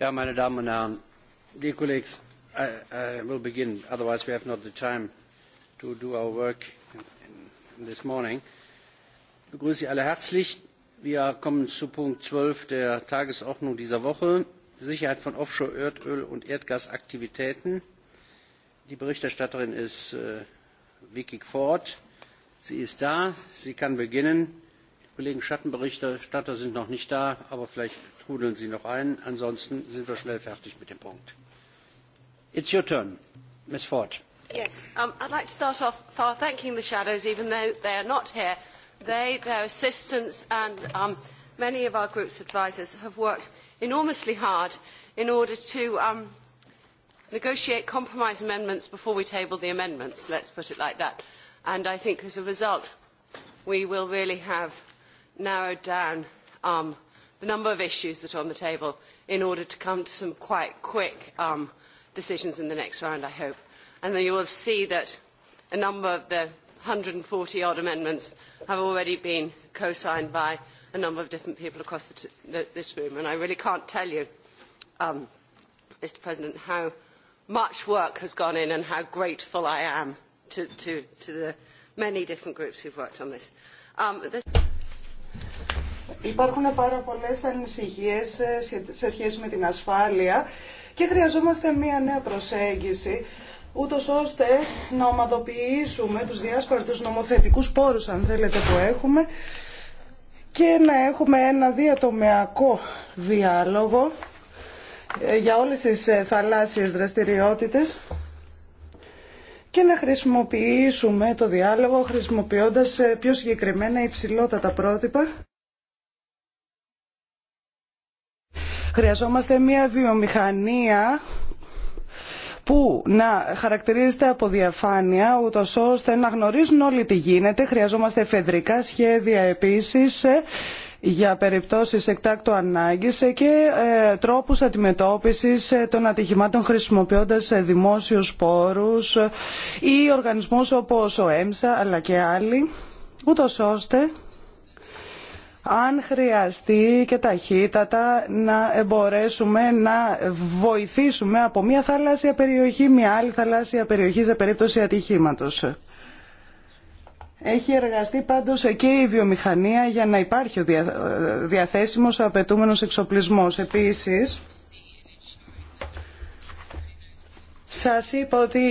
Ja, meine Damen und Herren, dear colleagues, I, I will begin, otherwise we have not the time to do our work this morning. Ich begrüße Sie alle herzlich. Wir kommen zu Punkt 12 der Tagesordnung dieser Woche, Sicherheit von Offshore Erdöl und Erdgasaktivitäten. Die Berichterstatterin ist Vicky Ford. Sie ist da, sie kann beginnen. Die Kollegen Schattenberichterstatter sind noch nicht da, aber vielleicht trudeln Sie noch ein. Ansonsten sind wir schnell fertig mit dem Punkt. It's your turn, Ms. Ford. Yes, I'd like to start off by thanking the shadows, even though they are not here. They, their assistants and many of our group's advisers have worked enormously hard in order to negotiate compromise amendments before we table the amendments, let's put it like that. And I think as a result, we will really have narrowed down the number of issues that are on the table in order to come to some quite quick decisions in the next round, I hope. And you will see that a number of the 140-odd amendments have already been co-signed by a number of different people across this room. And I really can't tell you, Mr. President, how much work has gone in and how grateful I am to the many different groups who have worked on this. Υπάρχουν πάρα πολλές ανησυχίες ε, σε σχέση με την ασφάλεια και χρειαζόμαστε μία νέα προσέγγιση ούτω ώστε να ομαδοποιήσουμε τους διάσπαρτους νομοθετικούς πόρους, αν θέλετε, που έχουμε και να έχουμε ένα διατομεακό διάλογο ε, για όλες τις ε, θαλάσσιες δραστηριότητες και να χρησιμοποιήσουμε το διάλογο χρησιμοποιώντας πιο συγκεκριμένα υψηλότατα πρότυπα Χρειαζόμαστε μια βιομηχανία που να χαρακτηρίζεται από διαφάνεια ούτω ώστε να γνωρίζουν όλοι τι γίνεται. Χρειαζόμαστε φεδρικά σχέδια επίσης ε, για περιπτώσεις εκτάκτου ανάγκης ε, και ε, τρόπους αντιμετώπισης των ατυχημάτων χρησιμοποιώντας δημόσιους πόρους ή οργανισμούς όπως ο ΕΜΣΑ αλλά και άλλοι ούτω ώστε αν χρειαστεί και ταχύτατα να μπορέσουμε να βοηθήσουμε από μια θαλάσσια περιοχή μια άλλη θαλάσσια περιοχή σε περίπτωση ατυχήματος. Έχει εργαστεί πάντως και η βιομηχανία για να υπάρχει ο διαθέσιμος ο απαιτούμενος εξοπλισμός. Επίσης, σας είπα ότι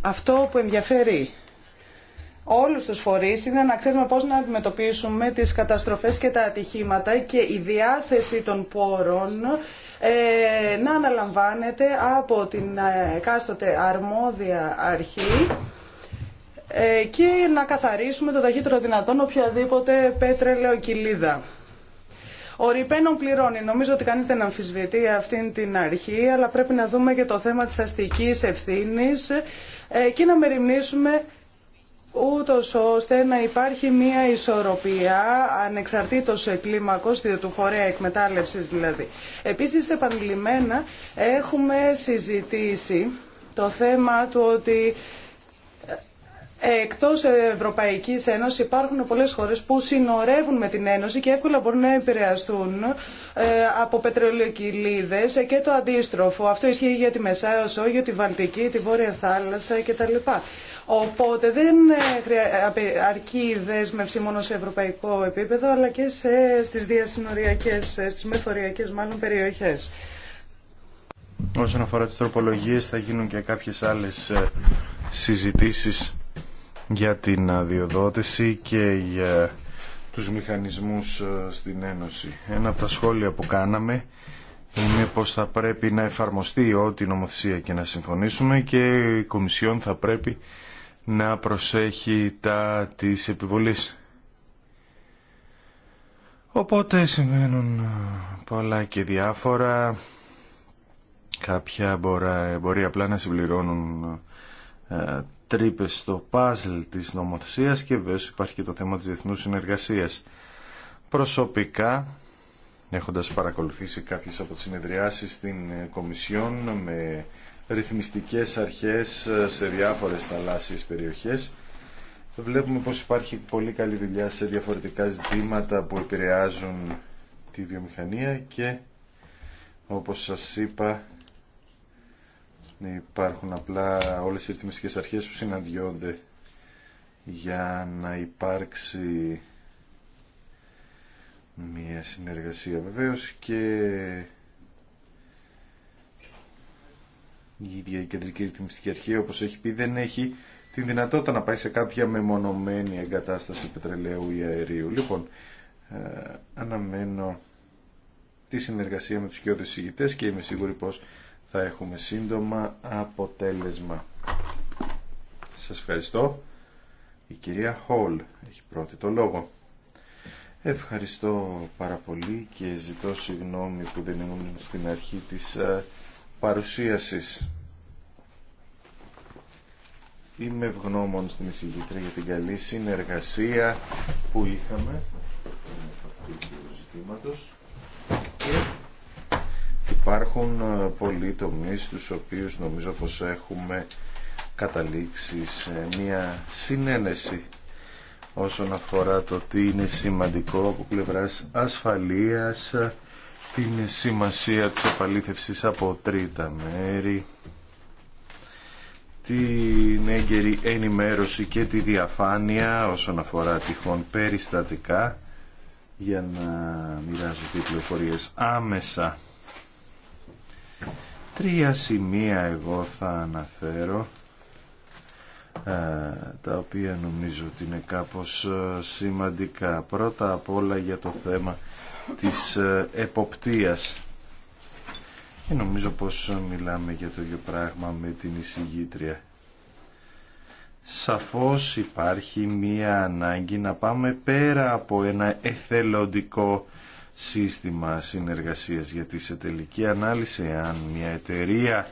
αυτό που ενδιαφέρει όλους τους φορείς είναι να ξέρουμε πώς να αντιμετωπίσουμε τις καταστροφές και τα ατυχήματα και η διάθεση των πόρων ε, να αναλαμβάνεται από την ε, εκάστοτε αρμόδια αρχή ε, και να καθαρίσουμε το ταχύτερο δυνατόν οποιαδήποτε πέτρελαιο κοιλίδα. Ο Ριπένον πληρώνει. Νομίζω ότι κανείς δεν αμφισβητεί αυτήν την αρχή, αλλά πρέπει να δούμε και το θέμα της αστικής ευθύνης και να μεριμνήσουμε ούτως ώστε να υπάρχει μία ισορροπία ανεξαρτήτως κλίμακος του φορέα εκμετάλλευσης δηλαδή. Επίσης επανειλημμένα έχουμε συζητήσει το θέμα του ότι ε, Εκτός Ευρωπαϊκής Ένωσης υπάρχουν πολλές χώρες που συνορεύουν με την Ένωση και εύκολα μπορούν να επηρεαστούν ε, από πετρελαιοκυλίδες και το αντίστροφο. Αυτό ισχύει για τη Μεσάεως για τη Βαλτική, τη Βόρεια Θάλασσα κτλ. Οπότε δεν ε, ε, αρκεί η δέσμευση μόνο σε ευρωπαϊκό επίπεδο, αλλά και σε, στις διασυνοριακές, ε, στις μεθοριακές μάλλον περιοχές. Όσον αφορά τις τροπολογίες θα γίνουν και κάποιες άλλες συζητήσεις για την αδειοδότηση και για τους μηχανισμούς στην Ένωση. Ένα από τα σχόλια που κάναμε είναι πως θα πρέπει να εφαρμοστεί ό,τι νομοθεσία και να συμφωνήσουμε και η Κομισιόν θα πρέπει να προσέχει τα της επιβολής. Οπότε συμβαίνουν ε, πολλά και διάφορα. Κάποια μπορεί, απλά να συμπληρώνουν ε, τρύπες στο παζλ της νομοθεσίας και βέβαια υπάρχει και το θέμα της διεθνούς συνεργασίας. Προσωπικά, έχοντας παρακολουθήσει κάποιες από τις συνεδριάσεις στην ε, Κομισιόν με ρυθμιστικές αρχές ε, σε διάφορες θαλάσσιες περιοχές. Βλέπουμε πως υπάρχει πολύ καλή δουλειά σε διαφορετικά ζητήματα που επηρεάζουν τη βιομηχανία και όπως σας είπα υπάρχουν απλά όλες οι ρυθμιστικές αρχές που συναντιόνται για να υπάρξει μια συνεργασία βεβαίως και η ίδια η Κεντρική Ρυθμιστική Αρχή, όπως έχει πει, δεν έχει την δυνατότητα να πάει σε κάποια μεμονωμένη εγκατάσταση πετρελαίου ή αερίου. Λοιπόν, ε, αναμένω τη συνεργασία με τους κοιότε ηγητές και είμαι σίγουρη πω θα έχουμε σύντομα αποτέλεσμα. Σας ευχαριστώ. Η κυρία Χόλ έχει πρώτη το λόγο. Ευχαριστώ πάρα πολύ και ζητώ συγγνώμη που δεν ήμουν στην αρχή της ε, παρουσίασης. Είμαι ευγνώμων στην εισηγήτρια για την καλή συνεργασία που είχαμε και υπάρχουν ε, πολλοί τομείς τους οποίους νομίζω πως έχουμε καταλήξει σε μια συνένεση όσον αφορά το τι είναι σημαντικό από πλευράς ασφαλείας, την σημασία της επαλήθευσης από τρίτα μέρη, την έγκαιρη ενημέρωση και τη διαφάνεια όσον αφορά τυχόν περιστατικά για να μοιράζονται οι πληροφορίες άμεσα. Τρία σημεία εγώ θα αναφέρω ε, τα οποία νομίζω ότι είναι κάπως ε, σημαντικά. Πρώτα απ' όλα για το θέμα της ε, εποπτείας. Και ε, νομίζω πως μιλάμε για το ίδιο πράγμα με την εισηγήτρια. Σαφώς υπάρχει μία ανάγκη να πάμε πέρα από ένα εθελοντικό σύστημα συνεργασίας γιατί σε τελική ανάλυση αν μια εταιρεία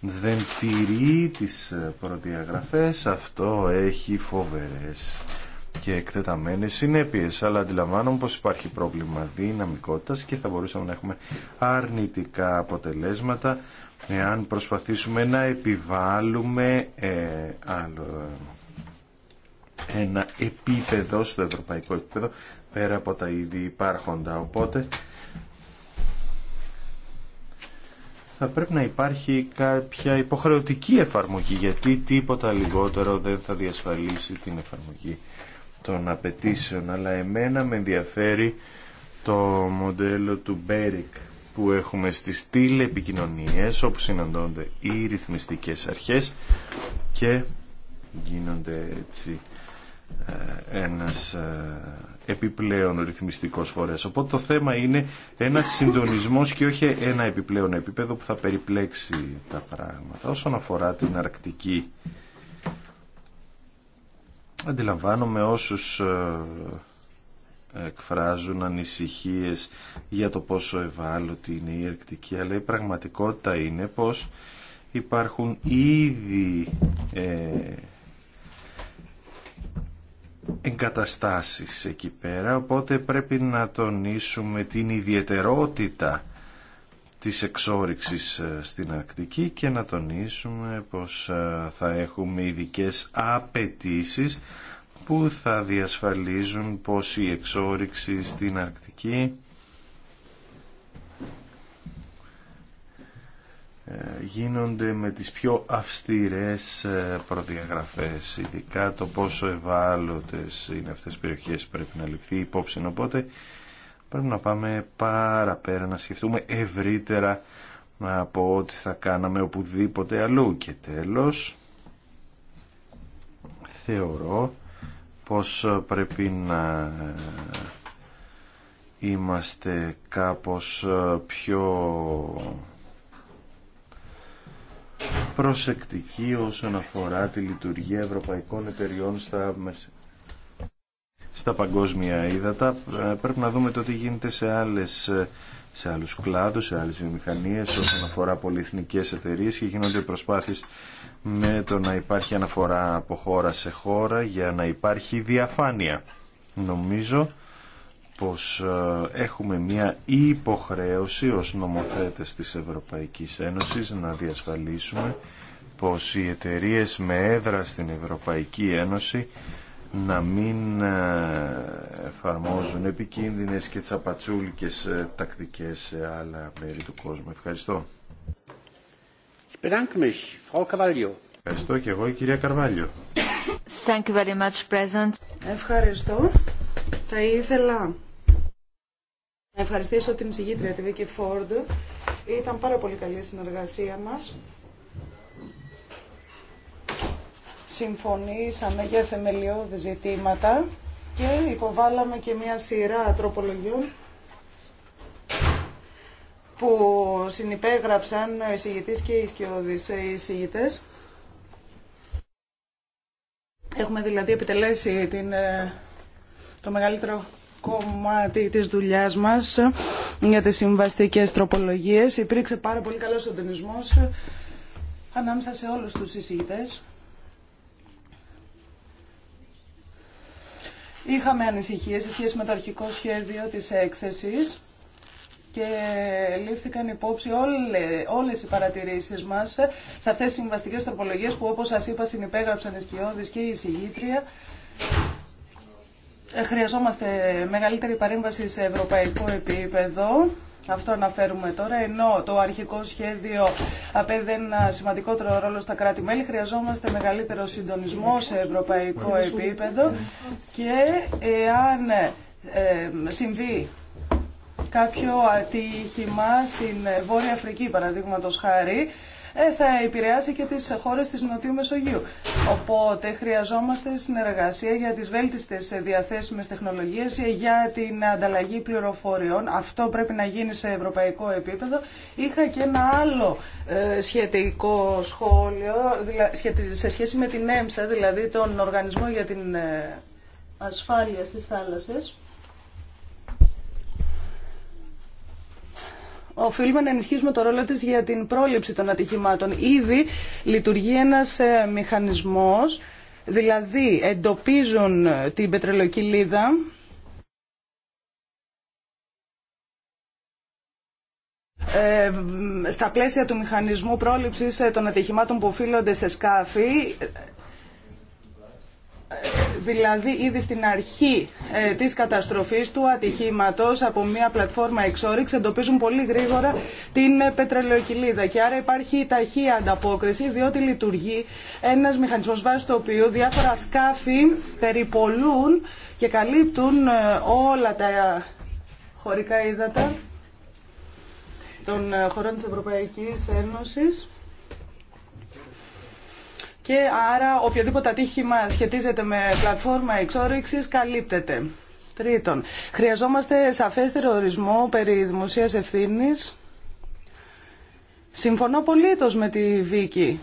δεν τηρεί τις ε, προδιαγραφές αυτό έχει φοβερές και εκτεταμένες συνέπειες, αλλά αντιλαμβάνομαι πως υπάρχει πρόβλημα δυναμικότητας και θα μπορούσαμε να έχουμε αρνητικά αποτελέσματα εάν προσπαθήσουμε να επιβάλλουμε ε, ένα επίπεδο στο ευρωπαϊκό επίπεδο πέρα από τα ήδη υπάρχοντα. Οπότε θα πρέπει να υπάρχει κάποια υποχρεωτική εφαρμογή γιατί τίποτα λιγότερο δεν θα διασφαλίσει την εφαρμογή των απαιτήσεων, αλλά εμένα με ενδιαφέρει το μοντέλο του Μπέρικ που έχουμε στις επικοινωνίες όπου συναντώνται οι ρυθμιστικές αρχές και γίνονται έτσι ε, ένας ε, επιπλέον ρυθμιστικός φορέας. Οπότε το θέμα είναι ένα συντονισμός και όχι ένα επιπλέον επίπεδο που θα περιπλέξει τα πράγματα. Όσον αφορά την αρκτική αντιλαμβάνομαι όσους ε, εκφράζουν ανησυχίες για το πόσο ευάλωτη είναι η Αρκτική, αλλά η πραγματικότητα είναι πως υπάρχουν ήδη ε, εγκαταστάσεις εκεί πέρα, οπότε πρέπει να τονίσουμε την ιδιαιτερότητα της εξόριξης ε, στην Αρκτική και να τονίσουμε πως ε, θα έχουμε ειδικέ απαιτήσει που θα διασφαλίζουν πως η εξόριξη στην Αρκτική ε, γίνονται με τις πιο αυστηρές προδιαγραφές ειδικά το πόσο ευάλωτες είναι αυτές οι περιοχές πρέπει να ληφθεί υπόψη οπότε Πρέπει να πάμε πάρα πέρα, να σκεφτούμε ευρύτερα από ό,τι θα κάναμε οπουδήποτε αλλού. Και τέλος, θεωρώ πως πρέπει να είμαστε κάπως πιο προσεκτικοί όσον αφορά τη λειτουργία ευρωπαϊκών εταιριών στα στα παγκόσμια ύδατα. Ε, πρέπει να δούμε το τι γίνεται σε, άλλες, σε άλλους κλάδους, σε άλλες βιομηχανίες όσον αφορά πολυεθνικές εταιρείε και γίνονται προσπάθειες με το να υπάρχει αναφορά από χώρα σε χώρα για να υπάρχει διαφάνεια. Νομίζω πως ε, έχουμε μια υποχρέωση ως νομοθέτες της Ευρωπαϊκής Ένωσης να διασφαλίσουμε πως οι εταιρείε με έδρα στην Ευρωπαϊκή Ένωση να μην ε, εφαρμόζουν επικίνδυνες και τσαπατσούλικες ε, τακτικές σε άλλα μέρη του κόσμου. Ευχαριστώ. Ευχαριστώ και εγώ η κυρία Καρβάλιο. Thank you very much, President. Ευχαριστώ. Θα ήθελα να ευχαριστήσω την συγγήτρια τη Βίκη Φόρντ. Ήταν πάρα πολύ καλή η συνεργασία μας. συμφωνήσαμε για θεμελιώδη ζητήματα και υποβάλαμε και μια σειρά τροπολογιών που συνυπέγραψαν ο εισηγητής και οι εισηγητές. Έχουμε δηλαδή επιτελέσει την, ε, το μεγαλύτερο κομμάτι της δουλειάς μας για τις συμβαστικές τροπολογίες. Υπήρξε πάρα πολύ καλός συντονισμός ανάμεσα σε όλους τους εισηγητές. Είχαμε ανησυχίες σε σχέση με το αρχικό σχέδιο της έκθεσης και λήφθηκαν υπόψη όλε, όλες οι παρατηρήσεις μας σε αυτές τις συμβαστικές τροπολογίες που όπως σας είπα συνυπέγραψαν οι σκιώδεις και η συγγήτρια. Ε, χρειαζόμαστε μεγαλύτερη παρέμβαση σε ευρωπαϊκό επίπεδο αυτό αναφέρουμε τώρα, ενώ το αρχικό σχέδιο απέδει ένα σημαντικότερο ρόλο στα κράτη-μέλη, χρειαζόμαστε μεγαλύτερο συντονισμό σε ευρωπαϊκό επίπεδο και εάν συμβεί κάποιο ατύχημα στην Βόρεια Αφρική, παραδείγματο χάρη, ε, θα επηρεάσει και τις χώρες της Νοτιού Μεσογείου. Οπότε χρειαζόμαστε συνεργασία για τις βέλτιστες διαθέσιμες τεχνολογίες, για την ανταλλαγή πληροφοριών. Αυτό πρέπει να γίνει σε ευρωπαϊκό επίπεδο. Είχα και ένα άλλο ε, σχετικό σχόλιο σε σχέση με την ΕΜΣΑ, δηλαδή τον Οργανισμό για την ε, Ασφάλεια στις Θάλασσες. οφείλουμε να ενισχύσουμε το ρόλο της για την πρόληψη των ατυχημάτων. Ήδη λειτουργεί ένας ε, μηχανισμός, δηλαδή εντοπίζουν ε, την πετρελοκυλίδα λίδα ε, στα πλαίσια του μηχανισμού πρόληψης των ατυχημάτων που οφείλονται σε σκάφη ε, δηλαδή ήδη στην αρχή ε, της καταστροφής του ατυχήματος από μια πλατφόρμα εξόριξη εντοπίζουν πολύ γρήγορα την ε, πετρελαιοκυλίδα και άρα υπάρχει ταχεία ανταπόκριση διότι λειτουργεί ένας μηχανισμός βάσης το οποίο διάφορα σκάφη περιπολούν και καλύπτουν ε, όλα τα χωρικά ύδατα των χωρών της Ευρωπαϊκής Ένωσης και άρα οποιοδήποτε ατύχημα σχετίζεται με πλατφόρμα εξόρυξης καλύπτεται. Τρίτον, χρειαζόμαστε σαφέστερο ορισμό περί δημοσίας ευθύνης. Συμφωνώ πολύ με τη Βίκη.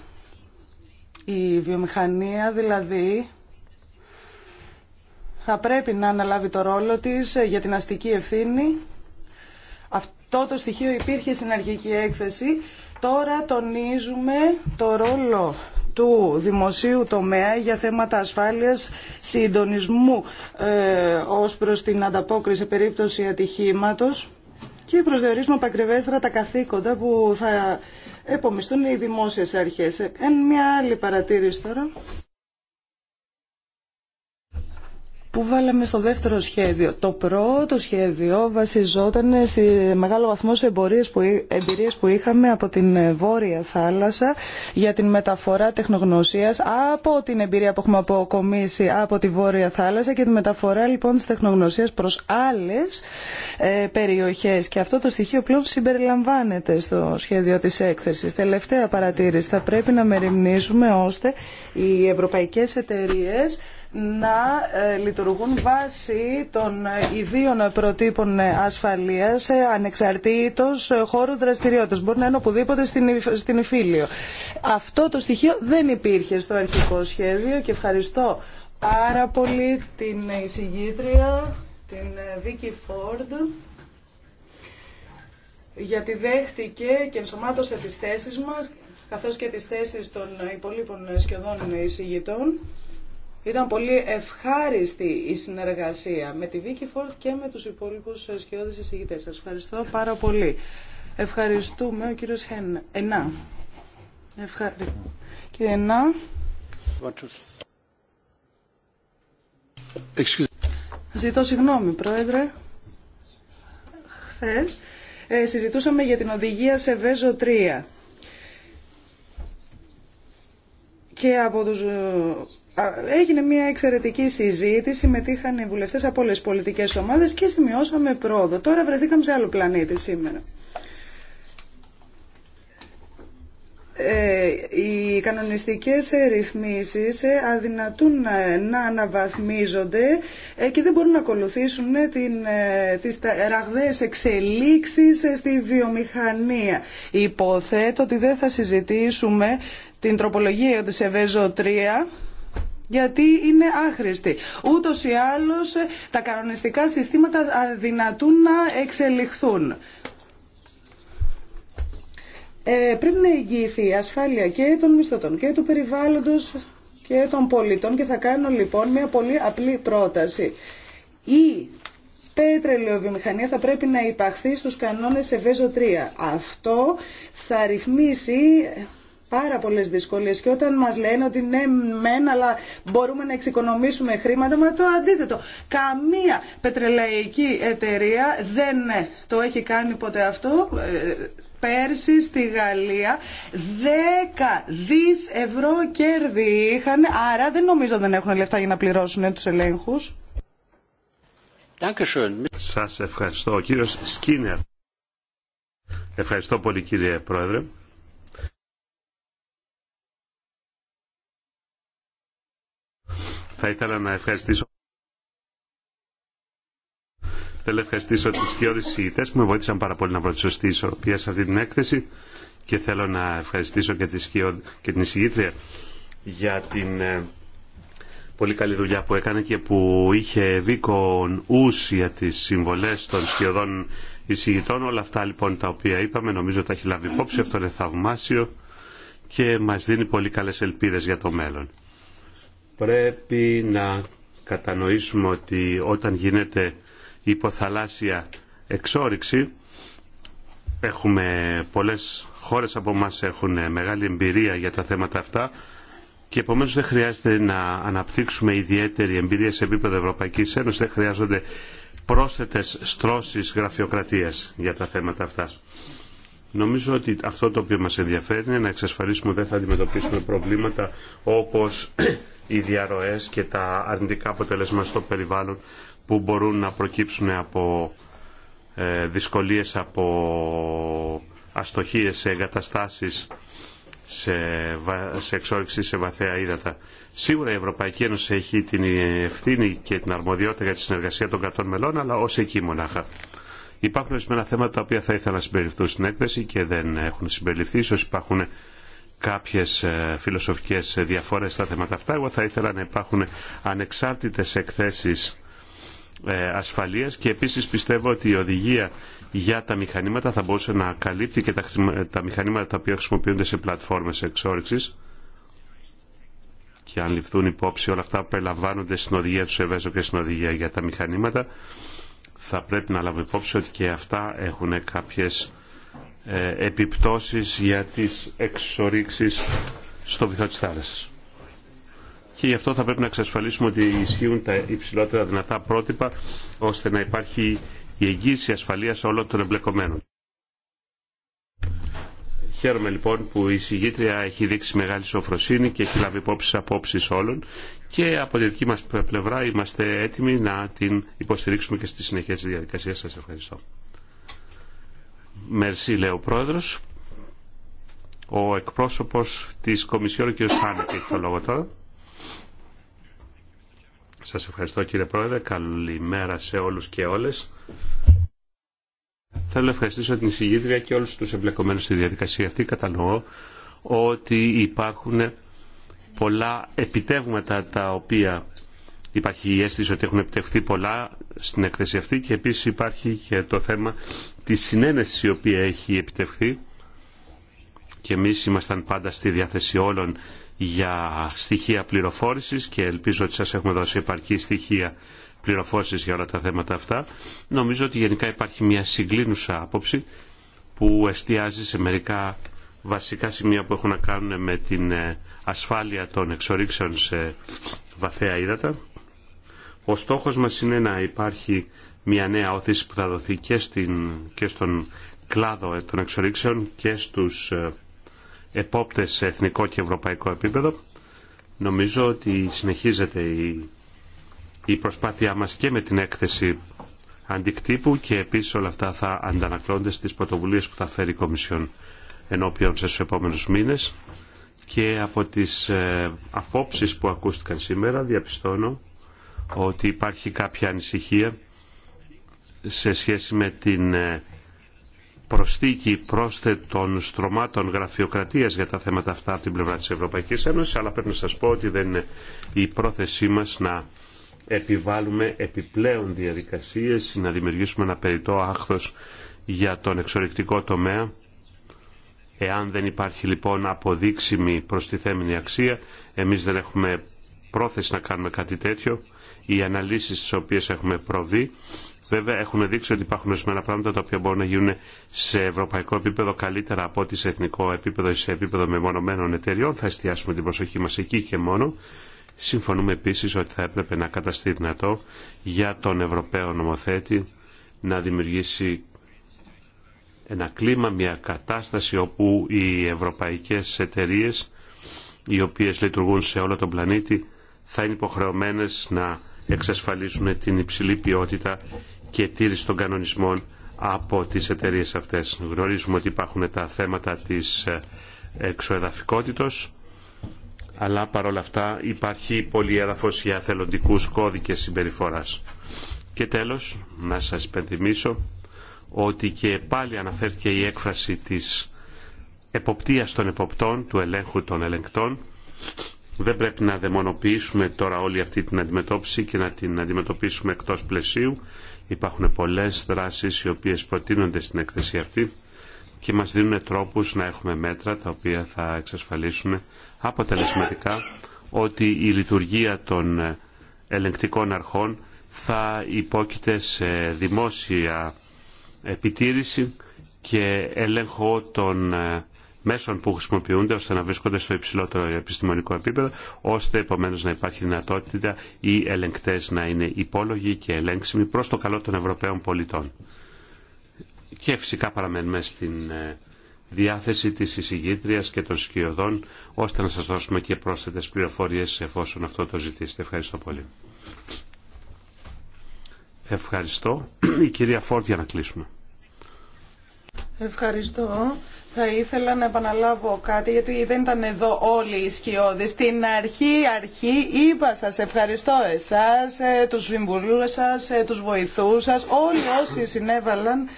Η βιομηχανία δηλαδή θα πρέπει να αναλάβει το ρόλο της για την αστική ευθύνη. Αυτό το στοιχείο υπήρχε στην αρχική έκθεση. Τώρα τονίζουμε το ρόλο του δημοσίου τομέα για θέματα ασφάλειας συντονισμού ε, ως προς την ανταπόκριση περίπτωση ατυχήματος και προσδιορίζουμε πακριβέστερα τα καθήκοντα που θα επομιστούν οι δημόσιες αρχές. Ε, εν μια άλλη παρατήρηση τώρα που βάλαμε στο δεύτερο σχέδιο. Το πρώτο σχέδιο βασιζόταν στη μεγάλο βαθμό σε εμπειρίες που, εμπειρίες που είχαμε από την Βόρεια Θάλασσα για την μεταφορά τεχνογνωσίας από την εμπειρία που έχουμε αποκομίσει από τη Βόρεια Θάλασσα και τη μεταφορά λοιπόν της τεχνογνωσίας προς άλλες ε, περιοχές. Και αυτό το στοιχείο πλέον συμπεριλαμβάνεται στο σχέδιο της έκθεσης. Τελευταία παρατήρηση. Θα πρέπει να μεριμνήσουμε ώστε οι ευρωπαϊκές εταιρείε να ε, λειτουργούν βάσει των ε, ιδίων προτύπων ασφαλείας ε, ανεξαρτήτως χώρου δραστηριότητας. Μπορεί να είναι οπουδήποτε στην Ιφίλιο. Αυτό το στοιχείο δεν υπήρχε στο αρχικό σχέδιο και ευχαριστώ πάρα πολύ την εισηγήτρια, την Βίκη Φόρντ γιατί δέχτηκε και ενσωμάτωσε τις θέσεις μας καθώς και τις θέσεις των υπολείπων σχεδόν εισηγητών ήταν πολύ ευχάριστη η συνεργασία με τη Βίκη Φόρτ και με τους υπόλοιπους σκιώδες εισηγητές. Σας ευχαριστώ πάρα πολύ. Ευχαριστούμε ο κύριος Ενά. Ευχαρι... Κύριε Ενά. Ζητώ συγγνώμη, Πρόεδρε. Χθες ε, συζητούσαμε για την οδηγία σε Βέζο 3 και από τους... Ε, έγινε μια εξαιρετική συζήτηση, συμμετείχαν οι βουλευτές από όλες τις πολιτικές ομάδες και σημειώσαμε πρόοδο. Τώρα βρεθήκαμε σε άλλο πλανήτη σήμερα. Ε, οι κανονιστικές ρυθμίσεις ε, αδυνατούν να αναβαθμίζονται και δεν μπορούν να ακολουθήσουν την, τις ραγδαίες εξελίξεις στη βιομηχανία. Υποθέτω ότι δεν θα συζητήσουμε την τροπολογία της ΕΒΕΖΟ 3 γιατί είναι άχρηστη. Ούτως ή άλλως τα κανονιστικά συστήματα αδυνατούν να εξελιχθούν. Ε, πρέπει να εγγυηθεί η ασφάλεια και των μισθωτών και του περιβάλλοντος και των πολιτών και θα κάνω λοιπόν μια πολύ απλή πρόταση. Η πετρελαιοβιομηχανία θα πρέπει να υπαχθεί στους κανόνες Εβέζο 3. Αυτό θα ρυθμίσει πάρα πολλές δυσκολίες και όταν μας λένε ότι ναι μεν αλλά μπορούμε να εξοικονομήσουμε χρήματα μα το αντίθετο. Καμία πετρελαϊκή εταιρεία δεν ναι, το έχει κάνει ποτέ αυτό ε, πέρσι στη Γαλλία 10 δις ευρώ κέρδη είχαν, άρα δεν νομίζω δεν έχουν λεφτά για να πληρώσουν ε, τους ελέγχους. Σας ευχαριστώ. Ο κύριος Σκίνερ. Ευχαριστώ πολύ κύριε Πρόεδρε. Θα ήθελα να ευχαριστήσω Θέλω να ευχαριστήσω του δύο συγητέ που με βοήθησαν πάρα πολύ να βρω τη σωστή ισορροπία σε αυτή την έκθεση και θέλω να ευχαριστήσω και, τις, και την εισηγήτρια για την ε, πολύ καλή δουλειά που έκανε και που είχε δίκον ούς για τις συμβολές των σχεδόν εισηγητών. Όλα αυτά λοιπόν τα οποία είπαμε νομίζω τα έχει λάβει υπόψη, αυτό είναι θαυμάσιο και μας δίνει πολύ καλές ελπίδες για το μέλλον πρέπει να κατανοήσουμε ότι όταν γίνεται υποθαλάσσια εξόριξη έχουμε πολλές χώρες από μας έχουν μεγάλη εμπειρία για τα θέματα αυτά και επομένω δεν χρειάζεται να αναπτύξουμε ιδιαίτερη εμπειρία σε επίπεδο Ευρωπαϊκής Ένωσης, δεν χρειάζονται πρόσθετες στρώσεις γραφειοκρατίας για τα θέματα αυτά. Νομίζω ότι αυτό το οποίο μας ενδιαφέρει είναι να εξασφαλίσουμε δεν θα αντιμετωπίσουμε προβλήματα όπως οι διαρροές και τα αρνητικά αποτελέσματα στο περιβάλλον που μπορούν να προκύψουν από ε, δυσκολίες, από αστοχίες σε εγκαταστάσεις σε, σε εξόριξη σε βαθαία ύδατα. Σίγουρα η Ευρωπαϊκή Ένωση έχει την ευθύνη και την αρμοδιότητα για τη συνεργασία των κρατών μελών, αλλά ως εκεί μονάχα. Υπάρχουν ορισμένα θέματα τα οποία θα ήθελα να συμπεριληφθούν στην έκθεση και δεν έχουν συμπεριληφθεί. Ίσως υπάρχουν κάποιε φιλοσοφικέ διαφορέ στα θέματα αυτά. Εγώ θα ήθελα να υπάρχουν ανεξάρτητε εκθέσει ε, ασφαλεία. και επίση πιστεύω ότι η οδηγία για τα μηχανήματα θα μπορούσε να καλύπτει και τα μηχανήματα τα οποία χρησιμοποιούνται σε πλατφόρμες εξόρυξης και αν ληφθούν υπόψη όλα αυτά που περιλαμβάνονται στην οδηγία του ΣΕΒΕΖΟ και στην οδηγία για τα μηχανήματα θα πρέπει να λάβουμε υπόψη ότι και αυτά έχουν κάποιες ε, επιπτώσεις για τις εξορίξεις στο βυθό της θάλασσας. Και γι' αυτό θα πρέπει να εξασφαλίσουμε ότι ισχύουν τα υψηλότερα δυνατά πρότυπα ώστε να υπάρχει η εγγύηση ασφαλείας όλων των εμπλεκομένων. Χαίρομαι λοιπόν που η συγγήτρια έχει δείξει μεγάλη σοφροσύνη και έχει λάβει υπόψη όλων και από τη δική μας πλευρά είμαστε έτοιμοι να την υποστηρίξουμε και στη συνέχεια τη διαδικασίας. Σας ευχαριστώ. Μερσή λέει ο Πρόεδρος. Ο εκπρόσωπος της Κομισιόν κ. Σάνεκ έχει το λόγο τώρα. Σας ευχαριστώ κύριε Πρόεδρε. Καλημέρα σε όλους και όλες. Θέλω να ευχαριστήσω την εισηγήτρια και όλους τους εμπλεκομένους στη διαδικασία αυτή. Κατανοώ ότι υπάρχουν πολλά επιτεύγματα τα οποία υπάρχει η αίσθηση ότι έχουν επιτευχθεί πολλά στην έκθεση αυτή και επίσης υπάρχει και το θέμα της συνένεσης η οποία έχει επιτευχθεί και εμείς ήμασταν πάντα στη διάθεση όλων για στοιχεία πληροφόρησης και ελπίζω ότι σας έχουμε δώσει επαρκή στοιχεία πληροφόρησης για όλα τα θέματα αυτά. Νομίζω ότι γενικά υπάρχει μια συγκλίνουσα άποψη που εστιάζει σε μερικά βασικά σημεία που έχουν να κάνουν με την ε, ασφάλεια των εξορίξεων σε βαθαία ύδατα. Ο στόχος μας είναι να υπάρχει μια νέα όθηση που θα δοθεί και, στην, και στον κλάδο ε, των εξορίξεων και στους ε, επόπτες σε εθνικό και ευρωπαϊκό επίπεδο. Νομίζω ότι συνεχίζεται η η προσπάθειά μας και με την έκθεση αντικτύπου και επίσης όλα αυτά θα αντανακλώνται στις πρωτοβουλίες που θα φέρει η Κομισιόν ενώπιον στους επόμενους μήνες και από τις ε, απόψεις που ακούστηκαν σήμερα διαπιστώνω ότι υπάρχει κάποια ανησυχία σε σχέση με την ε, προσθήκη πρόσθετων στρωμάτων γραφειοκρατίας για τα θέματα αυτά από την πλευρά της Ευρωπαϊκής Ένωσης αλλά πρέπει να σας πω ότι δεν είναι η πρόθεσή μας να επιβάλλουμε επιπλέον διαδικασίες, να δημιουργήσουμε ένα περιττό άχθος για τον εξορρυκτικό τομέα. Εάν δεν υπάρχει λοιπόν αποδείξιμη προστιθέμενη αξία, εμείς δεν έχουμε πρόθεση να κάνουμε κάτι τέτοιο. Οι αναλύσεις τις οποίες έχουμε προβεί Βέβαια, έχουμε δείξει ότι υπάρχουν ορισμένα πράγματα τα οποία μπορούν να γίνουν σε ευρωπαϊκό επίπεδο καλύτερα από ότι σε εθνικό επίπεδο ή σε επίπεδο μεμονωμένων εταιριών. Θα εστιάσουμε την προσοχή μα εκεί και μόνο Συμφωνούμε επίσης ότι θα έπρεπε να καταστεί δυνατό για τον Ευρωπαίο νομοθέτη να δημιουργήσει ένα κλίμα, μια κατάσταση όπου οι ευρωπαϊκές εταιρείες οι οποίες λειτουργούν σε όλο τον πλανήτη θα είναι υποχρεωμένες να εξασφαλίσουν την υψηλή ποιότητα και τήρηση των κανονισμών από τις εταιρείες αυτές. Γνωρίζουμε ότι υπάρχουν τα θέματα της ε, εξοεδαφικότητος αλλά παρόλα αυτά υπάρχει πολύ έδαφο για θελοντικούς κώδικες συμπεριφοράς. Και τέλος, να σας υπενθυμίσω ότι και πάλι αναφέρθηκε η έκφραση της εποπτείας των εποπτών, του ελέγχου των ελεγκτών. Δεν πρέπει να δαιμονοποιήσουμε τώρα όλη αυτή την αντιμετώπιση και να την αντιμετωπίσουμε εκτός πλαισίου. Υπάρχουν πολλές δράσεις οι οποίες προτείνονται στην έκθεση αυτή και μας δίνουν τρόπους να έχουμε μέτρα τα οποία θα εξασφαλίσουν αποτελεσματικά ότι η λειτουργία των ελεγκτικών αρχών θα υπόκειται σε δημόσια επιτήρηση και έλεγχο των ε, μέσων που χρησιμοποιούνται ώστε να βρίσκονται στο υψηλότερο επιστημονικό επίπεδο, ώστε επομένως να υπάρχει δυνατότητα οι ελεγκτές να είναι υπόλογοι και ελέγξιμοι προς το καλό των Ευρωπαίων πολιτών. Και φυσικά παραμένουμε στην ε, διάθεση της εισηγήτριας και των σκιωδών ώστε να σας δώσουμε και πρόσθετες πληροφορίες εφόσον αυτό το ζητήσετε. Ευχαριστώ πολύ. Ευχαριστώ. Η κυρία Φόρτ για να κλείσουμε. Ευχαριστώ. Θα ήθελα να επαναλάβω κάτι γιατί δεν ήταν εδώ όλοι οι σκιώδες. Στην αρχή, αρχή είπα σας ευχαριστώ εσάς, ε, τους συμβουλούς σας, ε, τους βοηθούς σας, όλοι όσοι συνέβαλαν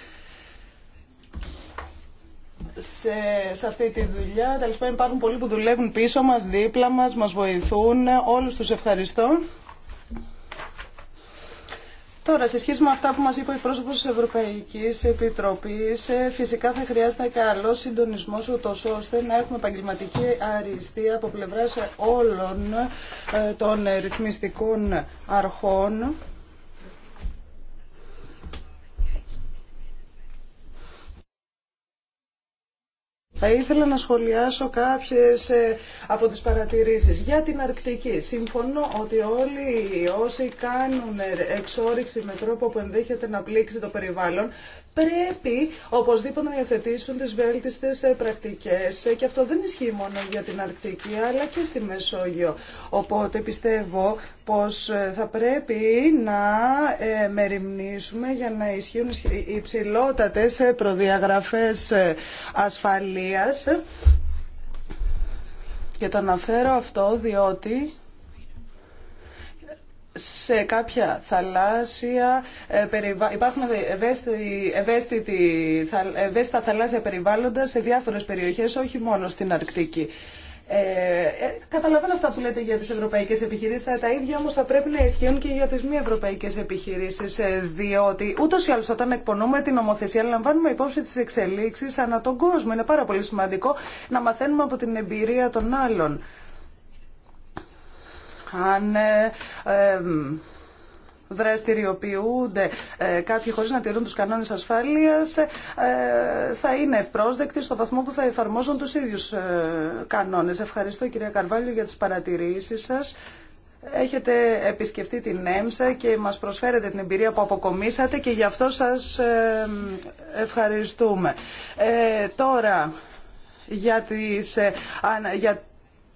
σε, αυτή τη δουλειά. Τέλο υπάρχουν πολλοί που δουλεύουν πίσω μας, δίπλα μας, μας βοηθούν. Όλους τους ευχαριστώ. Τώρα, σε σχέση με αυτά που μας είπε ο πρόσωπο της Ευρωπαϊκής Επιτροπής, ε, φυσικά θα χρειάζεται καλό συντονισμό ούτως ώστε να έχουμε επαγγελματική αριστεία από πλευράς όλων ε, των ρυθμιστικών αρχών. Θα ήθελα να σχολιάσω κάποιες ε, από τις παρατηρήσεις. Για την Αρκτική, συμφωνώ ότι όλοι όσοι κάνουν εξόριξη με τρόπο που ενδέχεται να πλήξει το περιβάλλον πρέπει οπωσδήποτε να υιοθετήσουν τις βέλτιστες ε, πρακτικές ε, και αυτό δεν ισχύει μόνο για την Αρκτική αλλά και στη Μεσόγειο. Οπότε πιστεύω πως ε, θα πρέπει να μεριμνήσουμε για να ισχύουν υψηλότατες προδιαγραφές ασφαλείας και το αναφέρω αυτό διότι σε κάποια θαλάσσια ε, περιβα... υπάρχουν ευαίσθητα θαλάσσια περιβάλλοντα σε διάφορες περιοχές, όχι μόνο στην Αρκτική. Ε, ε καταλαβαίνω αυτά που λέτε για τις ευρωπαϊκές επιχειρήσεις, τα ίδια όμως θα πρέπει να ισχύουν και για τις μη ευρωπαϊκές επιχειρήσεις, ε, διότι ούτως ή άλλως όταν εκπονούμε την νομοθεσία λαμβάνουμε υπόψη τις εξελίξεις ανά τον κόσμο. Είναι πάρα πολύ σημαντικό να μαθαίνουμε από την εμπειρία των άλλων αν ε, δραστηριοποιούνται ε, κάποιοι χωρίς να τηρούν τους κανόνες ασφάλειας ε, θα είναι ευπρόσδεκτοι στο βαθμό που θα εφαρμόζουν τους ίδιους κανόνες. Ευχαριστώ κυρία Καρβάλιο για τις παρατηρήσεις σας. Έχετε επισκεφτεί την ΕΜΣΑ και μας προσφέρετε την εμπειρία που αποκομίσατε και γι' αυτό σας ευχαριστούμε. τώρα για, τις, για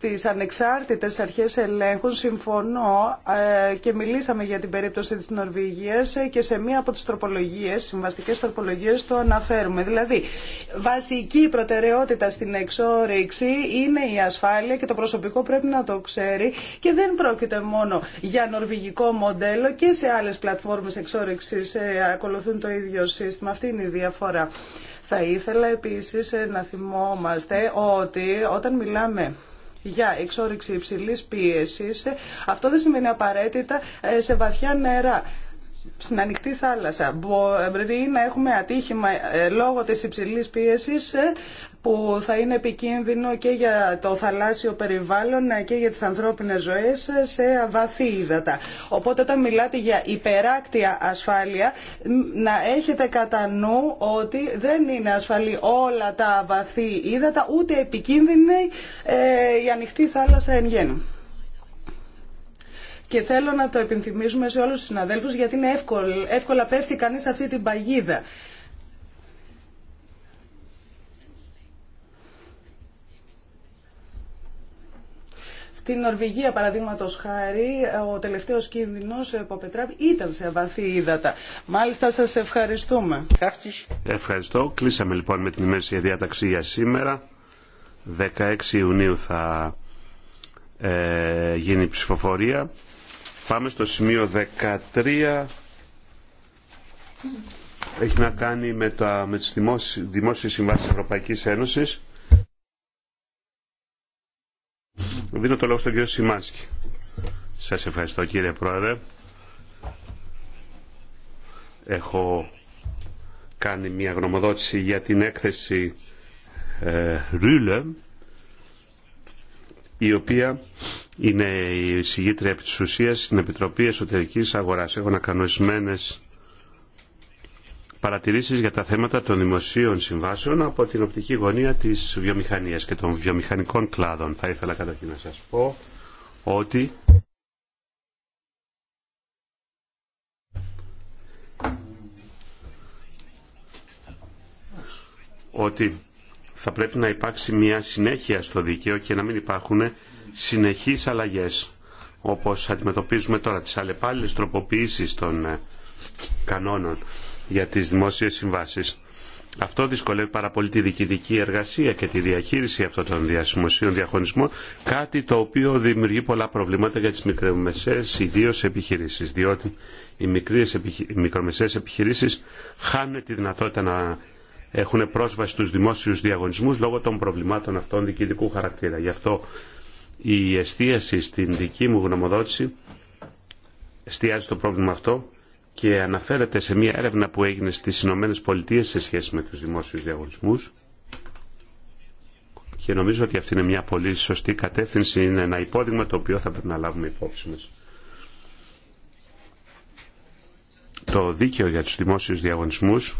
τις ανεξάρτητες αρχές ελέγχου συμφωνώ ε, και μιλήσαμε για την περίπτωση της Νορβηγίας ε, και σε μία από τις τροπολογίες, συμβαστικές τροπολογίες το αναφέρουμε. Δηλαδή, βασική προτεραιότητα στην εξόριξη είναι η ασφάλεια και το προσωπικό πρέπει να το ξέρει και δεν πρόκειται μόνο για νορβηγικό μοντέλο και σε άλλες πλατφόρμες εξόρυξης ε, ακολουθούν το ίδιο σύστημα. Αυτή είναι η διαφορά. Θα ήθελα επίσης να θυμόμαστε ότι όταν μιλάμε για εξόριξη υψηλής πίεσης. Αυτό δεν σημαίνει απαραίτητα ε, σε βαθιά νερά στην ανοιχτή θάλασσα. Μπορεί να έχουμε ατύχημα ε, λόγω της υψηλής πίεσης ε, που θα είναι επικίνδυνο και για το θαλάσσιο περιβάλλον ε, και για τις ανθρώπινες ζωές σε βαθύ ύδατα. Οπότε όταν μιλάτε για υπεράκτια ασφάλεια να έχετε κατά νου ότι δεν είναι ασφαλή όλα τα βαθύ ύδατα ούτε επικίνδυνη η ανοιχτή θάλασσα εν και θέλω να το επιθυμίσουμε σε όλους τους συναδέλφους γιατί είναι εύκολα, εύκολα πέφτει κανείς αυτή την παγίδα. Στην Νορβηγία, παραδείγματο χάρη, ο τελευταίος κίνδυνος ε, που απετράπη ήταν σε βαθύ ύδατα. Μάλιστα, σας ευχαριστούμε. Ευχαριστώ. Κλείσαμε λοιπόν με την ημέρα διάταξη για σήμερα. 16 Ιουνίου θα ε, γίνει ψηφοφορία. Πάμε στο σημείο 13. Έχει να κάνει με, τα, με τις δημόσιες, δημόσιες συμβάσεις Ευρωπαϊκής Ένωσης. Δίνω το λόγο στον κύριο Σιμάνσκι. Σας ευχαριστώ κύριε Πρόεδρε. Έχω κάνει μια γνωμοδότηση για την έκθεση ε, Ρούλε η οποία είναι η συγγήτρια επί της ουσίας στην Επιτροπή Εσωτερικής Αγοράς. Έχω ανακανοισμένες παρατηρήσεις για τα θέματα των δημοσίων συμβάσεων από την οπτική γωνία της βιομηχανίας και των βιομηχανικών κλάδων. Θα ήθελα καταρχήν να σας πω ότι ότι θα πρέπει να υπάρξει μια συνέχεια στο δίκαιο και να μην υπάρχουν συνεχείς αλλαγές όπως αντιμετωπίζουμε τώρα τις αλλεπάλληλες τροποποιήσεις των ε, κανόνων για τις δημόσιες συμβάσεις. Αυτό δυσκολεύει πάρα πολύ τη διοικητική εργασία και τη διαχείριση αυτών των διασημοσίων διαχωνισμών, κάτι το οποίο δημιουργεί πολλά προβλήματα για τις μικρομεσαίες ιδιω επιχειρήσεις, διότι οι, μικρές, οι μικρομεσαίες επιχειρήσεις χάνουν τη δυνατότητα να έχουν πρόσβαση στους δημόσιους διαγωνισμούς λόγω των προβλημάτων αυτών διοικητικού χαρακτήρα. Γι' αυτό η εστίαση στην δική μου γνωμοδότηση εστιάζει στο πρόβλημα αυτό και αναφέρεται σε μια έρευνα που έγινε στις Ηνωμένε Πολιτείες σε σχέση με τους δημόσιους διαγωνισμούς και νομίζω ότι αυτή είναι μια πολύ σωστή κατεύθυνση, είναι ένα υπόδειγμα το οποίο θα πρέπει να λάβουμε υπόψη μας. Το δίκαιο για τους δημόσιους διαγωνισμούς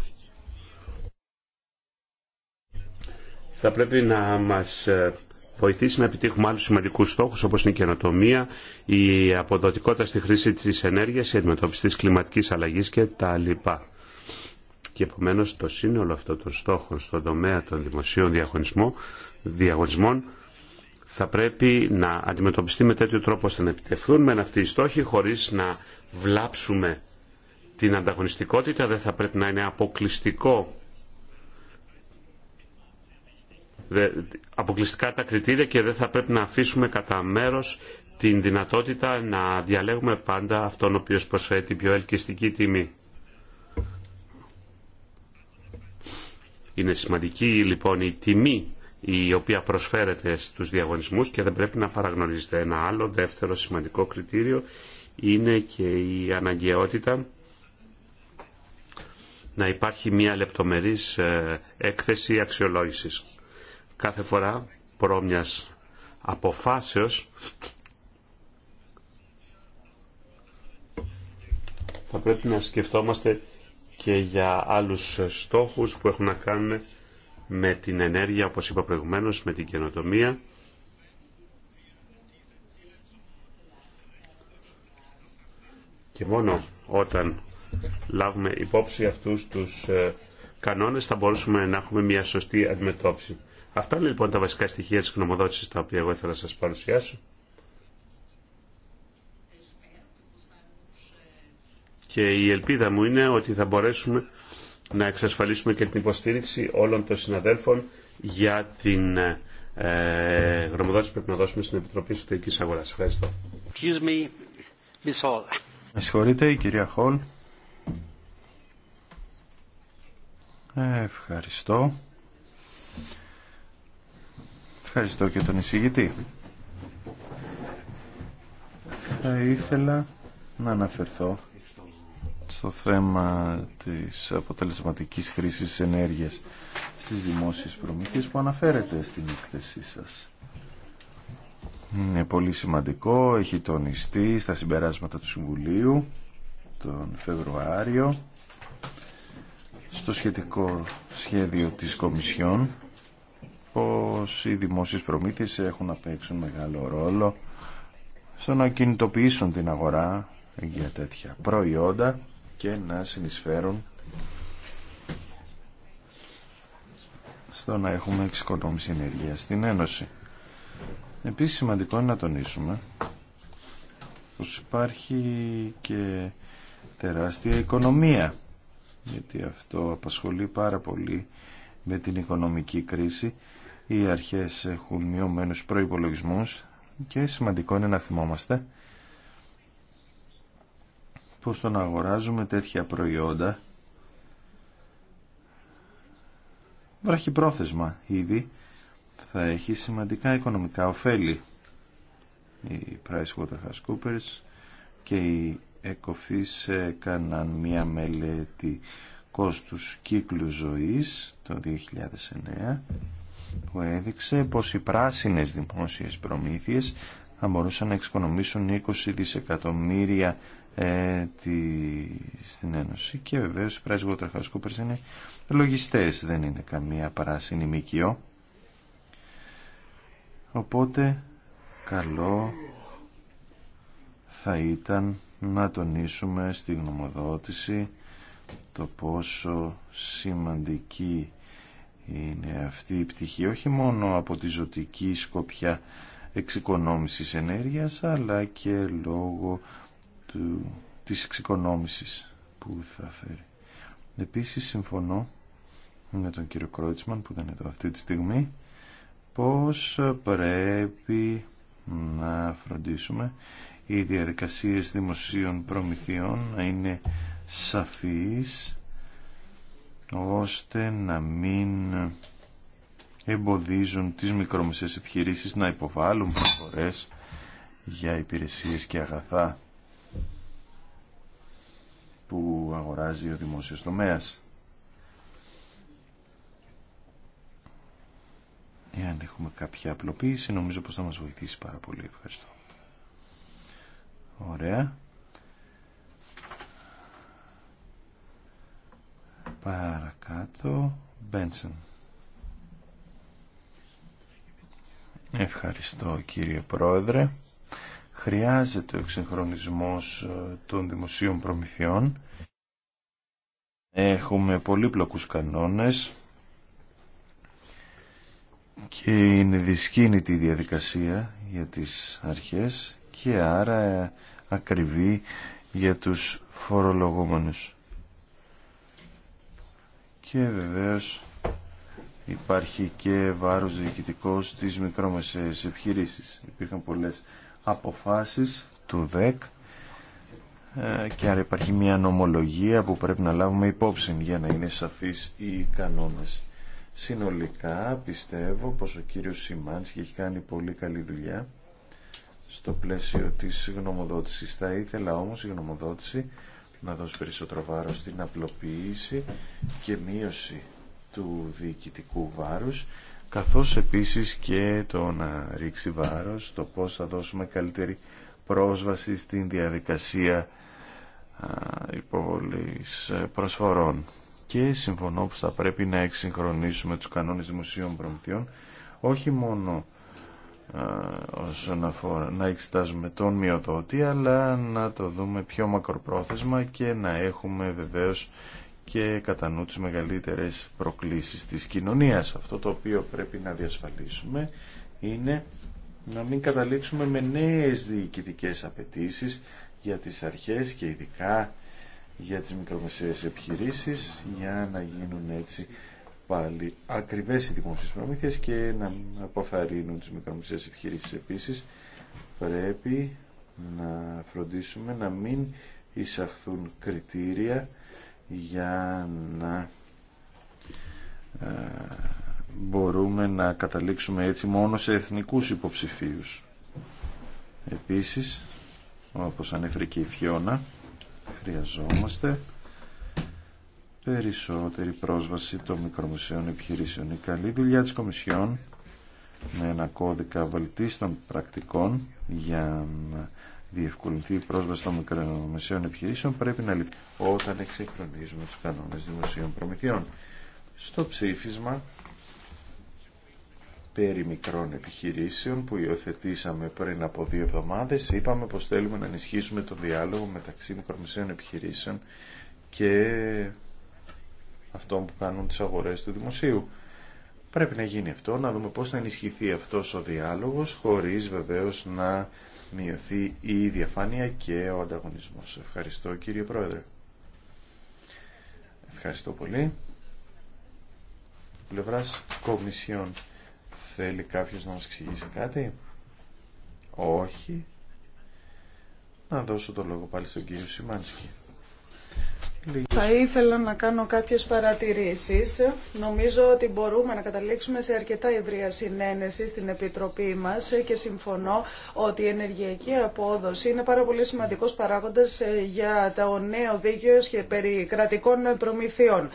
θα πρέπει να μας ε, βοηθήσει να επιτύχουμε άλλους σημαντικούς στόχους όπως είναι η καινοτομία, η αποδοτικότητα στη χρήση της ενέργειας, η αντιμετώπιση της κλιματικής αλλαγής κτλ. Και επομένως το σύνολο αυτών των στόχων στον τομέα των δημοσίων διαγωνισμών θα πρέπει να αντιμετωπιστεί με τέτοιο τρόπο ώστε να επιτευχθούν με αυτή οι στόχη χωρίς να βλάψουμε την ανταγωνιστικότητα, δεν θα πρέπει να είναι αποκλειστικό αποκλειστικά τα κριτήρια και δεν θα πρέπει να αφήσουμε κατά μέρος την δυνατότητα να διαλέγουμε πάντα αυτόν ο οποίος προσφέρει την πιο ελκυστική τιμή. Είναι σημαντική λοιπόν η τιμή η οποία προσφέρεται στους διαγωνισμούς και δεν πρέπει να παραγνωρίζεται. Ένα άλλο δεύτερο σημαντικό κριτήριο είναι και η αναγκαιότητα να υπάρχει μια λεπτομερής ε, έκθεση αξιολόγησης κάθε φορά πρόμιας αποφάσεως θα πρέπει να σκεφτόμαστε και για άλλους στόχους που έχουν να κάνουν με την ενέργεια, όπως είπα προηγουμένως, με την καινοτομία. Και μόνο όταν λάβουμε υπόψη αυτούς τους ε, κανόνες θα μπορούσαμε να έχουμε μια σωστή αντιμετώπιση. Αυτά είναι λοιπόν τα βασικά στοιχεία της γνωμοδότησης τα οποία εγώ ήθελα να σας παρουσιάσω. Και η ελπίδα μου είναι ότι θα μπορέσουμε να εξασφαλίσουμε και την υποστήριξη όλων των συναδέλφων για την ε, γνωμοδότηση που πρέπει να δώσουμε στην Επιτροπή Εσωτερικής Αγοράς. Ευχαριστώ. Με συγχωρείτε η κυρία Χολ. Ευχαριστώ. Ευχαριστώ και τον εισηγητή. Θα ήθελα να αναφερθώ στο θέμα της αποτελεσματικής χρήσης ενέργειας στις δημόσιες προμήθειες που αναφέρεται στην εκθεσή σας. Είναι πολύ σημαντικό, έχει τονιστεί στα συμπεράσματα του Συμβουλίου τον Φεβρουάριο στο σχετικό σχέδιο της Κομισιόν πως οι δημόσιες προμήθειες έχουν να παίξουν μεγάλο ρόλο στο να κινητοποιήσουν την αγορά για τέτοια προϊόντα και να συνεισφέρουν στο να έχουμε εξοικονόμηση ενέργεια στην Ένωση. Επίσης σημαντικό είναι να τονίσουμε πως υπάρχει και τεράστια οικονομία γιατί αυτό απασχολεί πάρα πολύ με την οικονομική κρίση οι αρχές έχουν μειωμένους προϋπολογισμούς και σημαντικό είναι να θυμόμαστε πως το να αγοράζουμε τέτοια προϊόντα πρόθεσμα ήδη θα έχει σημαντικά οικονομικά ωφέλη. Η PricewaterhouseCoopers και η Ecofis έκαναν μία μελέτη κόστους κύκλου ζωής το 2009 που έδειξε πως οι πράσινες δημόσιες προμήθειες θα μπορούσαν να εξοικονομήσουν 20 δισεκατομμύρια ε, τη, στην Ένωση. Και βεβαίως οι πράσινοι είναι λογιστές, δεν είναι καμία πράσινη μικιό. Οπότε καλό θα ήταν να τονίσουμε στη γνωμοδότηση το πόσο σημαντική είναι αυτή η πτυχή όχι μόνο από τη ζωτική σκοπιά εξοικονόμησης ενέργειας αλλά και λόγω του, της εξοικονόμησης που θα φέρει. Επίσης συμφωνώ με τον κύριο Κρότσμαν που είναι εδώ αυτή τη στιγμή πως πρέπει να φροντίσουμε οι διαδικασίες δημοσίων προμηθειών να είναι σαφείς ώστε να μην εμποδίζουν τις μικρομεσαίες επιχειρήσεις να υποβάλουν προφορές για υπηρεσίες και αγαθά που αγοράζει ο δημόσιος τομέας. Εάν έχουμε κάποια απλοποίηση, νομίζω πως θα μας βοηθήσει πάρα πολύ. Ευχαριστώ. Ωραία. Παρακάτω, Μπένσεν. Ευχαριστώ κύριε Πρόεδρε. Χρειάζεται ο εξυγχρονισμός ε, των δημοσίων προμηθειών. Έχουμε πολύπλοκους κανόνες και είναι δυσκίνητη η διαδικασία για τις αρχές και άρα ε, ακριβή για τους φορολογούμενους και βεβαίως υπάρχει και βάρος διοικητικό στις μικρόμεσες επιχειρήσεις. Υπήρχαν πολλές αποφάσεις του ΔΕΚ ε, και άρα υπάρχει μια νομολογία που πρέπει να λάβουμε υπόψη για να είναι σαφείς οι κανόνες. Συνολικά πιστεύω πως ο κύριος Σιμάνς έχει κάνει πολύ καλή δουλειά στο πλαίσιο της γνωμοδότησης. Θα ήθελα όμως η γνωμοδότηση να δώσει περισσότερο βάρος στην απλοποίηση και μείωση του διοικητικού βάρους καθώς επίσης και το να ρίξει βάρος το πώς θα δώσουμε καλύτερη πρόσβαση στην διαδικασία υποβολής προσφορών και συμφωνώ που θα πρέπει να εξυγχρονίσουμε τους κανόνες δημοσίων προμηθειών όχι μόνο ε, όσον αφορά να εξετάζουμε τον μειοδότη αλλά να το δούμε πιο μακροπρόθεσμα και να έχουμε βεβαίως και κατά νου τις μεγαλύτερες προκλήσεις της κοινωνίας. Αυτό το οποίο πρέπει να διασφαλίσουμε είναι να μην καταλήξουμε με νέες διοικητικές απαιτήσεις για τις αρχές και ειδικά για τις μικρομεσαίες επιχειρήσεις για να γίνουν έτσι πάλι ακριβές οι δημόσιες και να αποθαρρύνουν τις μικρομεσαίες επιχειρήσεις επίσης πρέπει να φροντίσουμε να μην εισαχθούν κριτήρια για να ε, μπορούμε να καταλήξουμε έτσι μόνο σε εθνικούς υποψηφίους. Επίσης, όπως ανέφερε και η Φιώνα, χρειαζόμαστε περισσότερη πρόσβαση των μικρομεσαίων επιχειρήσεων. Η καλή δουλειά της Κομισιόν με ένα κώδικα βελτίστων πρακτικών για να διευκολυνθεί η πρόσβαση των μικρομεσαίων επιχειρήσεων πρέπει να λυθεί όταν εξυγχρονίζουμε τους κανόνες δημοσίων προμηθειών. Στο ψήφισμα περί μικρών επιχειρήσεων που υιοθετήσαμε πριν από δύο εβδομάδες είπαμε πως θέλουμε να ενισχύσουμε τον διάλογο μεταξύ μικρομεσαίων επιχειρήσεων και αυτό που κάνουν τις αγορές του δημοσίου. Πρέπει να γίνει αυτό, να δούμε πώς θα ενισχυθεί αυτός ο διάλογος, χωρίς βεβαίως να μειωθεί η διαφάνεια και ο ανταγωνισμός. Ευχαριστώ κύριε Πρόεδρε. Ευχαριστώ πολύ. Πλευράς κομισιών. Θέλει κάποιος να μας εξηγήσει κάτι. Όχι. Να δώσω το λόγο πάλι στον κύριο Σιμάνσκι. Θα ήθελα να κάνω κάποιες παρατηρήσεις. Νομίζω ότι μπορούμε να καταλήξουμε σε αρκετά ευρεία συνένεση στην Επιτροπή μας και συμφωνώ ότι η ενεργειακή απόδοση είναι πάρα πολύ σημαντικός παράγοντας για το νέο δίκαιο και περί κρατικών προμηθειών.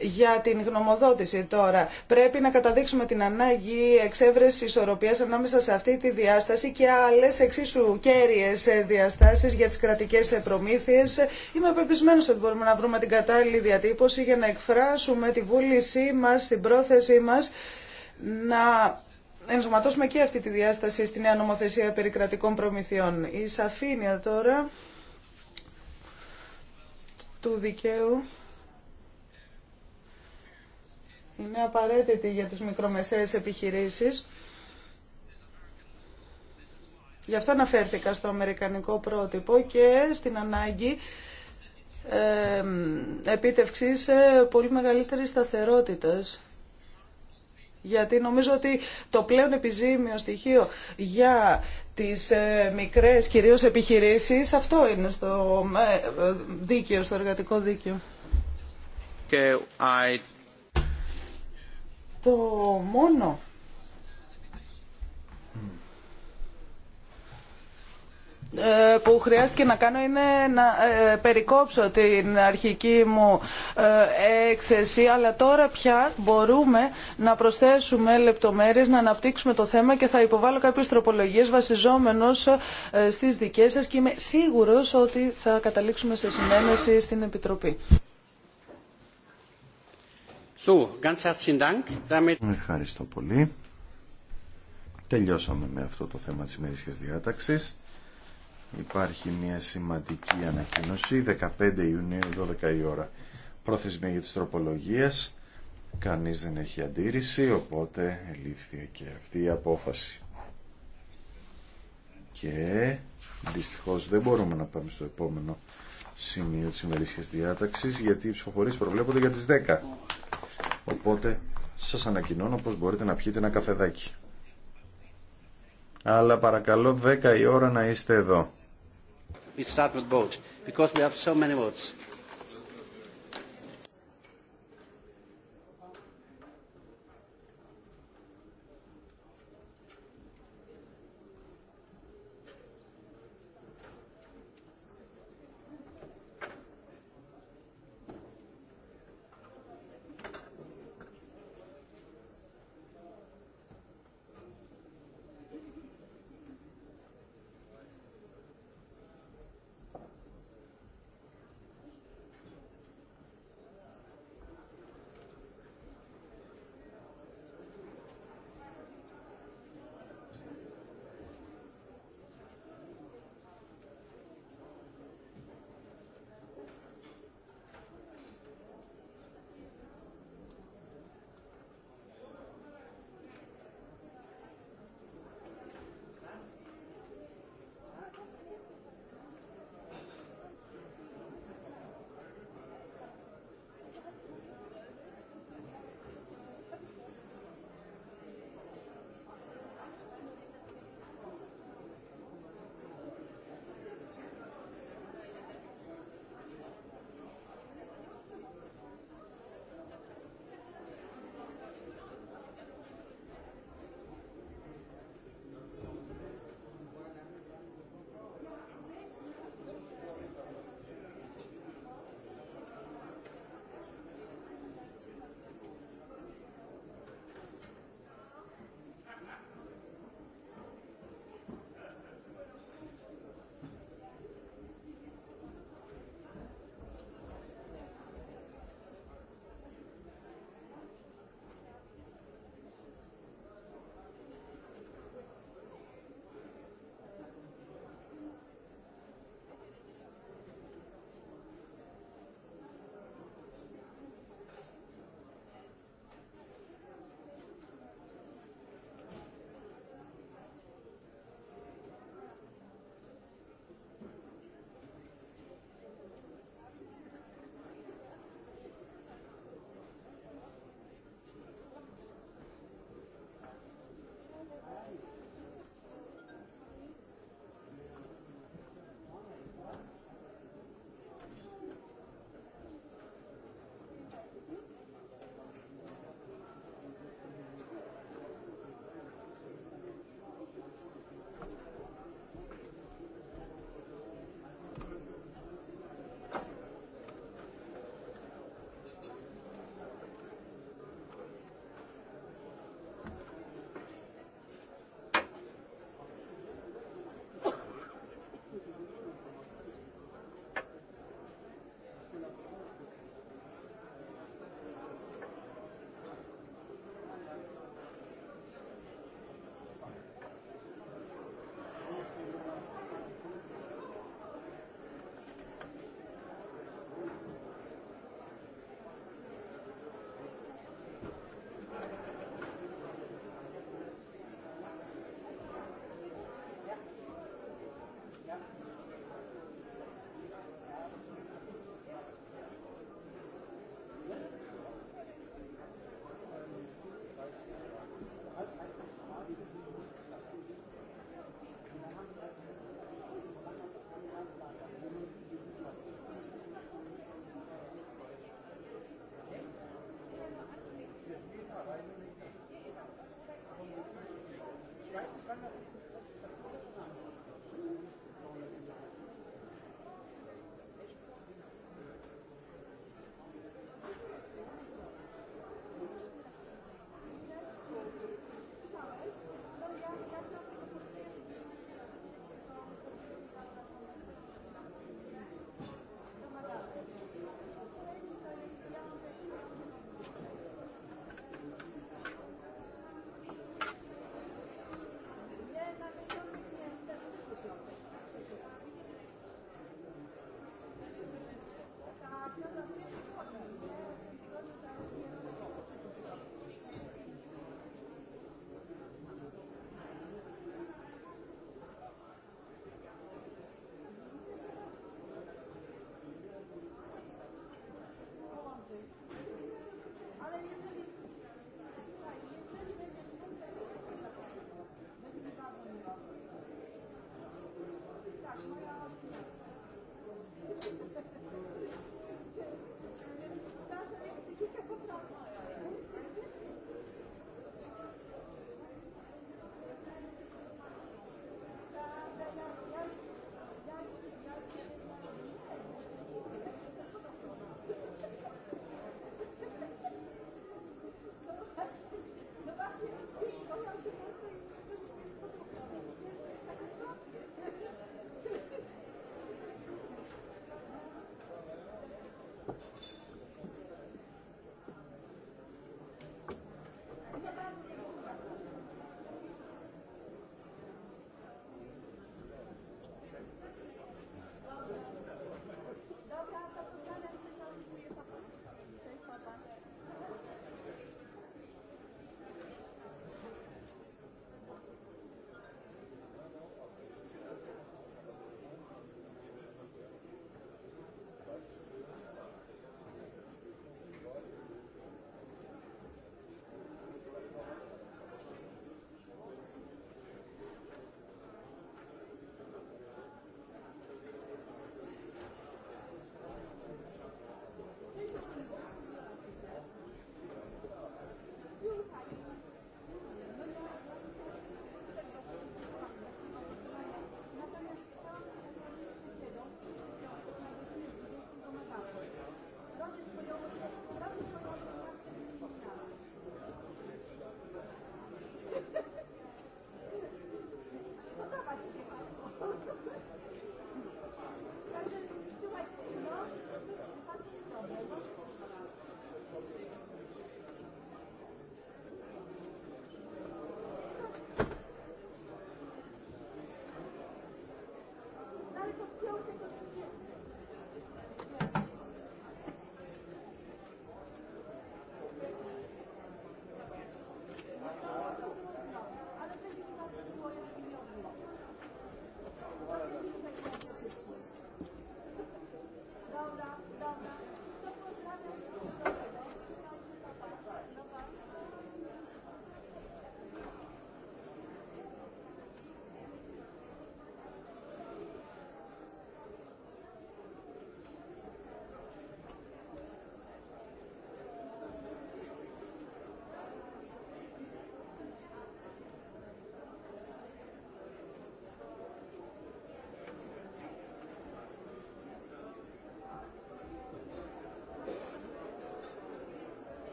Για την γνωμοδότηση τώρα, πρέπει να καταδείξουμε την ανάγκη εξέβρεση ισορροπία ανάμεσα σε αυτή τη διάσταση και άλλε εξίσου κέρυε διαστάσει για τι κρατικέ προμήθειε. Είμαι πεπισμένο ότι μπορούμε να βρούμε την κατάλληλη διατύπωση για να εκφράσουμε τη βούλησή μα, την πρόθεσή μα να ενσωματώσουμε και αυτή τη διάσταση στη νέα νομοθεσία περί κρατικών προμηθειών. Η σαφήνεια τώρα του δικαίου είναι απαραίτητη για τις μικρομεσαίες επιχειρήσεις. Γι' αυτό αναφέρθηκα στο αμερικανικό πρότυπο και στην ανάγκη ε, επίτευξης πολύ μεγαλύτερης σταθερότητας. Γιατί νομίζω ότι το πλέον επιζήμιο στοιχείο για τις ε, μικρές κυρίως επιχειρήσεις αυτό είναι στο ε, ε, δίκαιο, στο εργατικό δίκαιο. Και το μόνο ε, που χρειάστηκε να κάνω είναι να ε, περικόψω την αρχική μου ε, έκθεση αλλά τώρα πια μπορούμε να προσθέσουμε λεπτομέρειες, να αναπτύξουμε το θέμα και θα υποβάλω κάποιες τροπολογίες βασιζόμενος στις δικές σας και είμαι σίγουρος ότι θα καταλήξουμε σε συνένεση στην Επιτροπή ganz Ευχαριστώ πολύ. Τελειώσαμε με αυτό το θέμα της ημερήσιας διάταξης. Υπάρχει μια σημαντική ανακοίνωση, 15 Ιουνίου, 12 η ώρα. Προθεσμία για τις τροπολογίες. Κανείς δεν έχει αντίρρηση, οπότε ελήφθη και αυτή η απόφαση. Και δυστυχώς δεν μπορούμε να πάμε στο επόμενο σημείο της ημερήσιας διάταξης, γιατί οι ψηφοφορίες προβλέπονται για τις 10. Οπότε σας ανακοινώνω πως μπορείτε να πιείτε ένα καφεδάκι. Αλλά παρακαλώ 10 η ώρα να είστε εδώ. We start with boat, because we have so many boats.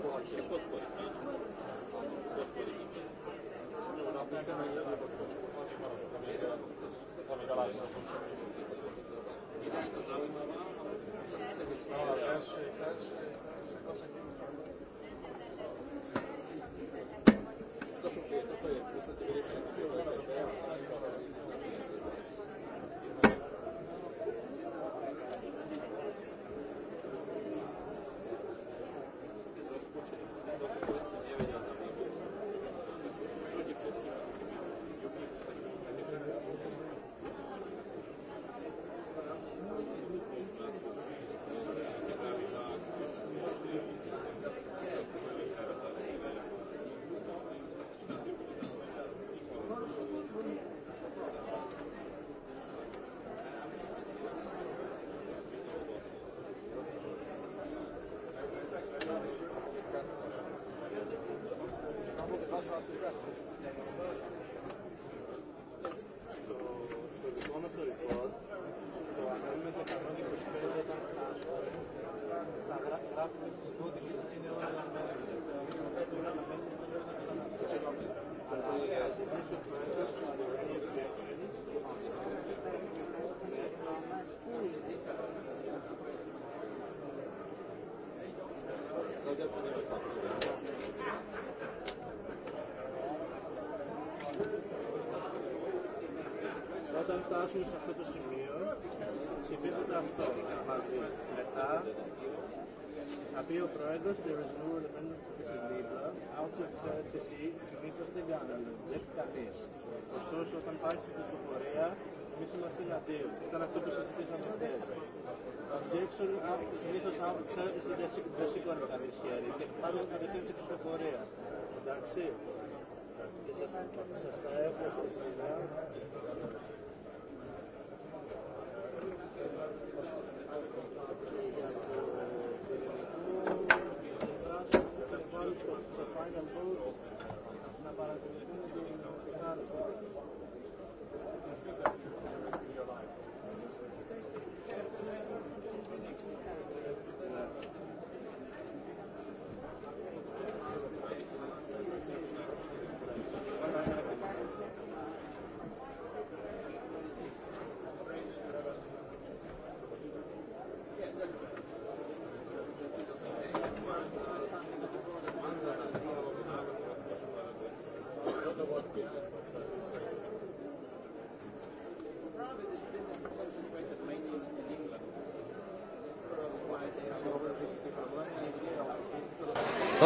Υπότιτλοι AUTHORWAVE φτάσουμε σε αυτό το σημείο, ψηφίζονται αυτό μαζί. Μετά, θα πει ο Πρόεδρος του Ρεσμού Ελεμένου της Ελλήντα, out of courtesy, συνήθως δεν κάνουμε, δεν κανείς. Ωστόσο, όταν πάει στην πληροφορία, εμείς είμαστε εναντίον. Ήταν αυτό που συζητήσαμε χθες. Objection, συνήθως out of courtesy, δεν σήκωνε κανείς χέρι και πάμε κατευθείαν στην πληροφορία. Εντάξει. Και σας, σας τα έχω στο σημείο.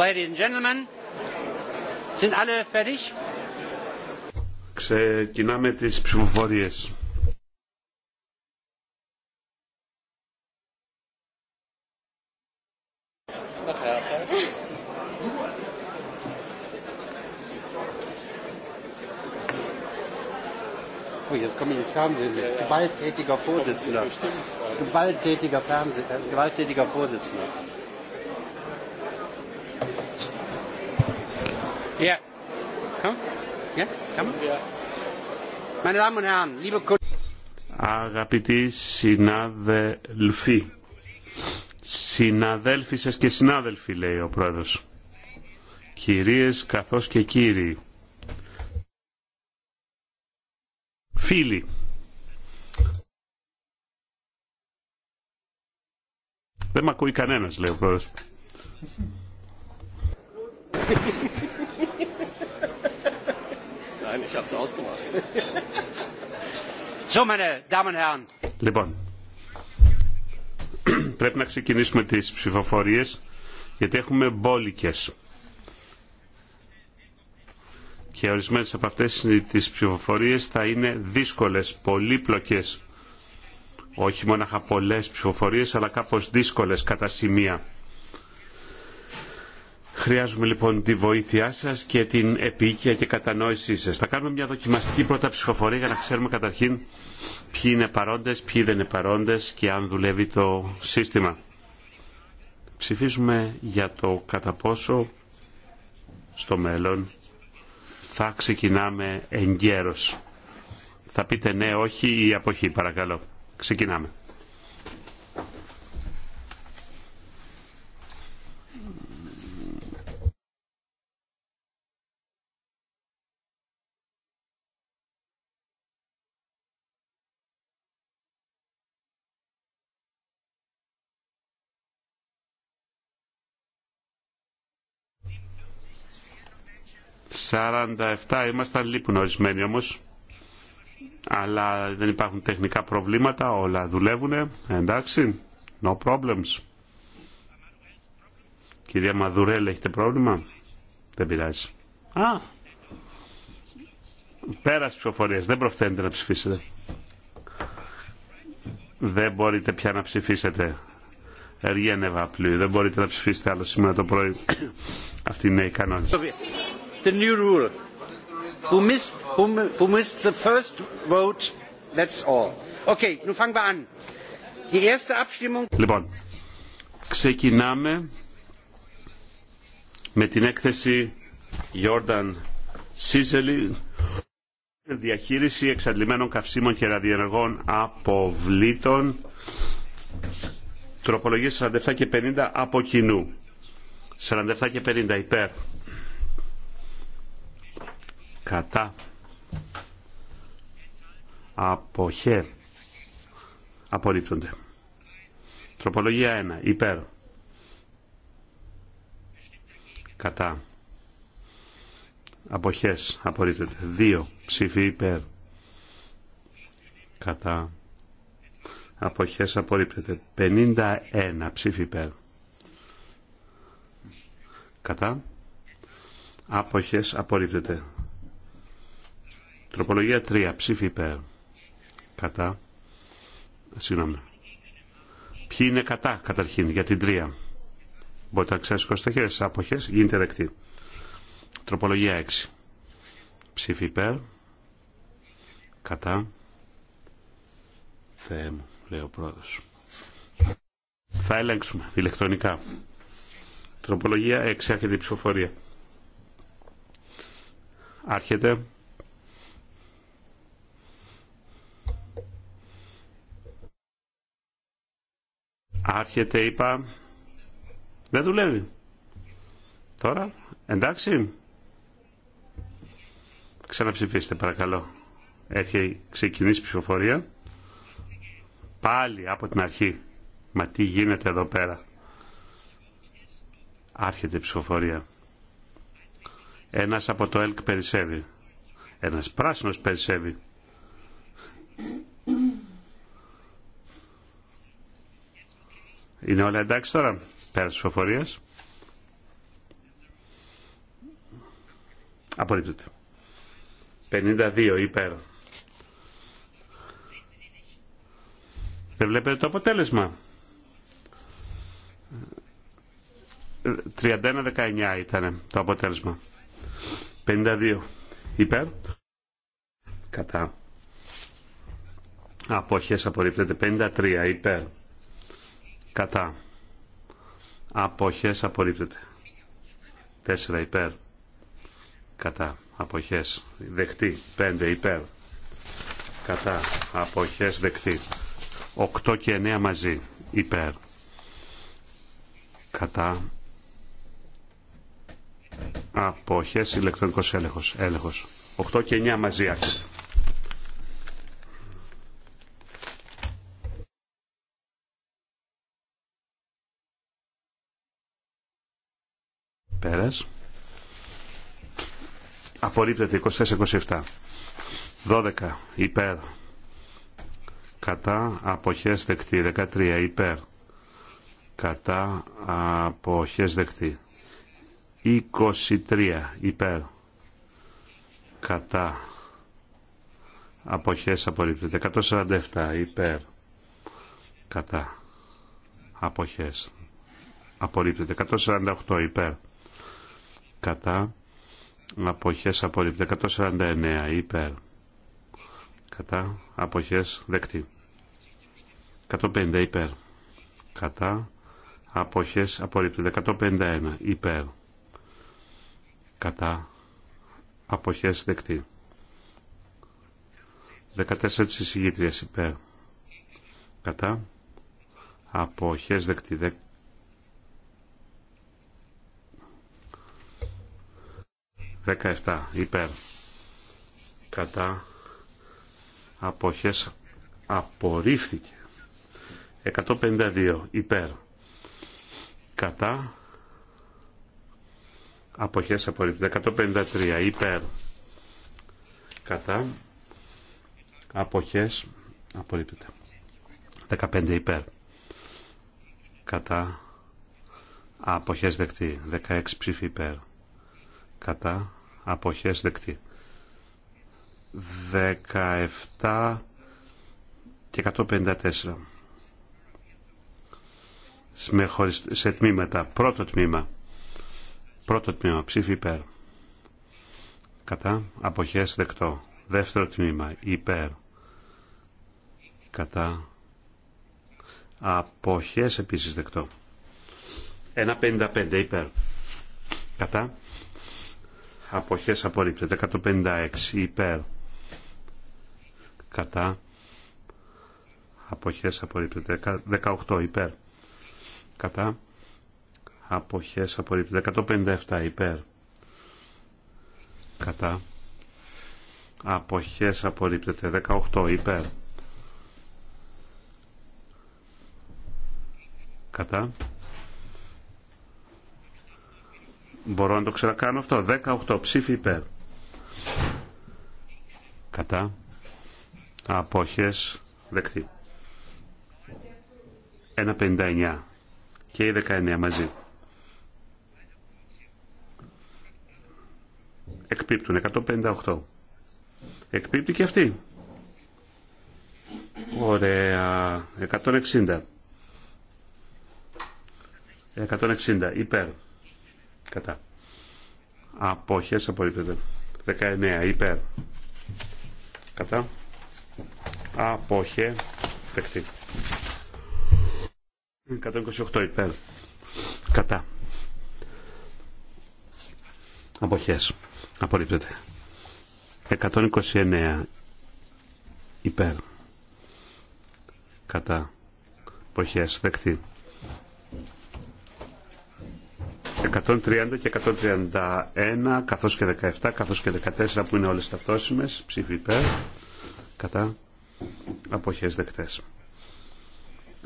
Ladies and gentlemen, sind alle fertig? Ξεκινάμε τις ψηφοφορίες. jetzt komme ich ins Fernsehen. Gewalttätiger Vorsitzender. Gewalttätiger, Fernseh, gewalttätiger Vorsitzender. Yeah. Come. Yeah. Come. Meine Damen und Herren, liebe Αγαπητοί συνάδελφοι, συναδέλφισες και συνάδελφοι λέει ο πρόεδρος, κυρίες καθώς και κύριοι, φίλοι, δεν με ακούει κανένας λέει ο πρόεδρος. Λοιπόν, πρέπει να ξεκινήσουμε τις ψηφοφορίες, γιατί έχουμε μπόλικες. Και ορισμένες από αυτές τις ψηφοφορίες θα είναι δύσκολες, πολύπλοκες. Όχι μόνο πολλές ψηφοφορίες, αλλά κάπως δύσκολες κατά σημεία. Χρειάζομαι λοιπόν τη βοήθειά σας και την επίοικια και κατανόησή σας. Θα κάνουμε μια δοκιμαστική πρώτα ψηφοφορία για να ξέρουμε καταρχήν ποιοι είναι παρόντες, ποιοι δεν είναι παρόντες και αν δουλεύει το σύστημα. Ψηφίζουμε για το κατά πόσο στο μέλλον θα ξεκινάμε εγκαίρως. Θα πείτε ναι, όχι ή αποχή παρακαλώ. Ξεκινάμε. 47 ήμασταν, λείπουν ορισμένοι όμως. Αλλά δεν υπάρχουν τεχνικά προβλήματα, όλα δουλεύουν. Εντάξει, no problems. Κυρία Μαδουρέλ, έχετε πρόβλημα. Δεν πειράζει. Α, πέρασε ψηφοφορίες, δεν προφθαίνετε να ψηφίσετε. Δεν μπορείτε πια να ψηφίσετε. πλούι, δεν μπορείτε να ψηφίσετε άλλο σήμερα το πρωί. Αυτή είναι η κανόνη the new rule. Who missed the first vote, that's all. Λοιπόν, ξεκινάμε με την έκθεση Jordan Σίζελη διαχείριση εξαντλημένων καυσίμων και ραδιενεργών αποβλήτων τροπολογίες 47 και 50 από κοινού 47 και 50 υπέρ κατά αποχέ απορρίπτονται. Τροπολογία 1. Υπέρ. Κατά. Αποχές απορρίπτονται 2. Ψήφι υπέρ. Κατά. Αποχές απορρίπτεται. 51. Ψήφι υπέρ. Κατά. Αποχές απορρίπτεται. Τροπολογία 3. Ψήφι υπέρ. Κατά. Συγγνώμη. Ποιοι είναι κατά καταρχήν για την 3. Μπορείτε να ξεσηκώσετε χέρια στις αποχές. Γίνεται δεκτή. Τροπολογία 6. Ψήφι υπέρ. Κατά. Θεέ μου, λέει ο πρόεδρος. Θα ελέγξουμε ηλεκτρονικά. Τροπολογία 6. Άρχεται η ψηφοφορία. Άρχεται. Άρχεται, είπα. Δεν δουλεύει. Τώρα, εντάξει. Ξαναψηφίστε, παρακαλώ. Έχει ξεκινήσει η ψηφοφορία. Πάλι από την αρχή. Μα τι γίνεται εδώ πέρα. Άρχεται η ψηφοφορία. Ένας από το ΕΛΚ περισσεύει. Ένας πράσινος περισσεύει. Είναι όλα εντάξει τώρα, πέρα τη ψηφοφορία. Απορρίπτεται. 52 υπέρ. Δεν βλέπετε το αποτέλεσμα. 31-19 ήταν το αποτέλεσμα. 52 υπέρ. Κατά. Αποχές απορρίπτεται. 53 υπέρ κατά αποχές απορρίπτεται 4 υπέρ κατά αποχές δεκτή 5 υπέρ κατά αποχές δεκτή 8 και 9 μαζί υπέρ κατά αποχές ηλεκτρονικός έλεγχος έλεγχος 8 και 9 μαζί άρχεται Πέρας. Απορρίπτεται 24-27. 12 υπέρ. Κατά αποχές δεκτή. 13 υπέρ. Κατά αποχές δεκτή. 23 υπέρ. Κατά αποχές απορρίπτεται. 147 υπέρ. Κατά αποχές απορρίπτεται. 148 υπέρ κατά αποχές απορρίπτεται 149 υπέρ κατά αποχές δεκτή 150 υπέρ κατά αποχές απορρίπτεται 151 υπέρ κατά αποχές δεκτή 14 της εισηγήτριας υπέρ κατά αποχές δεκτή 17 υπέρ κατά αποχές απορρίφθηκε 152 υπέρ κατά αποχές απορρίφθηκε 153 υπέρ κατά αποχές Απορρίφθηκε. 15 υπέρ κατά αποχές δεκτή 16 ψήφι υπέρ κατά αποχές δεκτή. 17 και 154 σε τμήματα. Πρώτο τμήμα. Πρώτο τμήμα. Ψήφι υπέρ. Κατά. Αποχές δεκτό. Δεύτερο τμήμα. Υπέρ. Κατά. Αποχές επίσης δεκτό. 1.55 υπέρ. Κατά αποχές απορρίπτεται 156 υπέρ κατά αποχές απορρίπτεται 18 υπέρ κατά αποχές απορρίπτεται 157 υπέρ κατά αποχές απορρίπτεται 18 υπέρ κατά Μπορώ να το ξανακάνω αυτό. 18 ψήφι υπέρ. Κατά. Απόχες. Δεκτή. 1.59 και η 19 μαζί. Εκπίπτουν 158. Εκπίπτει και αυτή. Ωραία. 160. 160 υπέρ. Κατά. Απόχες απορρίπτεται. 19 υπέρ. Κατά. Απόχε. Δεκτή. 128 υπέρ. Κατά. Αποχές. Απορρίπτεται. 129 υπέρ. Κατά. Αποχές. Δεκτή. 130 και 131 καθώς και 17 καθώς και 14 που είναι όλες ταυτόσιμες ψήφι υπέρ κατά αποχές δεκτές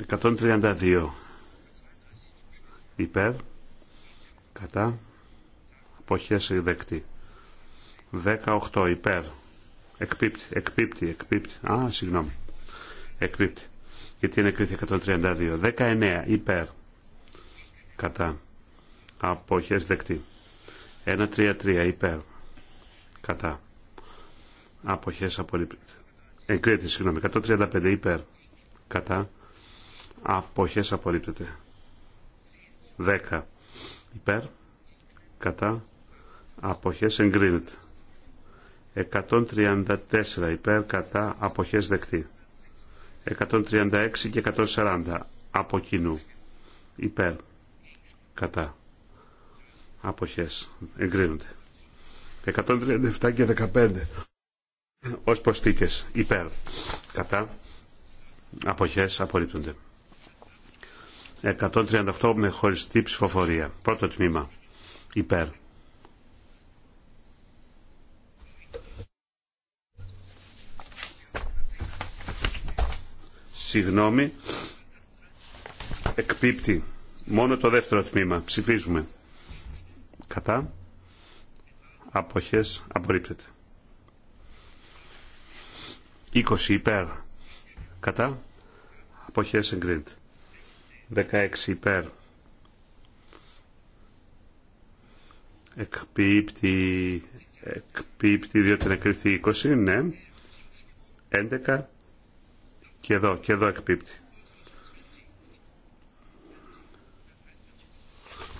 132 υπέρ κατά αποχές δεκτή 18 υπέρ εκπίπτει, εκπίπτει, εκπίπτει α, συγγνώμη εκπίπτει γιατί είναι κρίθη 132 19 υπέρ κατά αποχές δεκτή. 1-3-3 υπέρ κατά αποχές απορρίπτεται. Εγκρίνεται, συγγνώμη. 135 υπέρ κατά αποχές απορρίπτεται. 10 υπέρ κατά αποχές εγκρίνεται. 134 υπέρ κατά αποχές δεκτή. 136 και 140 από κοινού υπέρ κατά αποχές εγκρίνονται 137 και 15 ως προστίκες υπέρ κατά αποχές απορρίπτονται 138 με χωριστή ψηφοφορία πρώτο τμήμα υπέρ συγγνώμη εκπίπτει μόνο το δεύτερο τμήμα ψηφίζουμε κατά αποχές απορρίπτεται 20 υπέρ κατά αποχές εγκρίνεται 16 υπέρ εκπίπτει εκπίπτει διότι εκρήθη 20 ναι 11 και εδώ και εδώ εκπίπτει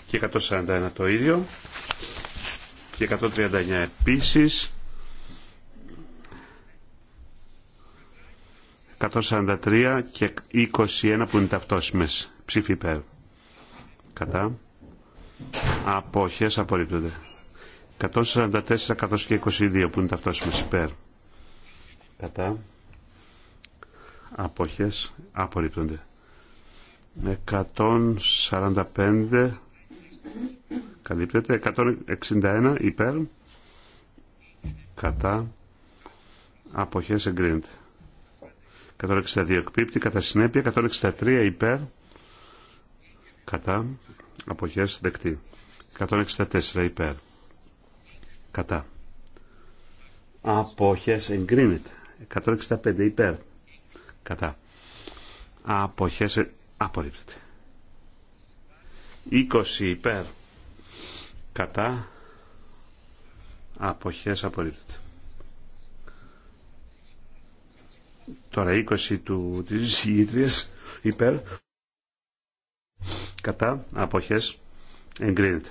και 141 το ίδιο και 139 επίσης 143 και 21 που είναι ταυτόσιμες ψήφι υπέρ κατά αποχές απορρίπτονται 144 καθώς και 22 που είναι ταυτόσιμες υπέρ κατά αποχές απορρίπτονται 145 Καλύπτεται. 161 υπέρ. Κατά. Αποχές εγκρίνεται. 162 εκπίπτει. Κατά συνέπεια 163 υπέρ. Κατά. Αποχές δεκτή. 164 υπέρ. Κατά. Αποχές εγκρίνεται. 165 υπέρ. Κατά. Αποχές απορρίπτεται. 20 υπέρ κατά αποχές απορρίπτεται. Τώρα 20 του, της ηγητρίας υπέρ κατά αποχές εγκρίνεται.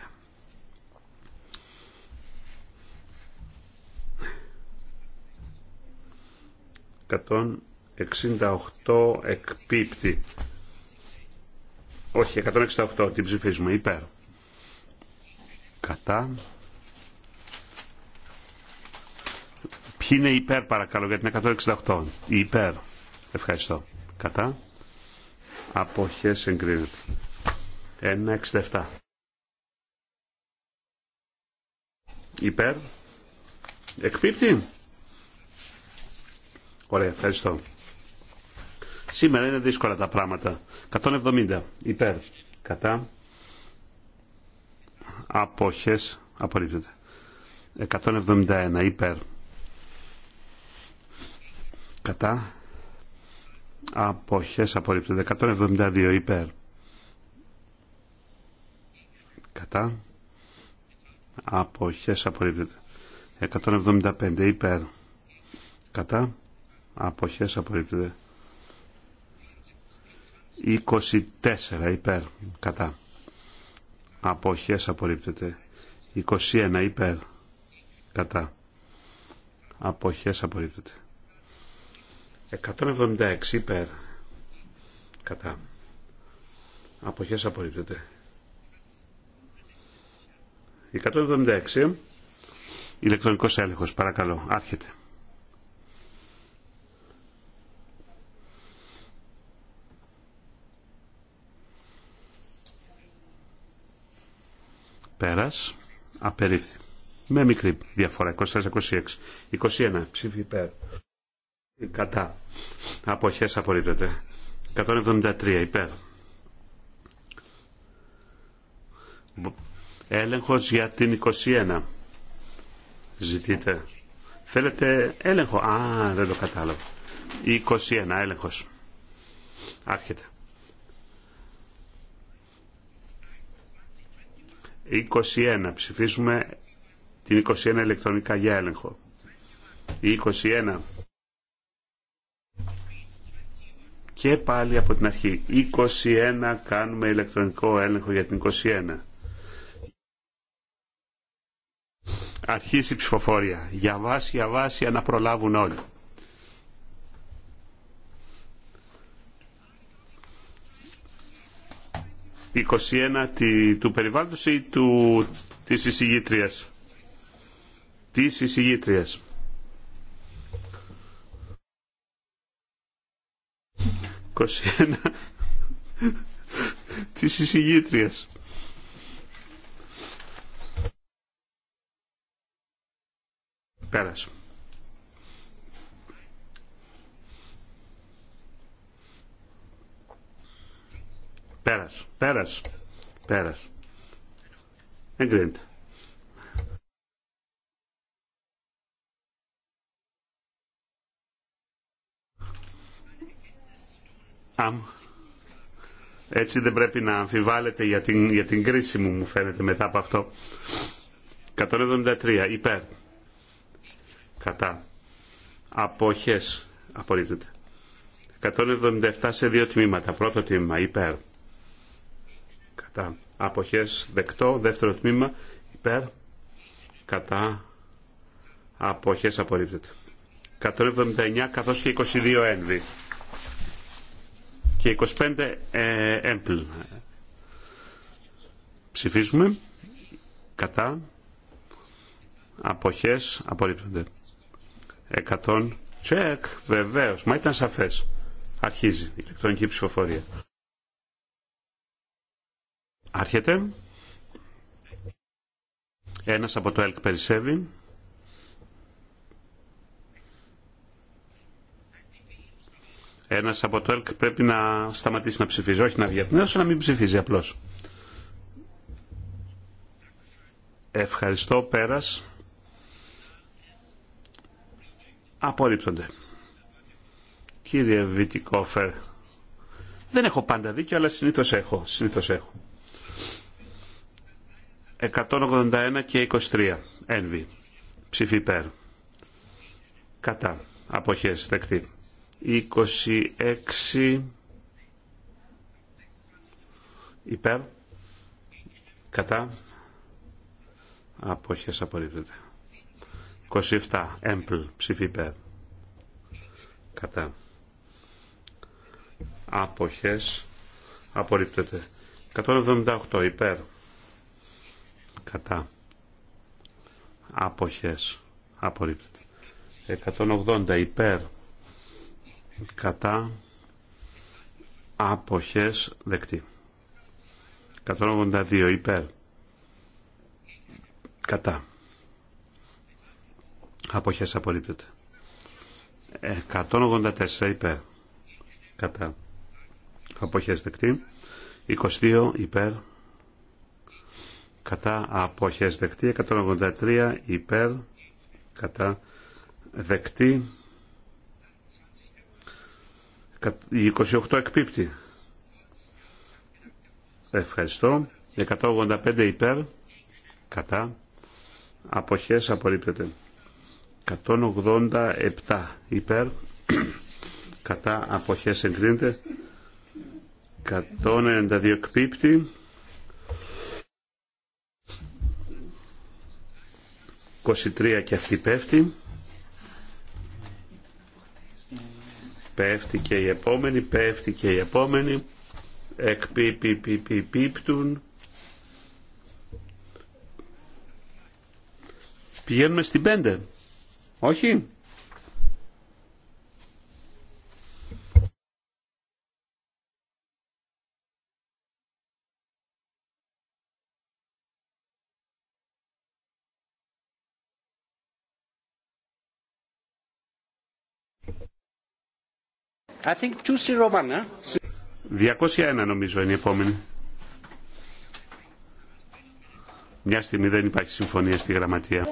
Κατόν 68 εκπίπτει. Όχι, 168. Την ψηφίζουμε. Υπέρ. Κατά. Ποιοι είναι υπέρ παρακαλώ για την 168. Υπέρ. Ευχαριστώ. Κατά. Αποχές εγκρίνεται. 1,67. Υπέρ. Εκπίπτει. Ωραία, ευχαριστώ. Σήμερα είναι δύσκολα τα πράγματα. 170 υπέρ κατά απόχες απορρίπτεται. 171 υπέρ κατά απόχες απορρίπτεται. 172 υπέρ κατά απόχες απορρίπτεται. 175 υπέρ κατά απόχες απορρίπτεται. 24 υπέρ κατά αποχές απορρίπτεται 21 υπέρ κατά αποχές απορρίπτεται 176 υπέρ κατά αποχές απορρίπτεται 176 ηλεκτρονικός έλεγχος παρακαλώ άρχεται Πέρας. Απερίφθη. Με μικρή διαφορά. 24-26. 21. Ψήφι υπέρ. Κατά. Αποχές απορρίπτεται. 173 υπέρ. Έλεγχος για την 21. Ζητείτε. Θέλετε έλεγχο. Α, δεν το κατάλαβα. 21 έλεγχος. Άρχεται. 21. Ψηφίσουμε την 21 ηλεκτρονικά για έλεγχο. Η 21. Και πάλι από την αρχή. 21 κάνουμε ηλεκτρονικό έλεγχο για την 21. Αρχίσει η ψηφοφορία. Για βάση, για βάση, να προλάβουν όλοι. 21 του περιβάλλοντος ή του, της εισηγήτριας. Της εισηγήτριας. της εισηγήτριας. Πέρασε. Πέρας. Πέρας. Πέρας. Εγκρίνεται. Αμ. Έτσι δεν πρέπει να αμφιβάλλετε για την, για την κρίση μου, μου φαίνεται, μετά από αυτό. 173. Υπέρ. Κατά. Αποχές. Απορρίπτεται. 177 σε δύο τμήματα. Πρώτο τμήμα. Υπέρ τα αποχές δεκτό δεύτερο τμήμα υπέρ κατά αποχές απορρίπτεται 179 καθώς και 22 ένδυ και 25 ε, έμπλ ψηφίζουμε κατά αποχές απορρίπτονται 100 τσεκ βεβαίως μα ήταν σαφές αρχίζει η ηλεκτρονική ψηφοφορία Άρχεται. Ένας από το ΕΛΚ περισσεύει. Ένας από το ΕΛΚ πρέπει να σταματήσει να ψηφίζει, όχι να βγει από ναι, την να μην ψηφίζει απλώς. Ευχαριστώ, πέρας. Απορρίπτονται. Κύριε Βιτικόφερ, δεν έχω πάντα δίκιο, αλλά συνήθως έχω. Συνήθως έχω. 181 και 23. Ένβη. Ψήφι υπέρ. Κατά. Αποχές. Δεκτή. 26 υπέρ. Κατά. Αποχές απορρίπτεται. 27. Έμπλ. Ψήφι υπέρ. Κατά. Αποχές απορρίπτεται. 178 υπέρ κατά αποχές απορρίπτεται 180 υπέρ κατά αποχές δεκτή 182 υπέρ κατά αποχές απορρίπτεται 184 υπέρ κατά αποχές δεκτή 22 υπέρ κατά αποχές δεκτή 183 υπέρ κατά δεκτή 28 εκπίπτει ευχαριστώ 185 υπέρ κατά αποχές απορρίπτεται 187 υπέρ κατά αποχές εγκρίνεται 192 εκπίπτει 23 και αυτή πέφτει. Πέφτει και η επόμενη, πέφτει και η επόμενη. Εκπίπτουν. Πηγαίνουμε στην 5. Όχι. I think 201, 201 νομίζω είναι η επόμενη. Μια στιγμή δεν υπάρχει συμφωνία στη γραμματεία.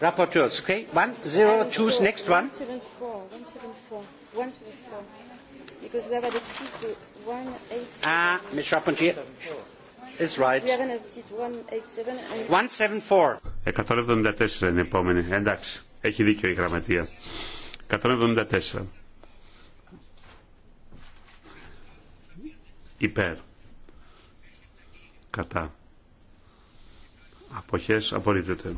Rapporteurs, okay. 102 choose next one. 174. 174, 174. Because we have 187. a Ah, Ms. Rapporteur is right. 174. 174 είναι η επόμενη. Εντάξει, έχει δίκιο η γραμματεία. 174. υπέρ κατά αποχές απορρίπτεται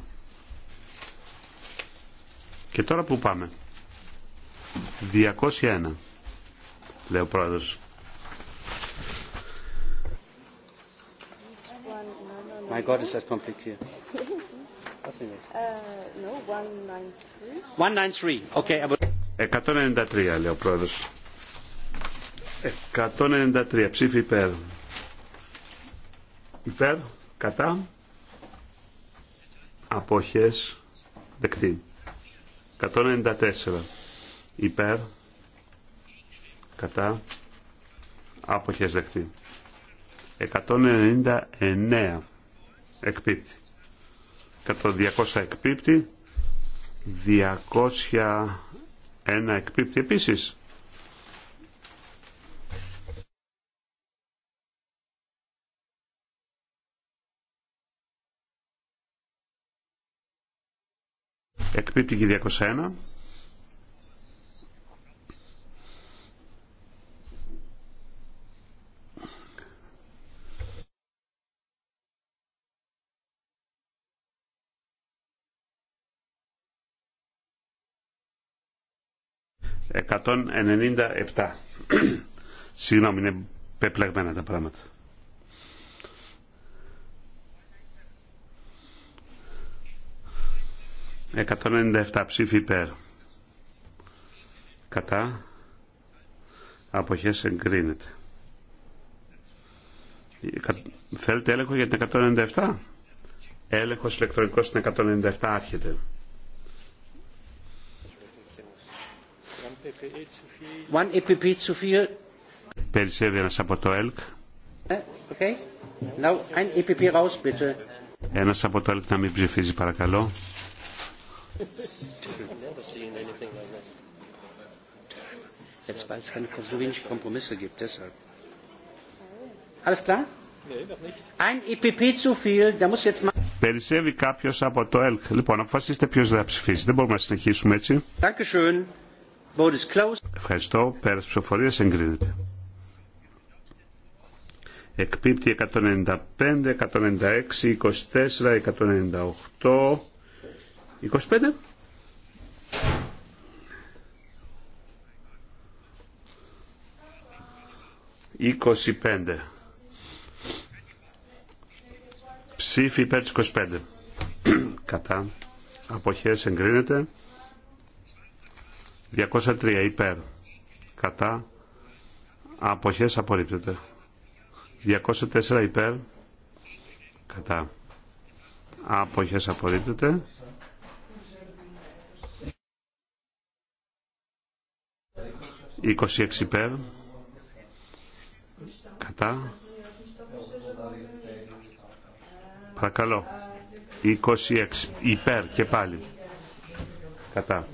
και τώρα που πάμε 201 λέει ο πρόεδρος My God, is that complicated? Uh, no, 193. 193, okay. 193, λέει ο πρόεδρος. 193 ψήφι υπέρ. Υπέρ, κατά, απόχες, δεκτή. 194 υπέρ, κατά, άποχες δεκτή. 199 εκπίπτει. 200 εκπίπτει. 201 εκπίπτει επίσης. Καταπίπτει και 201. Εκατόν Συγγνώμη, είναι πεπλεγμένα τα πράγματα. 197 ψήφι υπέρ. Κατά. Αποχές εγκρίνεται. Θέλετε έλεγχο για την 197. Έλεγχος ηλεκτρονικός στην 197 άρχεται. One Περισσεύει ένας από το ΕΛΚ. Ε, okay. Now, ein bitte. Ένας από το ΕΛΚ να μην ψηφίζει παρακαλώ. Jetzt, weil es keine, so wenig Kompromisse gibt, deshalb. Alles klar? Ein EPP zu viel, da muss jetzt mal... Περισσεύει κάποιο από το ΕΛΚ. Λοιπόν, αποφασίστε ποιο θα ψηφίσει. Δεν μπορούμε να συνεχίσουμε έτσι. Ευχαριστώ. Πέρα ψηφοφορία εγκρίνεται. Εκπίπτει 195, 196, 24, 198. 25. 25 Ψήφι υπέρ της 25. Κατά. Αποχές εγκρίνεται. 203 υπέρ. Κατά. Αποχές απορρίπτεται. 204 υπέρ. Κατά. Αποχές απορρίπτεται. 26 υπέρ. Κατά. Παρακαλώ. 26 υπέρ και πάλι. Κατά.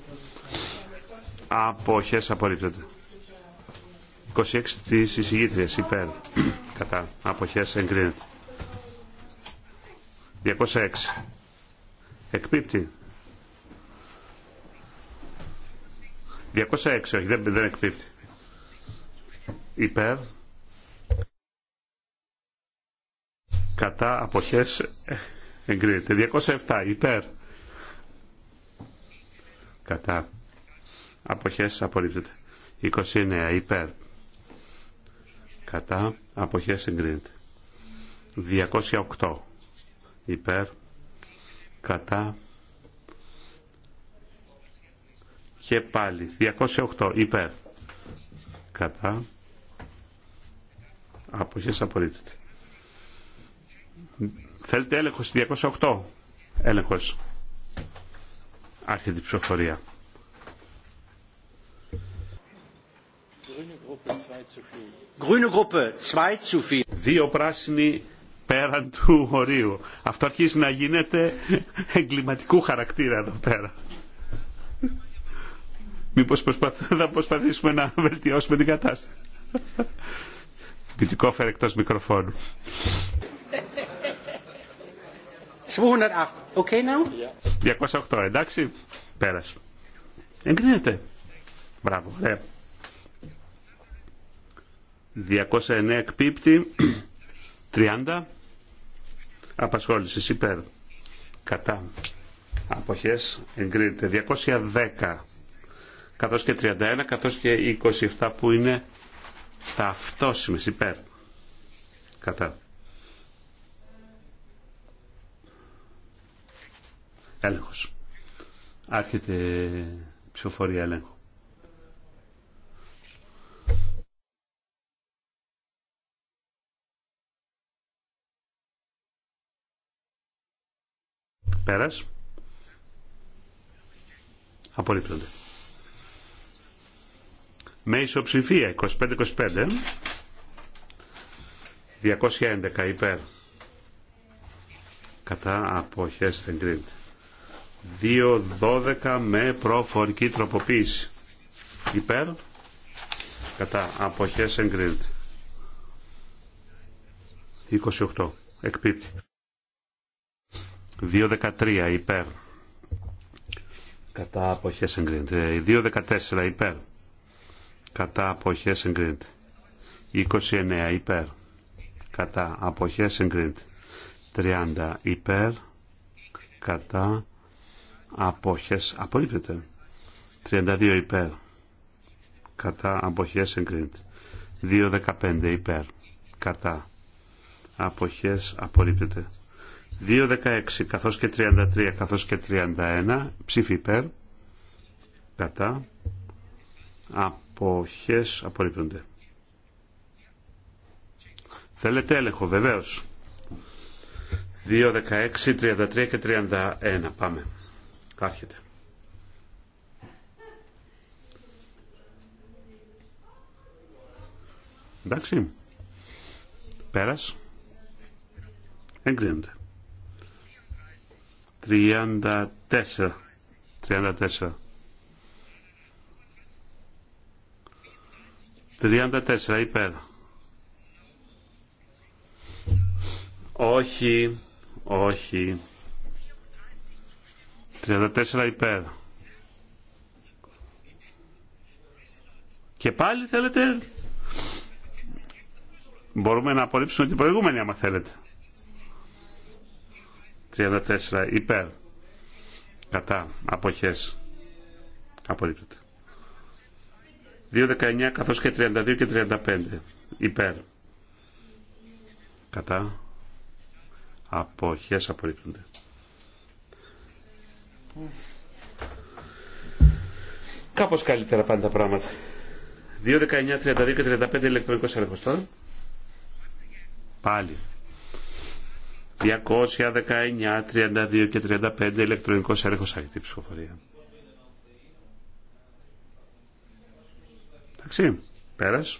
Αποχές απορρίπτεται. 26 της εισηγήτριας υπέρ. Κατά. Αποχές εγκρίνεται. 206. Εκπίπτει. 206, όχι, δεν, δεν εκπίπτει. Υπέρ. Κατά αποχές εγκρίνεται. 207, υπέρ. Κατά αποχές απορρίπτεται. 29, υπέρ. Κατά αποχές εγκρίνεται. 208, υπέρ. Κατά και πάλι 208 υπέρ κατά αποχές απορρίπτεται θέλετε έλεγχο στη 208 έλεγχος άρχεται η ψηφοφορία Δύο πράσινοι πέραν του ορίου. Αυτό αρχίζει να γίνεται εγκληματικού χαρακτήρα εδώ πέρα. Μήπως θα προσπαθήσουμε να βελτιώσουμε την κατάσταση. Πιτικό εκτός μικροφόνου. 208. Okay now? 208. Εντάξει. Πέρασε. Εγκρίνεται. Μπράβο. Ωραία. 209 εκπίπτει. 30. Απασχόληση υπέρ. Κατά. Αποχές εγκρίνεται. 210 καθώς και 31, καθώς και 27 που είναι ταυτόσιμες υπέρ. Κατά. Έλεγχος. Άρχεται ψηφοφορία έλεγχο. Πέρας. Απολύπτονται με ισοψηφία 25-25 211 υπέρ κατά αποχές εγκρίνεται 2-12 με προφορική τροποποίηση υπέρ κατά αποχές εγκρίνεται 28 εκπίπτει 2-13 υπέρ κατά αποχές εγκρίνεται 2-14 υπέρ κατά αποχές εγκρίνεται. 29 υπέρ κατά αποχές εγκρίνεται. 30 υπέρ κατά αποχές απολύπτεται. 32 υπέρ κατά αποχές εγκρίνεται. 2.15 υπέρ κατά αποχές απολύπτεται. 2.16 καθώς και 33 καθώς και 31 ψήφι υπέρ κατά εποχές απορρίπτονται. Θέλετε έλεγχο βεβαίως. 2, 16, 33 και 31. Πάμε. Άρχεται. Εντάξει. Πέρας. Εγκρίνονται. 34. 34. 34 υπέρ. Όχι, όχι. 34 υπέρ. Και πάλι θέλετε. Μπορούμε να απορρίψουμε την προηγούμενη άμα θέλετε. 34 υπέρ. Κατά. Αποχές. Απορρίπτεται. 2.19 καθώς και 32 και 35 υπέρ κατά αποχές απορρίπτονται. Κάπως καλύτερα πάντα τα πράγματα. 2, 32 και 35 ηλεκτρονικός ελεγχο τώρα. Πάλι. 219, 32 και 35 ηλεκτρονικός έλεγχος άρχεται ψηφοφορία. Εντάξει, πέρας.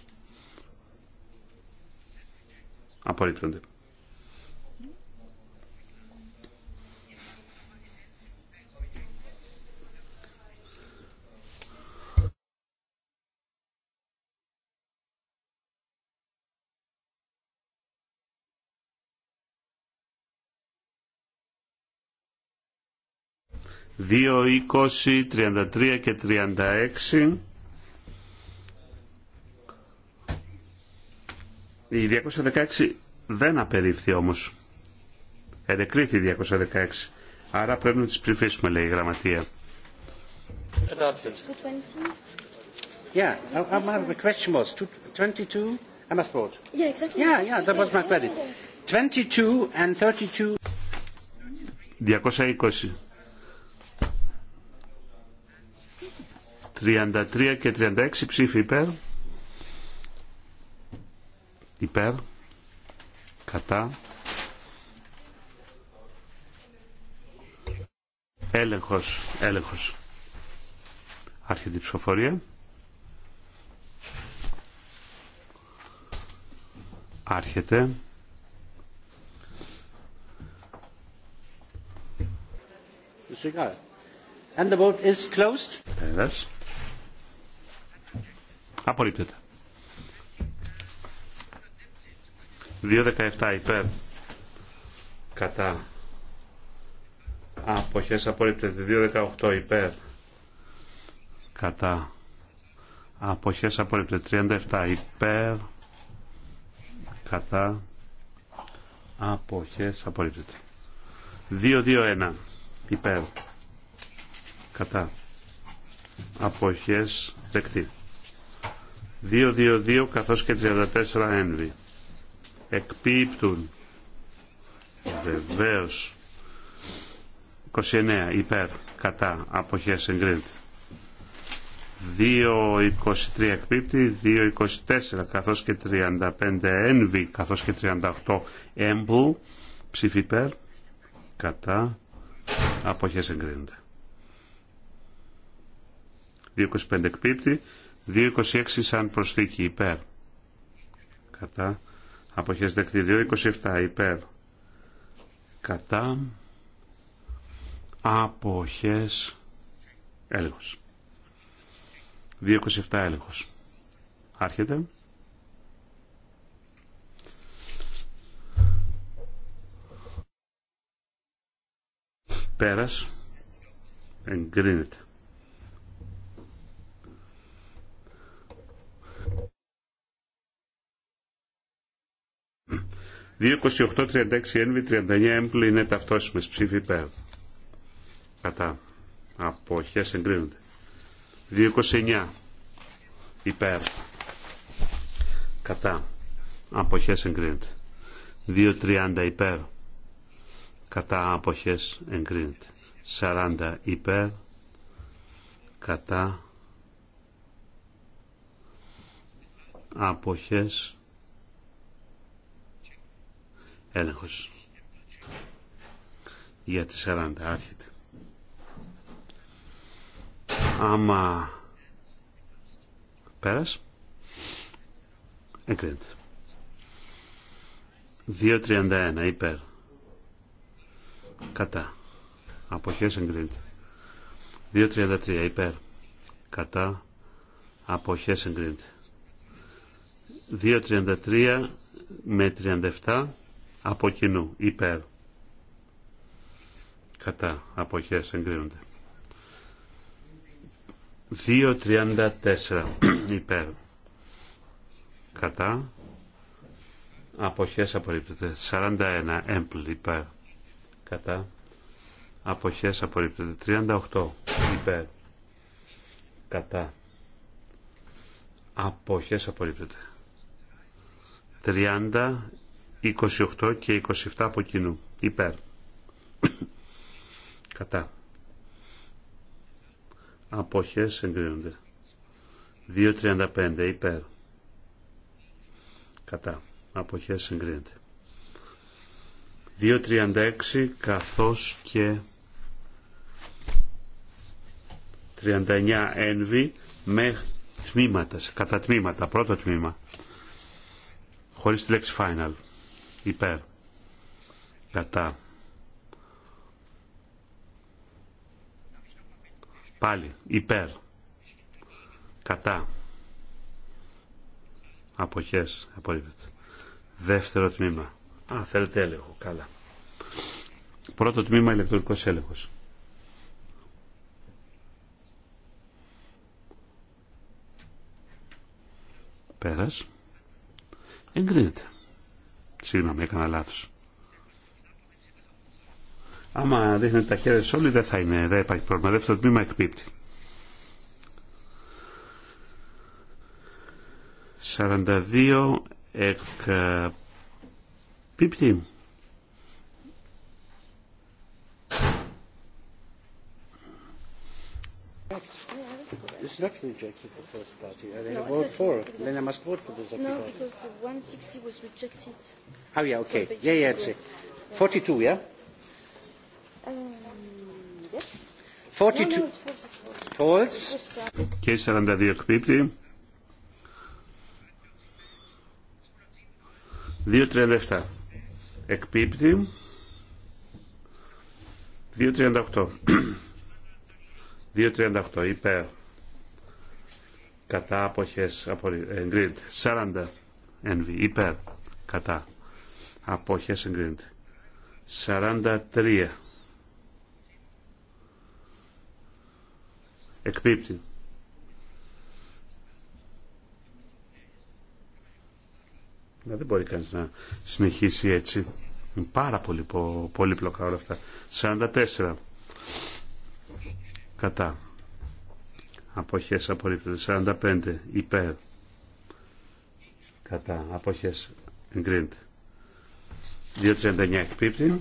Απορρίπτονται. Δύο, είκοσι, τριάντα τρία και τριάντα έξι. Η 216 δεν απερίφθη όμως. η 216. Άρα πρέπει να τις ψηφίσουμε, λέει η γραμματεία. Yeah, a question was 22. I must Yeah, Yeah, that was my credit. 22 and 32. 220. 33 και 36 ψήφοι υπέρ υπέρ κατά έλεγχος έλεγχος άρχεται η ψηφοφορία άρχεται And the vote is closed. Απορρίπτεται. 2.17 υπέρ κατά αποχές απορρίπτεται 2.18 υπέρ κατά αποχές απορρίπτεται 37 υπέρ κατά αποχές απορρίπτεται 2.21 υπέρ κατά αποχές δεκτή 2.22 καθώς και 34 ένβη εκπίπτουν. Βεβαίω. 29 υπέρ κατά αποχές εγκρίνεται. 2.23 εκπίπτει, 2.24 καθώς και 35 ένβη, καθώς και 38 έμπου, ψήφι υπέρ, κατά, αποχές εγκρίνεται. 2.25 εκπίπτει, 2.26 σαν προσθήκη υπέρ, κατά, Αποχές δεκτή 27 υπέρ. Κατά. Αποχές έλεγχος. 2.27 έλεγχος. Άρχεται. Πέρας. Εγκρίνεται. 2, 28, 36, ένβη, 39, έμπλου είναι ταυτόσιμες ψήφι υπέρ. Κατά. Αποχές εγκρίνονται. 2,29 υπέρ. Κατά. Αποχές εγκρίνεται. 2,30 υπέρ. Κατά αποχές εγκρίνεται. 40 υπέρ. Κατά αποχές έλεγχος για τη 40 άρχεται άμα πέρας εγκρίνεται 2.31 υπέρ κατά αποχές εγκρίνεται 2.33 υπέρ κατά αποχές εγκρίνεται 2.33 με 37 από κοινού υπέρ κατά αποχές εγκρίνονται 2.34 υπέρ κατά αποχές απορρίπτεται 41 έμπλ υπέρ κατά αποχές απορρίπτεται 38 υπέρ κατά αποχές απορρίπτεται 30 28 και 27 από κοινού. Υπέρ. Κατά. Αποχές εγκρίνονται. 2.35 υπέρ. Κατά. Αποχές εγκρίνονται. 2.36 καθώς και 39 ένβη με τμήματα, κατά τμήματα, πρώτο τμήμα. Χωρίς τη λέξη final υπέρ κατά πάλι υπέρ κατά αποχές απορρίπτεται δεύτερο τμήμα α θέλετε έλεγχο καλά πρώτο τμήμα ηλεκτρονικός έλεγχος πέρας εγκρίνεται Συγγνώμη, έκανα λάθος. Άμα δείχνετε τα χέρια σε όλοι δεν θα είναι, δεν υπάρχει πρόβλημα. Δεύτερο τμήμα εκπίπτει. 42 εκπίπτει. It's not rejected, the first party. I didn't vote for it. Then I must vote for the second party. No, because the 160 was rejected. Oh, yeah, okay. Yeah, yeah, it's it. 42, yeah? Yes. 42. Falls. Και 42 εκπίπτει. 2.37 εκπίπτει 2.38 2.38 υπέρ κατά αποχές εγκρίνεται 40 NV υπέρ κατά αποχές εγκρίνεται 43 εκπίπτει δεν μπορεί κανείς να συνεχίσει έτσι είναι πάρα πολύ πολύπλοκα όλα αυτά 44 κατά αποχές απορρίπτεται 45 υπέρ κατά αποχές εγκρίνεται 2.39 εκπίπτει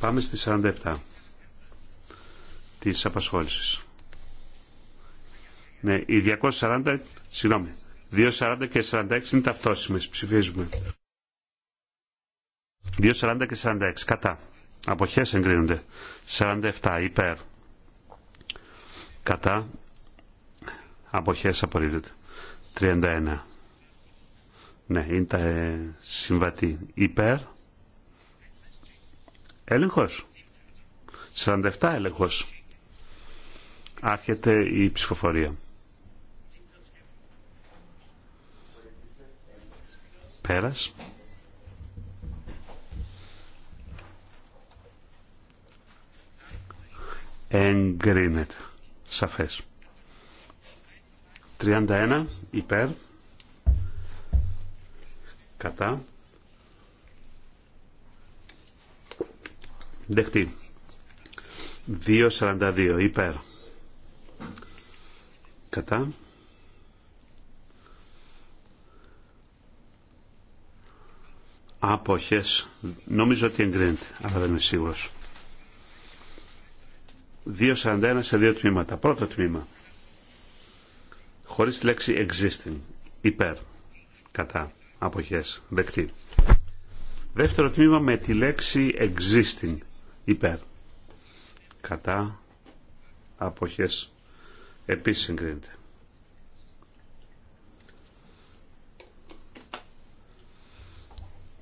πάμε στη 47 της απασχόλησης ναι, οι 240, συγγνώμη, 240 και 46 είναι ταυτόσιμες, ψηφίζουμε. 240 και 46, κατά. Αποχές εγκρίνονται. 47, υπέρ κατά αποχές απορρίβεται 31 ναι είναι τα ε, συμβατή υπέρ έλεγχος 47 έλεγχος άρχεται η ψηφοφορία πέρας εγκρίνεται σαφές. 31 υπέρ κατά δεχτή 2.42 υπέρ κατά άποχες νομίζω ότι εγκρίνεται αλλά δεν είμαι σίγουρος 2.41 σε δύο τμήματα. Πρώτο τμήμα. Χωρίς τη λέξη existing. Υπέρ. Κατά. Αποχές. Δεκτή. Δεύτερο τμήμα με τη λέξη existing. Υπέρ. Κατά. Αποχές. Επίσης συγκρίνεται.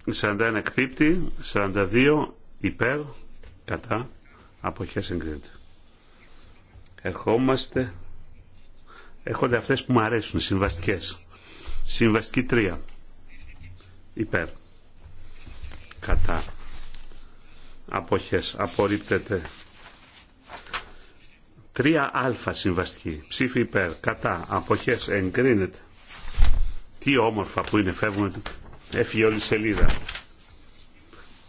Η 41 εκπίπτει, 42 υπέρ, κατά, αποχές εγκρίνεται. Ερχόμαστε. έχονται αυτές που μου αρέσουν, συμβαστικές. Συμβαστική τρία Υπέρ. Κατά. Αποχές. τρία αλφα συμβαστική. Ψήφι υπέρ. Κατά. Αποχές. Εγκρίνεται. Τι όμορφα που είναι. Φεύγουμε. Έφυγε όλη η σελίδα.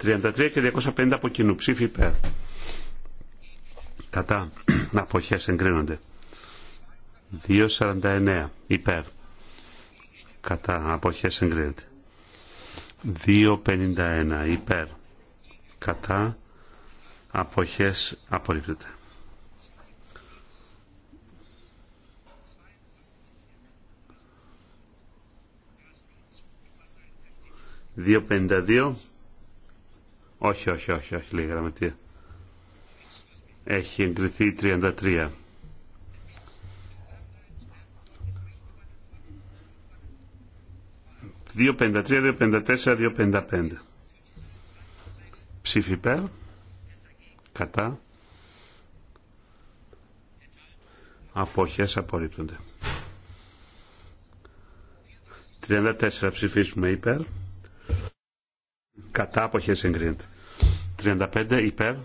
33 και 250 από κοινού. Ψήφι υπέρ κατά αποχές εγκρίνονται 2.49 υπέρ κατά αποχές εγκρίνονται. 2.51 υπέρ κατά αποχές απορρίπτεται 2.52 όχι όχι όχι όχι λέει η γραμματεία έχει εγκριθεί η 33. 2-53, 2-54, 2-55. Ψήφι υπέρ. Κατά. Αποχές απορρίπτονται. 34 ψηφίσουμε υπέρ. Κατά αποχές εγκριθεί. 35 υπέρ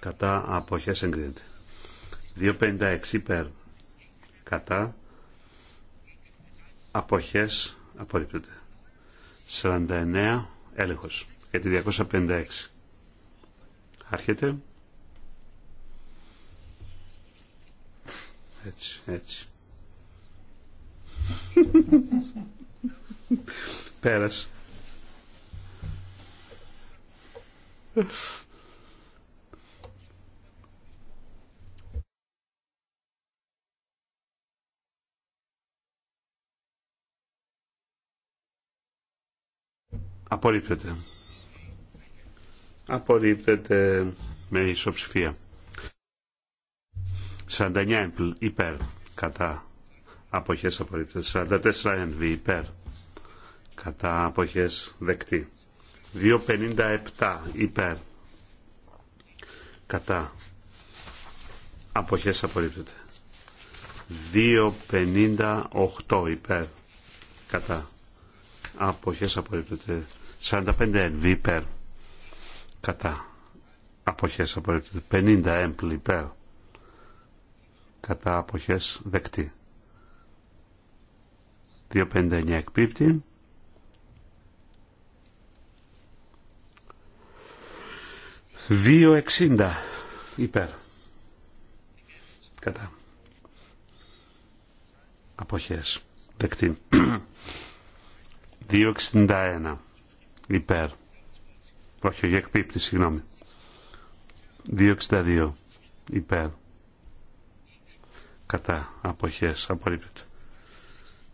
κατά αποχές εγκρίνεται 256 υπέρ κατά αποχές απορρίπτεται 49 έλεγχος για τη 256 άρχεται έτσι έτσι Περάσε. Απορρίπτεται. Απορρίπτεται με ισοψηφία. 49 υπέρ κατά αποχές απορρίπτεται. 44 ΕΝΒ υπέρ κατά αποχές δεκτή. 2.57 υπέρ κατά αποχές απορρίπτεται. 2.58 υπέρ κατά αποχές απορρίπτεται. 45 NV υπέρ κατά αποχές απορρίπτεται 50 έμπλη υπέρ κατά αποχές δεκτή 259 εκπίπτει Δύο εξήντα υπέρ. Κατά. Αποχές. Δεκτή. Δύο εξήντα ένα υπέρ. Όχι, για εκπίπτει, συγγνώμη. 2,62 υπέρ. Κατά αποχές, απορρίπτεται.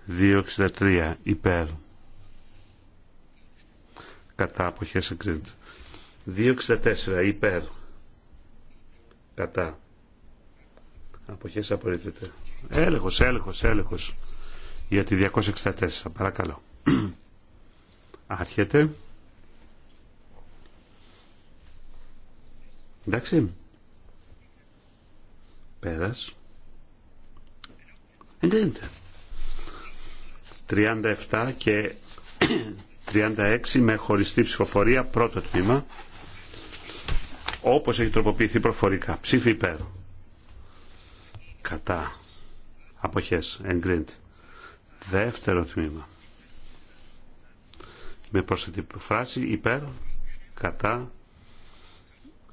2,63 υπέρ. Κατά αποχές εγκρίνεται. 2,64 υπέρ. Κατά. Αποχές απορρίπτεται. Έλεγχος, έλεγχος, έλεγχος. Για τη 264, παρακαλώ. Άρχεται. Εντάξει. Πέρας. Εγκρίνεται. 37 και 36 με χωριστή ψηφοφορία, πρώτο τμήμα, όπως έχει τροποποιηθεί προφορικά. Ψήφι υπέρ. Κατά. Αποχές. Εγκρίνεται. Δεύτερο τμήμα. Με προσθετή φράση υπέρ, κατά,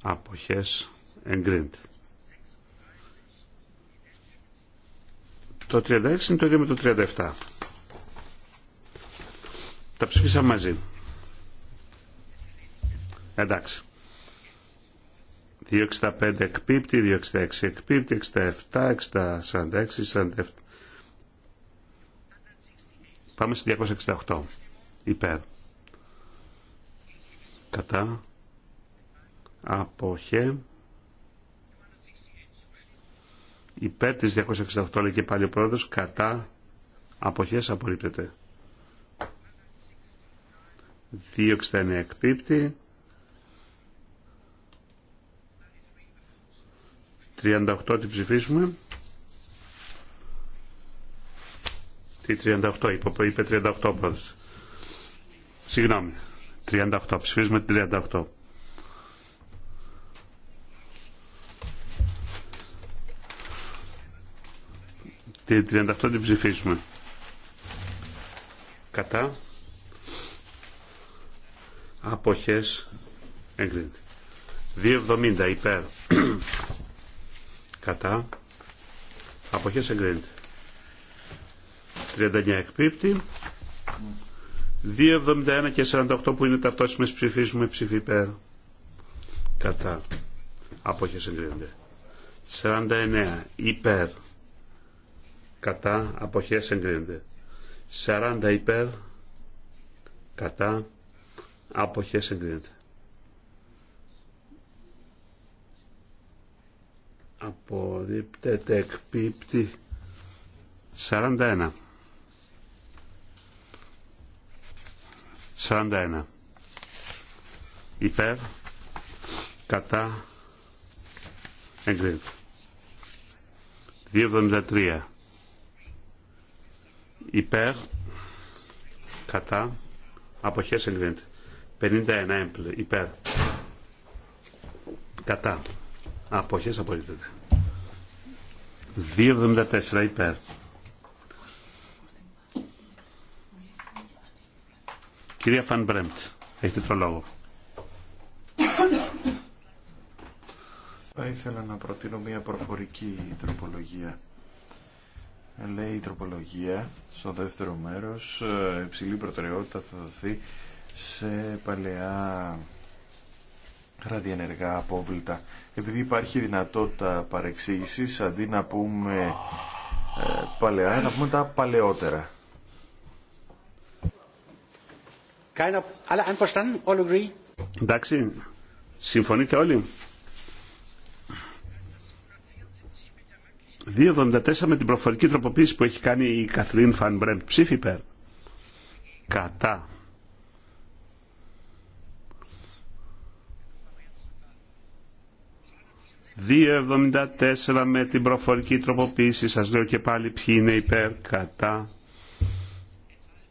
αποχές εγκρίνεται. Το 36 είναι το ίδιο με το 37. Τα ψηφίσαμε μαζί. Εντάξει. 265 εκπίπτει, 266 εκπίπτει, 67, 66, 67. Πάμε σε 268. Υπέρ. Κατά αποχέ υπέρ της 268 λέει και πάλι ο πρόεδρος κατά αποχές απορρίπτεται 269 εκπίπτει 38 την ψηφίσουμε τι 38 είπε, είπε 38 πρόεδρος συγγνώμη 38 ψηφίζουμε 38 Την 38 την ψηφίσουμε. Κατά. Αποχές. Εγκρίνεται. 2,70 υπέρ. Κατά. Αποχές εγκρίνεται. 39 εκπίπτει. 2,71 και 48 που είναι ταυτόσιμες ψηφίζουμε ψηφί υπέρ. Κατά. Αποχές εγκρίνεται. 49 υπέρ κατά αποχές εγκρίνεται 40 υπέρ κατά αποχές εγκρίνεται απορρίπτεται εκπίπτει 41 41 υπέρ κατά εγκρίνεται 23 υπέρ κατά αποχές εγκρίνεται 51 έμπλε υπέρ κατά αποχές απορρίπτεται 2.74 υπέρ Κυρία Φαν Μπρέμτ, έχετε το λόγο. Θα ήθελα να προτείνω μια προφορική τροπολογία λέει η τροπολογία στο δεύτερο μέρος ε, υψηλή προτεραιότητα θα δοθεί σε παλαιά ραδιενεργά απόβλητα επειδή υπάρχει δυνατότητα παρεξήγησης αντί να πούμε ε, παλαιά να πούμε τα παλαιότερα Keiner, alle einverstanden, all agree. Εντάξει, συμφωνείτε όλοι. 2.74 με την προφορική τροποποίηση που έχει κάνει η Καθλίν Φαν Ψήφι υπέρ. Κατά. ...2.74 με την προφορική τροποποίηση, σας λέω και πάλι ποιοι είναι υπέρ, κατά,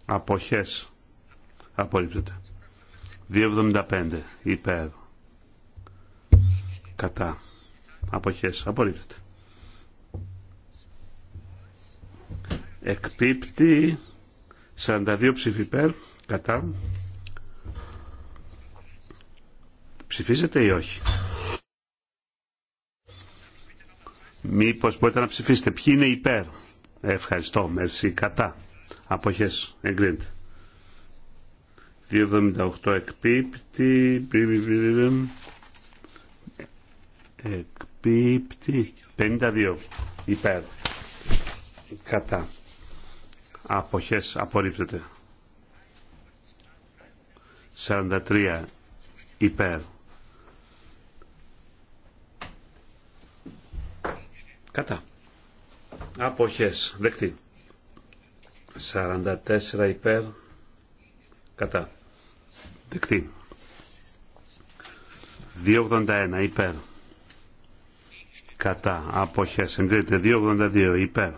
αποχές, απορρίπτεται. 2.75 υπέρ, κατά, αποχές, απορρίπτεται. εκπίπτει 42 ψήφι υπέρ κατά ψηφίζετε ή όχι μήπως μπορείτε να ψηφίσετε ποιοι είναι υπέρ ε, ευχαριστώ μερσή κατά αποχές εγκρίνεται 278 εκπίπτει εκπίπτει 52 υπέρ κατά αποχές απορρίπτεται 43 υπέρ κατά αποχές δεκτή 44 υπέρ κατά δεκτή 281 υπέρ κατά αποχές εγκρίνεται 282 υπέρ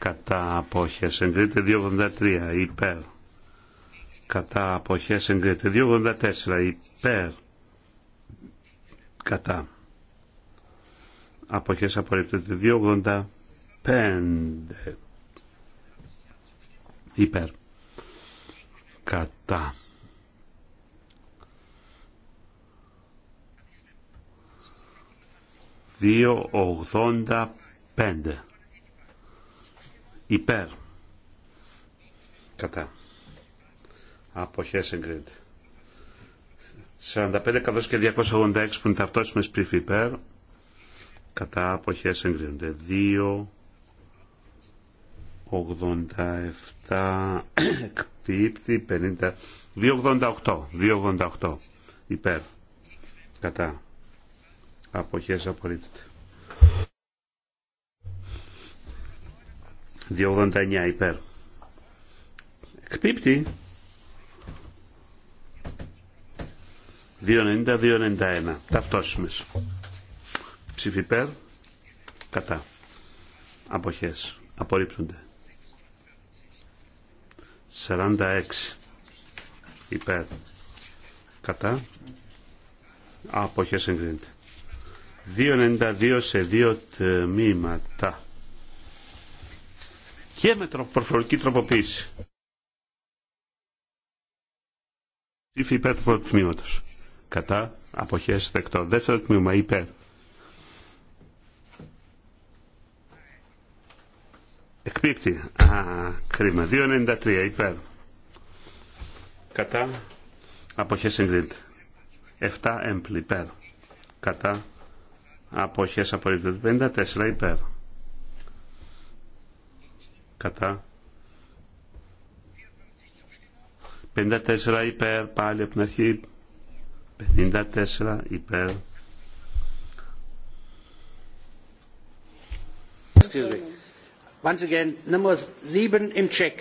κατά αποχές εγκρίνεται 2.83 υπέρ κατά αποχές εγκρίνεται 2.84 υπέρ κατά αποχές απορρίπτεται 2.85 υπέρ κατά δύο ογδόντα πέντε υπέρ κατά από εγκρίνεται 45 καθώς και 286 που είναι ταυτόσιμες ψήφοι υπέρ κατά από εγκρίνονται 287 εκπίπτει 50 288 288 υπέρ κατά αποχές απορρίπτεται 289 υπέρ. Εκπίπτει. 290-291. Ταυτόσιμες. Ψήφι υπέρ. Κατά. Αποχές. Απορρίπτονται. 46 υπέρ. Κατά. Αποχές εγκρίνεται. 292 σε δύο τμήματα και με προφορική τροποποίηση. Ψήφι υπέρ του πρώτου τμήματο. Κατά αποχέ δεκτό. Δεύτερο τμήμα υπέρ. Εκπίπτει. Α, κρίμα. 2,93 υπέρ. Κατά αποχέ εγκρίνεται. 7 έμπλη υπέρ. Κατά αποχέ απορρίπτεται. 54 υπέρ κατά 54 υπέρ πάλι από την αρχή 54 υπέρ Excuse me. Once again, number 7 in check.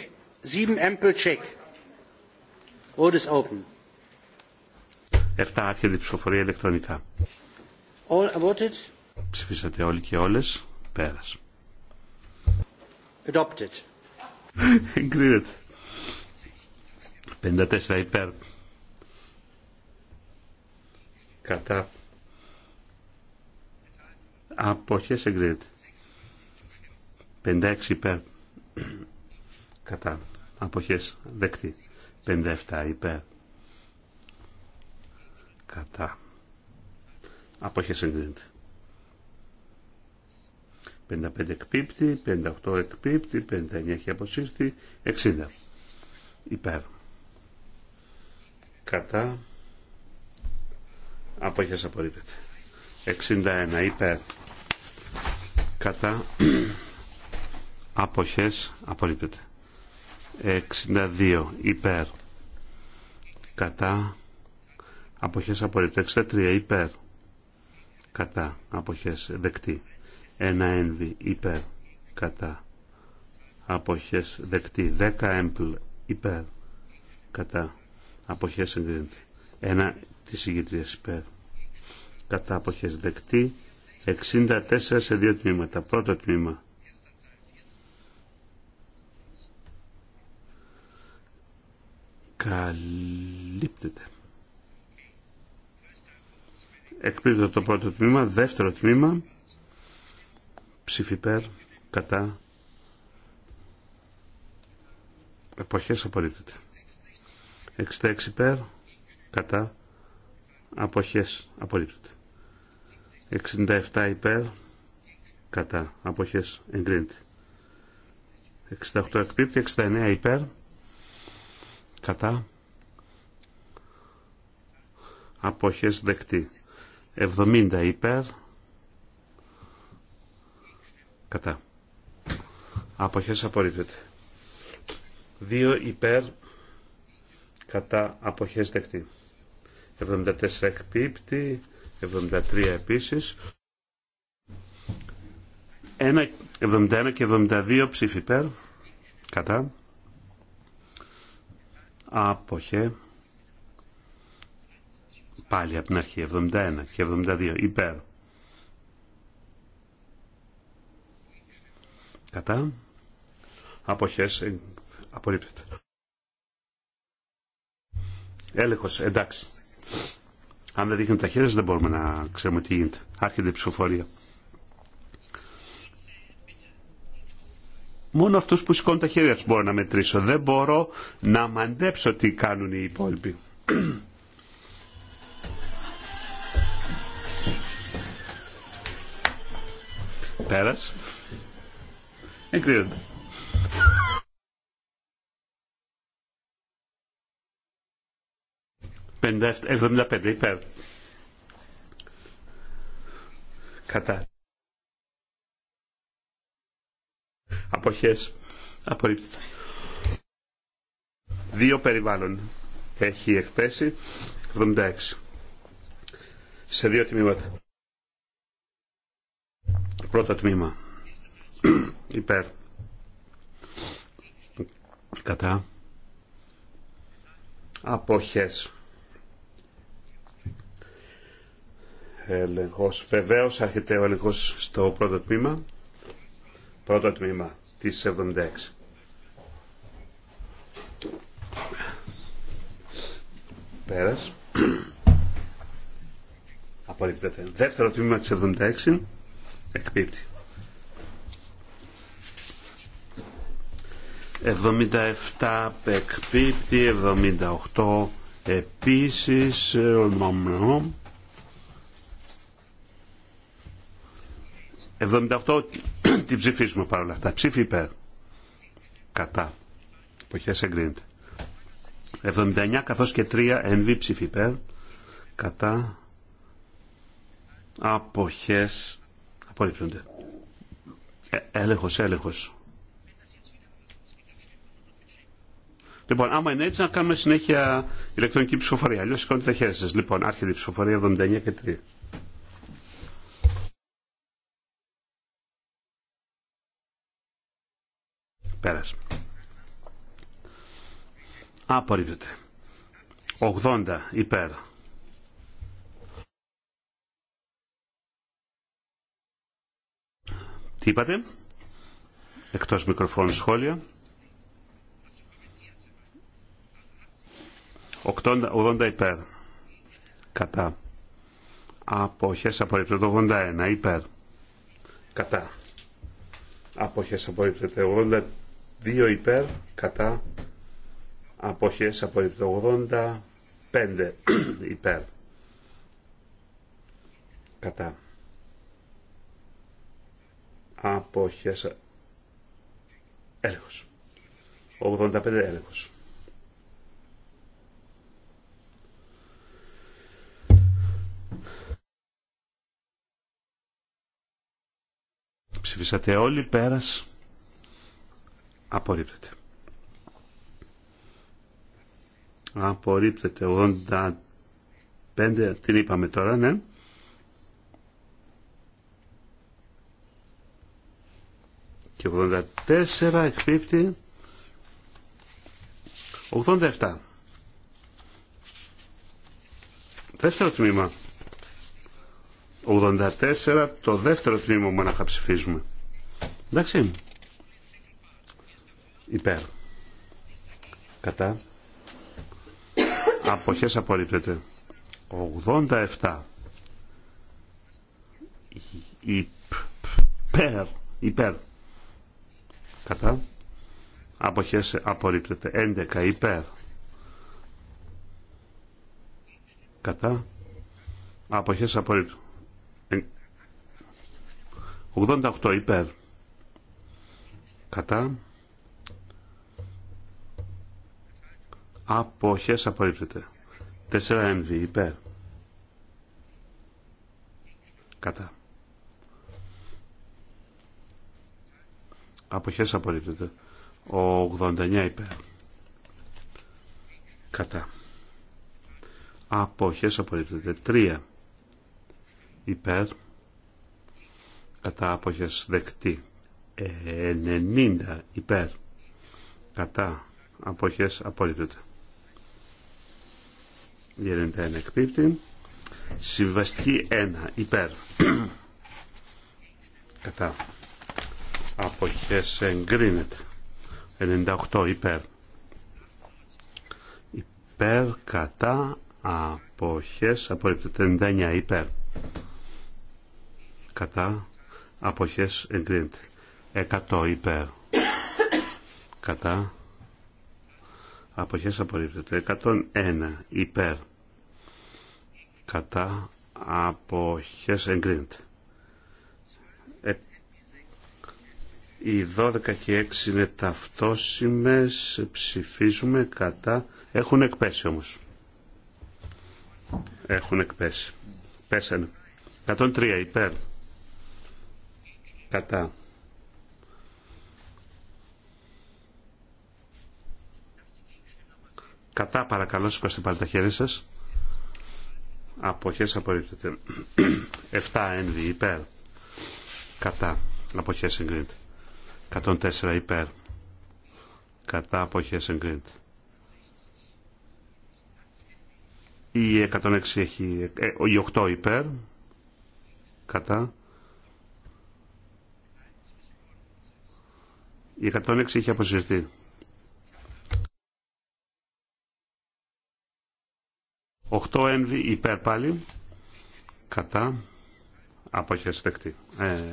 7 ample check. Vote is open. 7 άρχεται η ψηφοφορία ηλεκτρονικά. All voted. Ψηφίσατε όλοι και όλες. Πέρασε. Adopted. Εγκρίνεται. 54 υπέρ. Κατά. Αποχές εγκρίνεται. 56 υπέρ. Κατά. Αποχές δεκτή. 57 υπέρ. Κατά. Αποχές εγκρίνεται. 55 εκπίπτει, 58 εκπίπτει, 59 έχει αποσύρθει, 60 υπέρ. Κατά αποχές απορρίπτεται. 61 υπέρ. Κατά αποχές απορρίπτεται. 62 υπέρ. Κατά αποχές απορρίπτεται. 63 υπέρ. Κατά αποχές δεκτή. Ένα ένβη υπέρ κατά αποχές δεκτή 10 έμπλ υπέρ κατά αποχές εγκρίνεται Ένα της ηγητρίας υπέρ κατά αποχές δεκτή 64 σε δύο τμήματα πρώτο τμήμα καλύπτεται Εκπλήτω το πρώτο τμήμα δεύτερο τμήμα Ψηφιπέρ κατά εποχές απορρίπτεται. 66 υπέρ κατά αποχές απορρίπτεται. 67 υπέρ κατά αποχές εγκρίνεται. 68 εκπίπτει, 69 υπέρ κατά αποχές δεκτή. 70 υπέρ Κατά. Αποχές απορρίπτεται. Δύο υπέρ. Κατά. Αποχές δεκτή. 74 εκπίπτει. 73 επίσης. 71 και 72 ψήφι υπέρ. Κατά. Αποχέ. Πάλι από την αρχή. 71 και 72 υπέρ Κατά. Αποχές. Ε, απορρίπτεται. Έλεγχος. Εντάξει. Αν δεν δείχνουν τα χέρια δεν μπορούμε να ξέρουμε τι γίνεται. Άρχεται η ψηφοφορία. Μόνο αυτούς που σηκώνουν τα χέρια τους μπορώ να μετρήσω. Δεν μπορώ να μαντέψω τι κάνουν οι υπόλοιποι. Πέρας. Εγκρίνονται. 75 υπέρ. Κατά. Αποχές. Απορρίπτεται. Δύο περιβάλλον. Έχει εκπέσει. 76. Σε δύο τμήματα. Πρώτο τμήμα υπέρ κατά αποχές έλεγχος βεβαίως έρχεται ο στο πρώτο τμήμα πρώτο τμήμα της 76 πέρας απορρίπτεται δεύτερο τμήμα της 76 εκπίπτει 77 εκπίπτει, 78 επίσης, 78 ε, την ψηφίσουμε παρόλα αυτά. Ψήφι υπέρ. Κατά. Εποχές εγκρίνεται. 79 καθώς και 3 NV ψήφι υπέρ. Κατά. Αποχές. Απορρίπτονται. Ε, έλεγχος, έλεγχος. Λοιπόν, άμα είναι έτσι, να κάνουμε συνέχεια ηλεκτρονική ψηφοφορία. Αλλιώ σηκώνετε τα χέρια σα. Λοιπόν, άρχεται η ψηφοφορία 79 και 3. Πέρασε. Απορρίπτεται. 80 υπέρ. Τι είπατε. Εκτός μικροφώνου σχόλια. 80 υπέρ. Κατά. Αποχές απορρίπτεται 81 υπέρ. Κατά. Αποχές απορρίπτεται 82 υπέρ. Κατά. Αποχές απορρίπτεται 85 υπέρ. Κατά. Αποχές έλεγχος. 85 έλεγχος. Ψηφίσατε όλοι, πέρας. Απορρίπτεται. Απορρίπτεται. 85, την είπαμε τώρα, ναι. Και 84 εκπίπτει. 87. Δεύτερο τμήμα. 84, το δεύτερο τμήμα μόνο να ψηφίζουμε. Εντάξει. Υπέρ. Κατά. Αποχές απορρίπτεται. 87. Υπέρ. Υπέρ. Κατά. Αποχές απορρίπτεται. 11. Υπέρ. Κατά. Αποχές απορρίπτεται. 88 υπέρ. Κατά. Αποχές απορρίπτεται. 4 MV υπέρ. Κατά. Αποχές απορρίπτεται. 89 υπέρ. Κατά. Αποχές απορρίπτεται. 3 υπέρ κατά άποχες δεκτή 90 υπέρ κατά αποχές απόλυτοτε. Γίνεται 91 εκπίπτει. Συμβαστική 1 υπέρ κατά αποχές εγκρίνεται. 98 υπέρ υπέρ κατά αποχές απόλυτοτε. 99 υπέρ κατά αποχές εγκρίνεται Εκατό υπέρ κατά αποχές απορρίπτεται 101 υπέρ κατά αποχές εγκρίνεται ε, οι 12 και 6 είναι ταυτόσιμες, ψηφίζουμε κατά, έχουν εκπέσει όμως. Έχουν εκπέσει. Πέσανε. 103 υπέρ. Κατά. Κατά παρακαλώ σηκώστε πάλι τα χέρια σας. Αποχές απορρίπτεται. 7 ένδυ υπέρ. Κατά. Αποχές εγκρίνεται. 104 υπέρ. Κατά αποχές εγκρίνεται. Η 106 έχει... Ε, η 8 υπέρ. Κατά. Η 106 είχε αποσυρθεί. Οχτώ ένβη υπέρ πάλι. Κατά. Απόχειας δεκτή. Ε,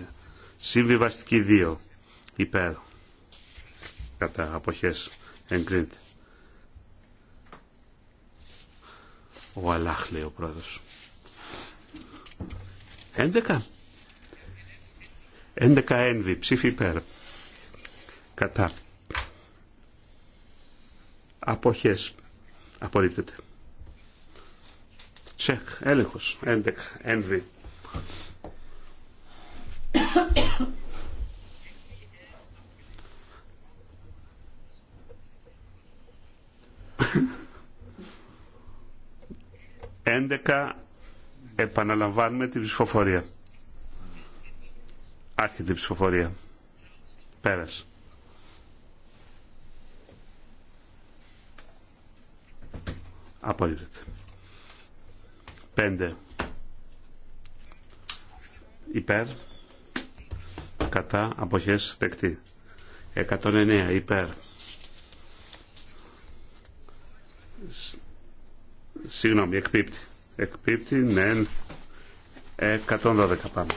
συμβιβαστική 2. Υπέρ. Κατά. Αποχές. Εγκρίνεται. Ο Αλάχ λέει ο πρόεδρος. 11. 11 ένβη. Ψήφι υπέρ κατά αποχές απορρίπτεται τσεχ έλεγχος έντεκ, ένδυ. Έντεκα επαναλαμβάνουμε την ψηφοφορία. Άρχεται η ψηφοφορία. Πέρασε. Απορρίπτεται. 5 υπέρ κατά αποχές δεκτή. 109 υπέρ συγγνώμη εκπίπτει εκπίπτει ναι 112 πάμε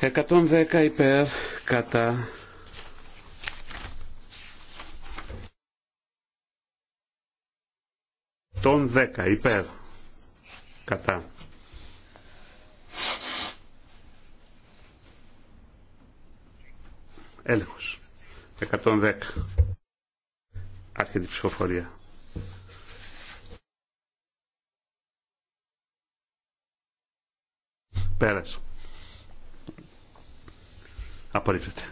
110 υπέρ κατά 110 υπέρ κατά έλεγχος 110 άρχεται η ψηφοφορία Πέρασε. απορρίπτεται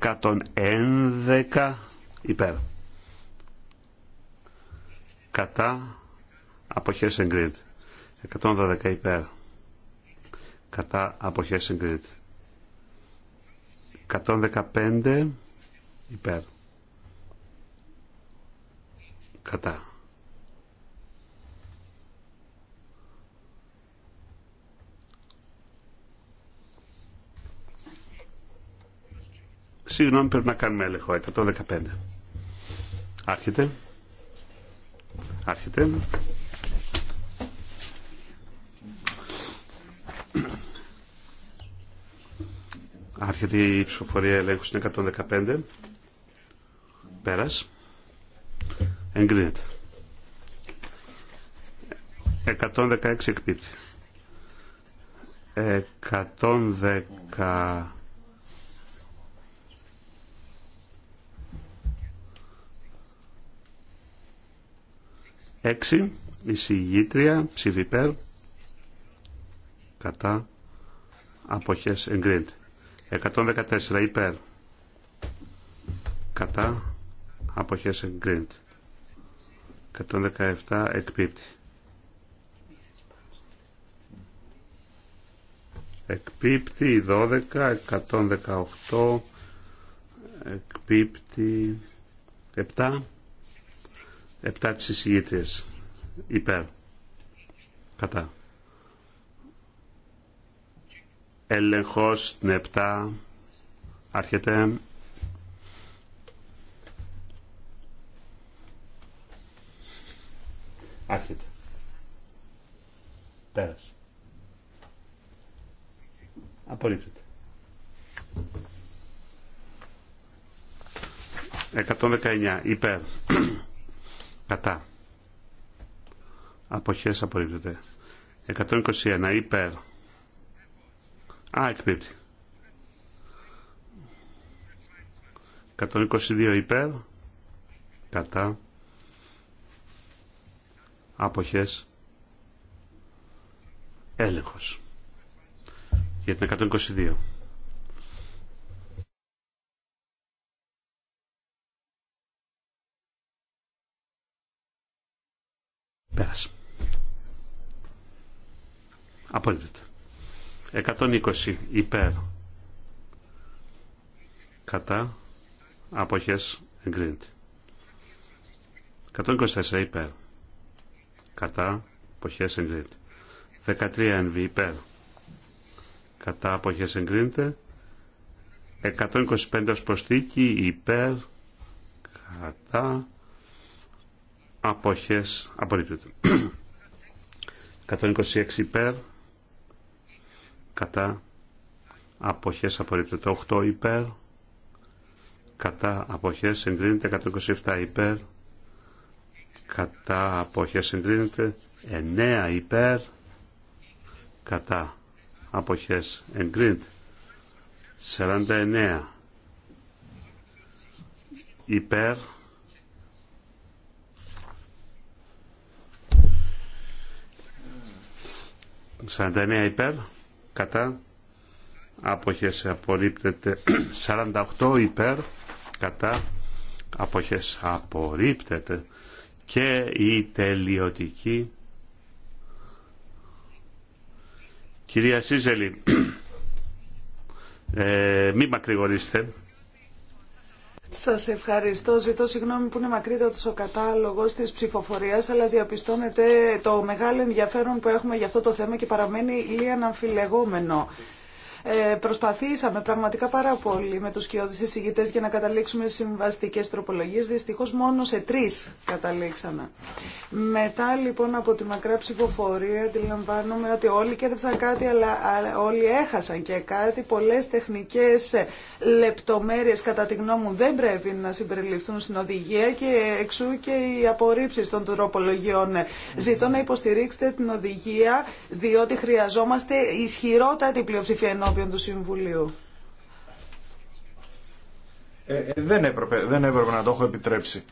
111 υπέρ κατά αποχές εγκρίνεται 112 υπέρ κατά αποχές εγκρίνεται 115 υπέρ κατά Συγγνώμη πρέπει να κάνουμε έλεγχο 115 Άρχεται Άρχεται. Άρχεται η ψηφοφορία ελέγχου στην 115. Πέρας. Εγκρίνεται. 116 εκπίπτει. 6. Εισηγήτρια. Ψήφι υπέρ. Κατά. Αποχές εγκρίνεται. 114. Υπέρ. Κατά. Αποχές εγκρίνεται. 117. Εκπίπτει. εκπίπτει 12, 118, εκπίπτει 7, Επτά της εισηγήτριας υπέρ κατά έλεγχος στην επτά. άρχεται άρχεται πέρασε απορρίπτεται 119 υπέρ κατά αποχές απορρίπτεται 121 υπέρ α εκπίπτει 122 υπέρ κατά αποχές έλεγχος για την 122 Απόλυτα. 120 υπέρ κατά αποχές εγκρίνεται. 124 υπέρ κατά αποχές εγκρίνεται. 13 NV υπέρ κατά αποχές εγκρίνεται. 125 ως υπέρ κατά αποχές απορρίπτεται. 126 υπέρ κατά αποχές απορρίπτεται 8 υπέρ κατά αποχές εγκρίνεται 127 υπέρ κατά αποχές εγκρίνεται 9 υπέρ κατά αποχές εγκρίνεται 49 υπέρ Σαν υπέρ κατά αποχές απορρίπτεται 48 υπέρ κατά αποχές απορρίπτεται και η τελειωτική κυρία Σίζελη ε, μην σας ευχαριστώ. Ζητώ συγγνώμη που είναι μακρύτατος ο κατάλογος της ψηφοφορίας, αλλά διαπιστώνεται το μεγάλο ενδιαφέρον που έχουμε για αυτό το θέμα και παραμένει λίγα αναμφιλεγόμενο. Ε, προσπαθήσαμε πραγματικά πάρα πολύ με τους σκιώδεις εισηγητές για να καταλήξουμε συμβαστικέ τροπολογίε. Δυστυχώ μόνο σε τρει καταλήξαμε. Μετά λοιπόν από τη μακρά ψηφοφορία αντιλαμβάνομαι ότι όλοι κέρδισαν κάτι αλλά, όλοι έχασαν και κάτι. πολλέ τεχνικέ λεπτομέρειε κατά τη γνώμη μου δεν πρέπει να συμπεριληφθούν στην οδηγία και εξού και οι απορρίψει των τροπολογιών. Ζητώ να υποστηρίξετε την οδηγία διότι χρειαζόμαστε ισχυρότατη πλειοψηφία ενώ ενώπιον του Συμβουλίου. Ε, ε, δεν, έπρεπε, δεν έπρεπε να το έχω επιτρέψει.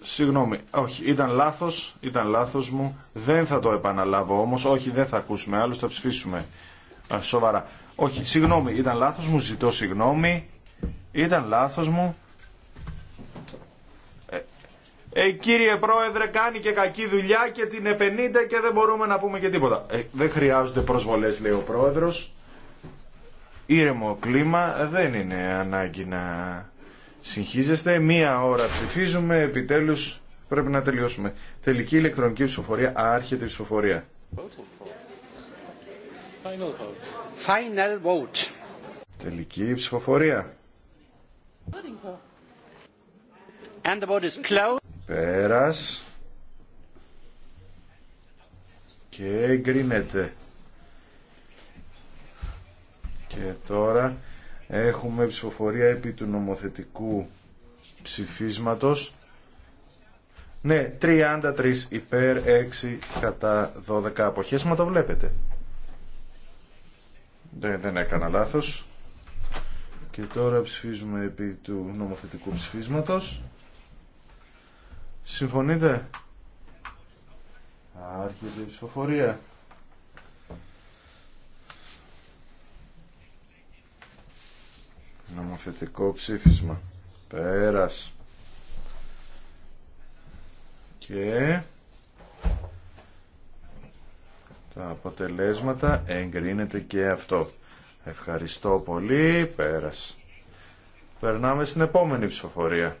Συγγνώμη, όχι, ήταν λάθος, ήταν λάθος μου, δεν θα το επαναλάβω όμως, όχι δεν θα ακούσουμε, άλλως θα ψηφίσουμε σοβαρά. Όχι, συγγνώμη, ήταν λάθος μου, ζητώ συγγνώμη, ήταν λάθος μου, ε, κύριε Πρόεδρε κάνει και κακή δουλειά και την επενείται και δεν μπορούμε να πούμε και τίποτα. Ε, δεν χρειάζονται προσβολές λέει ο Πρόεδρος. Ήρεμο κλίμα δεν είναι ανάγκη να συγχύζεστε. Μία ώρα ψηφίζουμε, επιτέλους πρέπει να τελειώσουμε. Τελική ηλεκτρονική ψηφοφορία, άρχεται η ψηφοφορία. Τελική ψηφοφορία. And the vote is closed. Πέρας. Και εγκρίνεται. Και τώρα έχουμε ψηφοφορία επί του νομοθετικού ψηφίσματος. Ναι, 33 υπέρ, 6 κατά 12 αποχές, μα το βλέπετε. Δεν, ναι, δεν έκανα λάθος. Και τώρα ψηφίζουμε επί του νομοθετικού ψηφίσματος. Συμφωνείτε. Άρχεται η ψηφοφορία. Νομοθετικό ψήφισμα. Πέρας. Και... Τα αποτελέσματα εγκρίνεται και αυτό. Ευχαριστώ πολύ. Πέρας. Περνάμε στην επόμενη ψηφοφορία.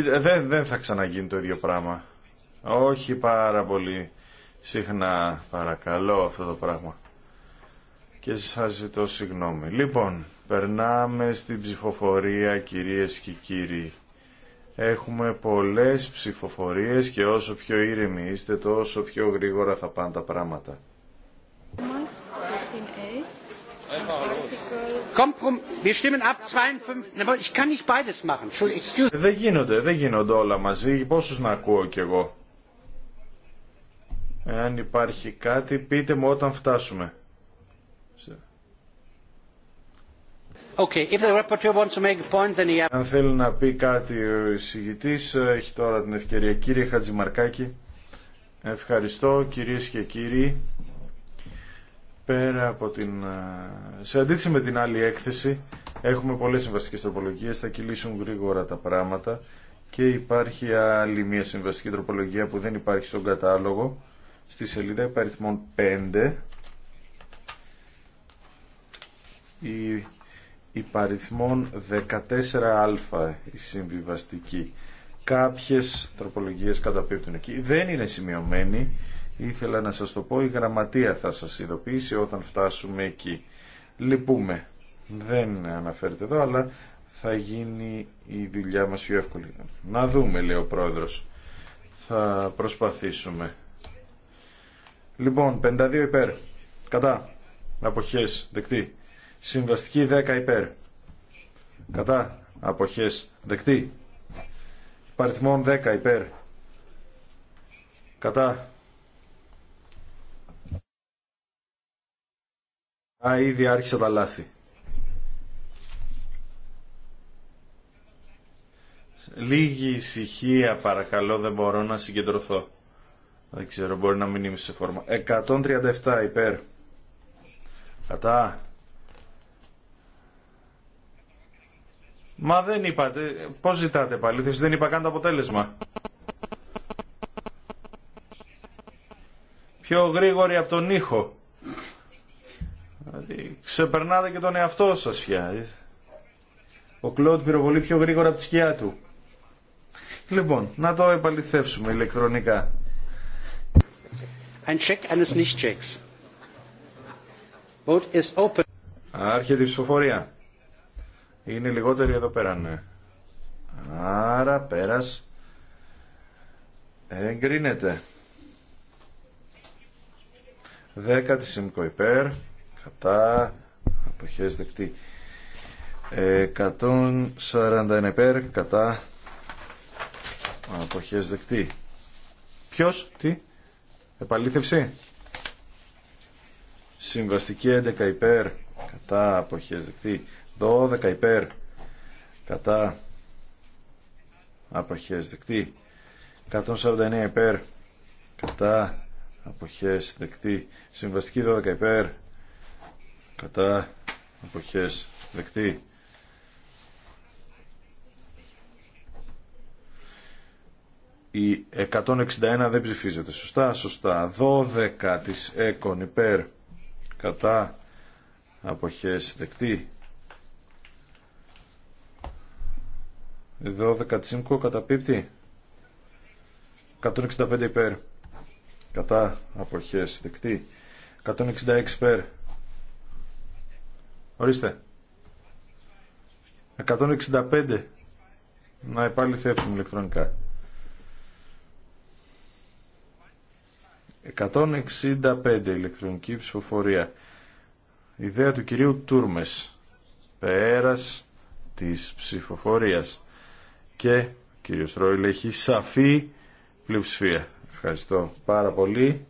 δεν, δεν θα ξαναγίνει το ίδιο πράγμα. Όχι πάρα πολύ συχνά παρακαλώ αυτό το πράγμα. Και σας ζητώ συγγνώμη. Λοιπόν, περνάμε στην ψηφοφορία κυρίες και κύριοι. Έχουμε πολλές ψηφοφορίες και όσο πιο ήρεμοι είστε τόσο πιο γρήγορα θα πάνε τα πράγματα. a δεν γίνονται, δεν γίνονται όλα μαζί. Πόσους να ακούω κι εγώ. Εάν υπάρχει κάτι, πείτε μου όταν φτάσουμε. Αν θέλει να πει κάτι ο εισηγητής, έχει τώρα την ευκαιρία. Κύριε Χατζημαρκάκη, ευχαριστώ κυρίες και κύριοι πέρα από την... Ε, σε αντίθεση με την άλλη έκθεση, έχουμε πολλές συμβαστικές τροπολογίες, θα κυλήσουν γρήγορα τα πράγματα και υπάρχει άλλη μια συμβαστική τροπολογία που δεν υπάρχει στον κατάλογο, στη σελίδα υπαριθμών 5. Η υπαριθμών 14α η συμβιβαστική. Κάποιες τροπολογίες καταπίπτουν εκεί. Δεν είναι σημειωμένοι Ήθελα να σας το πω, η γραμματεία θα σας ειδοποιήσει όταν φτάσουμε εκεί. Λυπούμε. Δεν αναφέρεται εδώ, αλλά θα γίνει η δουλειά μας πιο εύκολη. Να δούμε, λέει ο πρόεδρος. Θα προσπαθήσουμε. Λοιπόν, 52 υπέρ. Κατά. Αποχές. Δεκτή. Συμβαστική 10 υπέρ. Κατά. Αποχές. Δεκτή. Παριθμών 10 υπέρ. Κατά. Α, ήδη άρχισα τα λάθη. Λίγη ησυχία παρακαλώ, δεν μπορώ να συγκεντρωθώ. Δεν ξέρω, μπορεί να μην είμαι σε φόρμα. 137 υπέρ. Κατά. Μα δεν είπατε. Πώς ζητάτε πάλι, δεν είπα καν το αποτέλεσμα. Πιο γρήγορη από τον ήχο. Δηλαδή, ξεπερνάτε και τον εαυτό σας πια. Ο Κλόντ πυροβολεί πιο γρήγορα από τη σκιά του. Λοιπόν, να το επαληθεύσουμε ηλεκτρονικά. Ein check eines Boat is open. Άρχεται η ψηφοφορία. Είναι λιγότεροι εδώ πέρα, ναι. Άρα, πέρας. Εγκρίνεται. δέκατη συμκοϊπέρ κατά αποχές δεκτή 141 υπέρ κατά αποχές δεκτή ποιος, τι επαλήθευση συμβαστική 11 υπέρ κατά αποχές δεκτή 12 υπέρ κατά αποχές δεκτή 149 υπέρ κατά αποχές δεκτή συμβαστική 12 υπέρ κατά αποχές δεκτή 161 δεν ψηφίζεται. Σωστά, σωστά. 12 της ΕΚΟΝ υπέρ κατά αποχές δεκτή. 12 της κατά καταπίπτει. 165 υπέρ κατά αποχές δεκτή. 166 υπέρ Ορίστε. 165. Να επαληθεύσουμε ηλεκτρονικά. 165 ηλεκτρονική ψηφοφορία. Ιδέα του κυρίου Τούρμες. Πέρας της ψηφοφορίας. Και κύριος Ρόιλ έχει σαφή πλειοψηφία. Ευχαριστώ πάρα πολύ.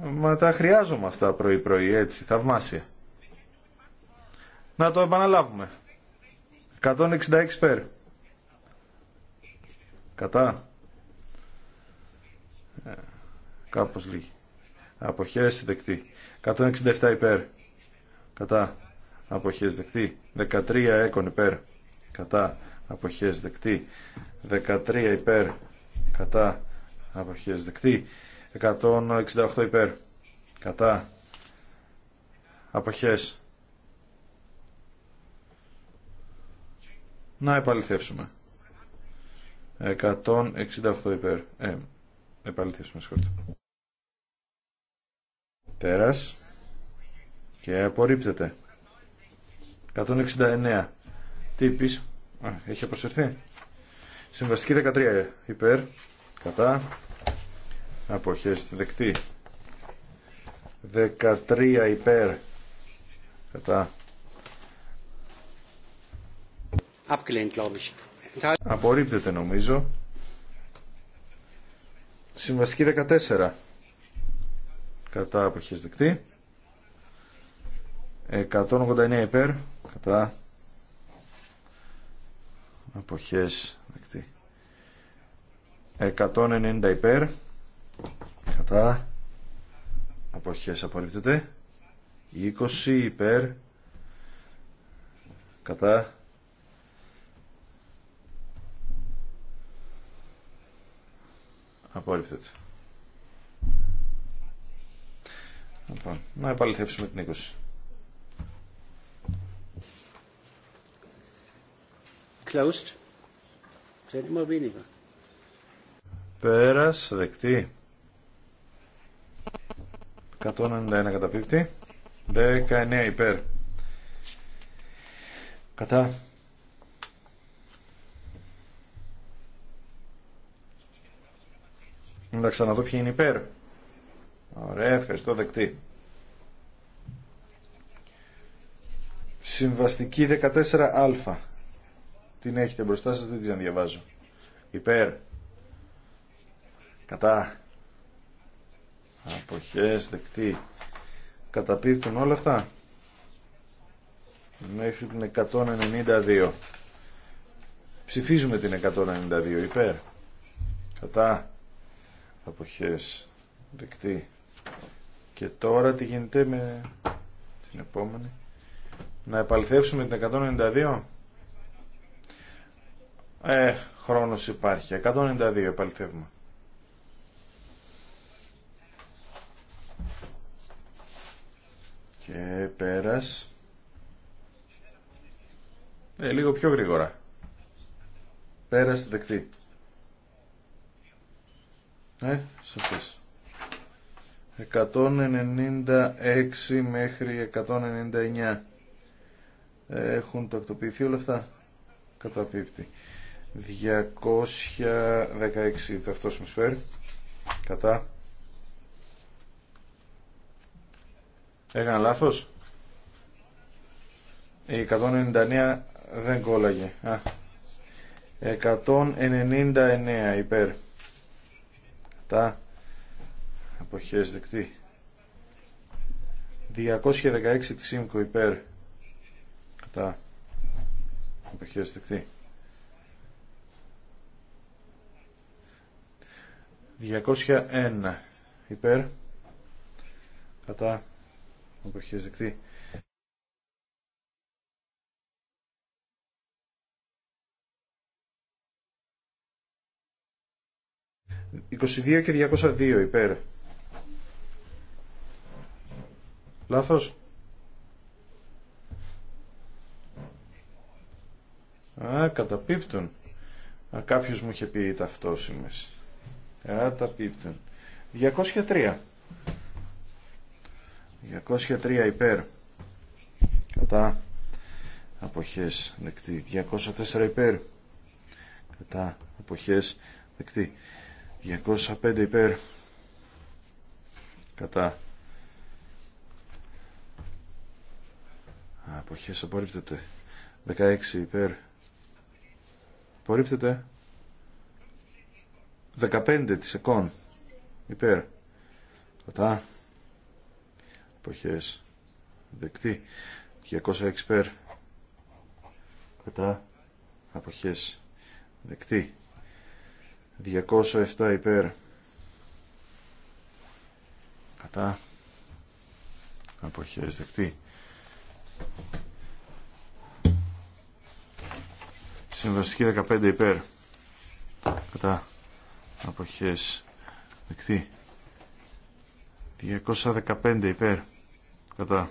Μα τα χρειάζομαι αυτά πρωί-πρωί, έτσι, θαυμάσια. Να το επαναλάβουμε. 166 πέρ. Κατά. Ε, κάπως λίγη. Αποχές δεκτή. 167 υπέρ. Κατά. Αποχές δεκτή. 13 έκον υπέρ. Κατά. Αποχές δεκτή. 13 υπέρ. Κατά. Αποχές δεκτή. 168 υπέρ. Κατά. Αποχές. Να επαληθεύσουμε. 168 υπέρ. Ε, επαληθεύσουμε, συγχωρείτε. Τέρας. Και απορρίπτεται. 169. Τι Α, Έχει αποσυρθεί. Συμβαστική 13 ε, υπέρ. Κατά αποχές δεκτή 13 υπέρ κατά απορρίπτεται νομίζω συμβαστική 14 κατά αποχές δεκτή 189 υπέρ κατά αποχές δεκτή 190 υπέρ κατά αποχές απορρίπτεται 20 υπέρ κατά απορρίπτεται λοιπόν, να επαληθεύσουμε την 20 Closed. Πέρας, δεκτή. 191 πίπτη 19 υπέρ. Κατά. Να ξαναδώ ποιοι είναι υπέρ. Ωραία, ευχαριστώ, δεκτή. Συμβαστική 14α. Την έχετε μπροστά σας, δεν την διαβάζω. Υπέρ. Κατά αποχές δεκτή καταπίπτουν όλα αυτά μέχρι την 192 ψηφίζουμε την 192 υπέρ κατά αποχές δεκτή και τώρα τι γίνεται με την επόμενη να επαληθεύσουμε την 192 ε χρόνος υπάρχει 192 επαληθεύουμε Και πέρας. Ε, λίγο πιο γρήγορα. Πέρας δεκτή. Ε, σωστές 196 μέχρι 199 ε, έχουν τακτοποιηθεί όλα αυτά καταπίπτει 216 ταυτόσιμος φέρ κατά Έκανα λάθο. Η 199 δεν κόλλαγε. Α. 199 υπέρ. Τα αποχέ δεκτή. 216 τη ΣΥΜΚΟ υπέρ. Κατά. αποχέ δεκτή. 201 υπέρ. Κατά αποχές δεκτή. «22 και 202 υπέρ». Λάθος. Α, καταπίπτουν. Α, κάποιος μου είχε πει ταυτόσημες. Α, καταπίπτουν. 203. 203 υπέρ κατά αποχές δεκτή 204 υπέρ κατά αποχές δεκτή 205 υπέρ κατά αποχές απορρίπτεται 16 υπέρ απορρίπτεται 15 της εκών υπέρ κατά αποχές δεκτή 206 περ κατά αποχές δεκτή 207 υπέρ κατά αποχές δεκτή συμβαστική 15 υπέρ κατά αποχές δεκτή 215 υπέρ κατά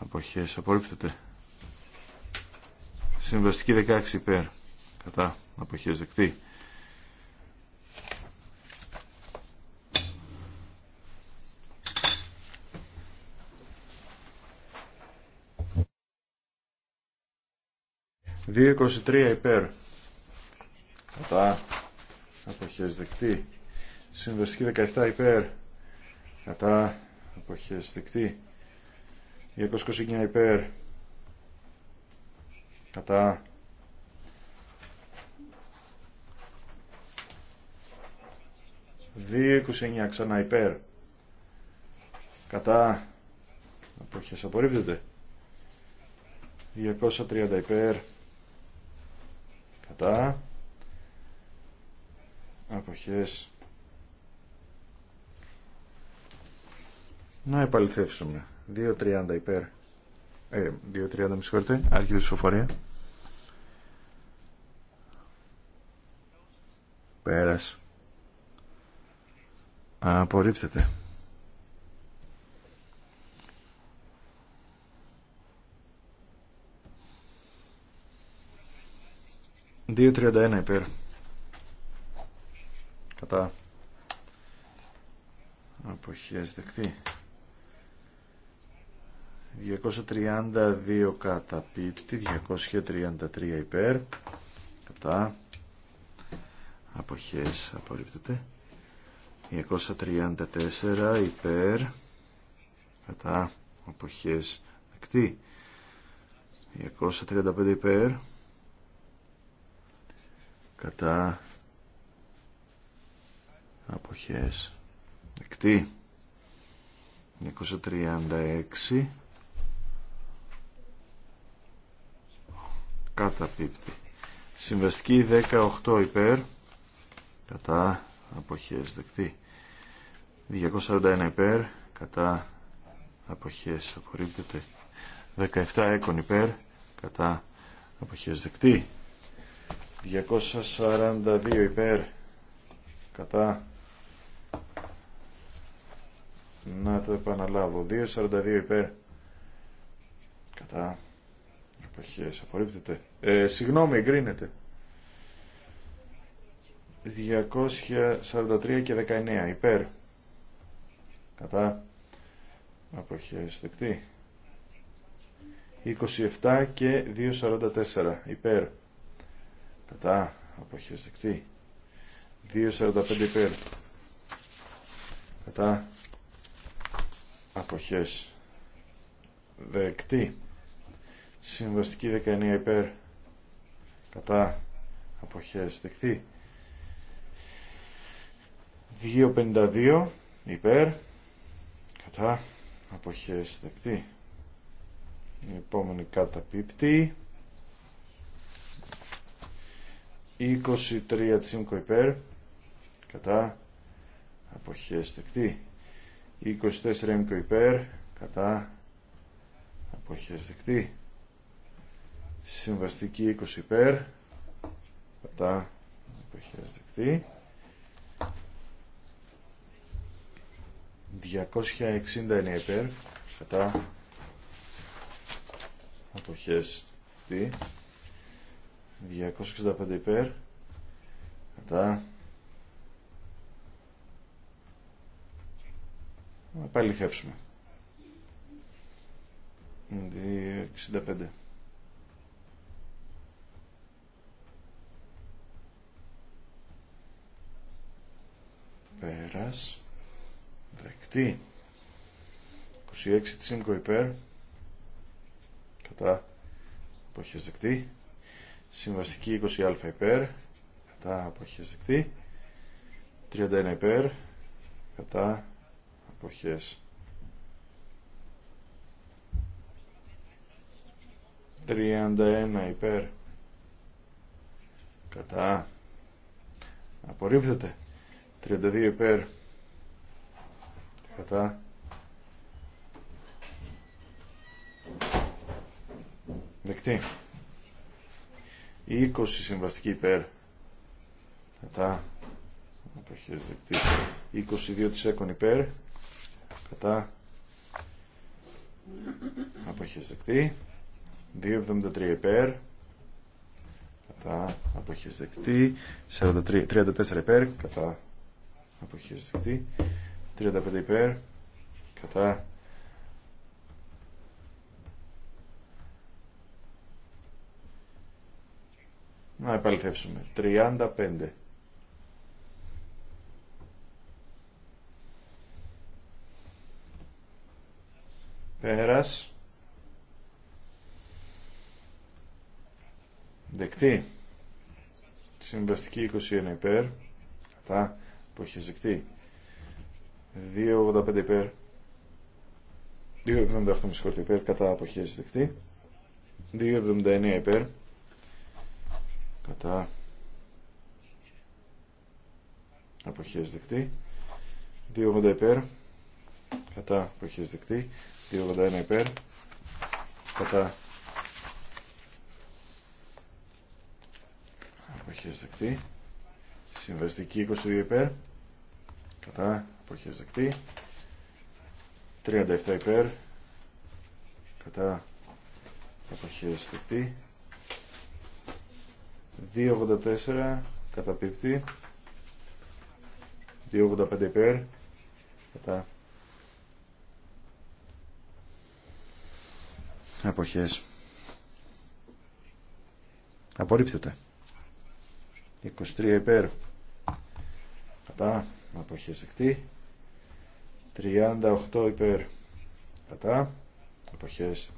αποχές απορρίπτεται συμβαστική 16 υπέρ κατά αποχές δεκτή Δύο 23 υπέρ κατά αποχές δεκτή συμβαστική 17 υπέρ κατά αποχές δεκτή 229 υπέρ κατά Δύο ξανά υπέρ. Κατά. Αποχές απορρίπτεται. 230 υπέρ. Κατά. Αποχές Να επαληθεύσουμε. 2.30 υπέρ. Ε, 2.30 με συγχωρείτε. Άρχιδη ψηφοφορία. Πέρας. Απορρίπτεται. Δύο τριάντα ένα υπέρ. Κατά. Αποχές δεκτή. 232 κατά πίπτη, 233 υπέρ, κατά αποχές απορρίπτεται, 234 υπέρ, κατά αποχές δεκτή, 235 υπέρ, κατά αποχές δεκτή, 236 καταπίπτει. Συμβαστική 18 υπέρ κατά αποχές δεκτή. 241 υπέρ κατά αποχές απορρίπτεται. 17 έκον υπέρ κατά αποχές δεκτή. 242 υπέρ κατά να το επαναλάβω 242 υπέρ κατά Αποχές απορρίπτεται. Ε, συγγνώμη, εγκρίνεται. 243 και 19 υπέρ. Κατά. Αποχές δεκτή. 27 και 244 υπέρ. Κατά. Αποχές δεκτή. 2.45 υπέρ κατά αποχές δεκτή Συμβαστική 19 υπέρ κατά αποχές δεκτή. 2.52 υπέρ κατά αποχές δεκτή. Η επόμενη καταπίπτη. 23 τσίμκο υπέρ κατά αποχές δεκτή. 24 μκο υπέρ κατά αποχές δεκτή. Συμβαστική 20 υπέρ. Κατά. Εποχές δεκτή. 269 υπέρ. Κατά. Αποχές δεκτή. 265 υπέρ. Κατά. Να παληθεύσουμε. 265. πέρας δεκτή 26 της υπέρ κατά αποχές δεκτή συμβαστική 20α υπέρ κατά αποχές δεκτή 31 υπέρ κατά αποχές 31 υπέρ κατά απορρίπτεται 32 υπέρ κατά δεκτή 20 συμβαστική υπέρ κατά αποχές δεκτή 22 της έκον υπέρ κατά αποχές δεκτή 2.73 υπέρ κατά αποχές δεκτή 43, 34 υπέρ κατά αποχές 35 υπέρ κατά να επαληθεύσουμε 35 Πέρας. Δεκτή. Συμβαστική 21 υπέρ. Κατά έχει δεκτή. 2,85 υπέρ. 2,78 μισχόρτη υπέρ. Κατά αποχές δεκτή. 2,79 υπέρ. Κατά αποχές δεκτή. 2,80 υπέρ. Κατά αποχές δεκτή. 2,81 υπέρ. Κατά αποχές δεκτή. Συμβαστική 22 υπέρ κατά αποχές δεκτή 37 υπέρ κατά αποχές δεκτή 2.84 πίπτη 2.85 υπέρ κατά αποχές απορρίπτεται 23 υπέρ κατά αποχές 38 υπέρ κατά αποχές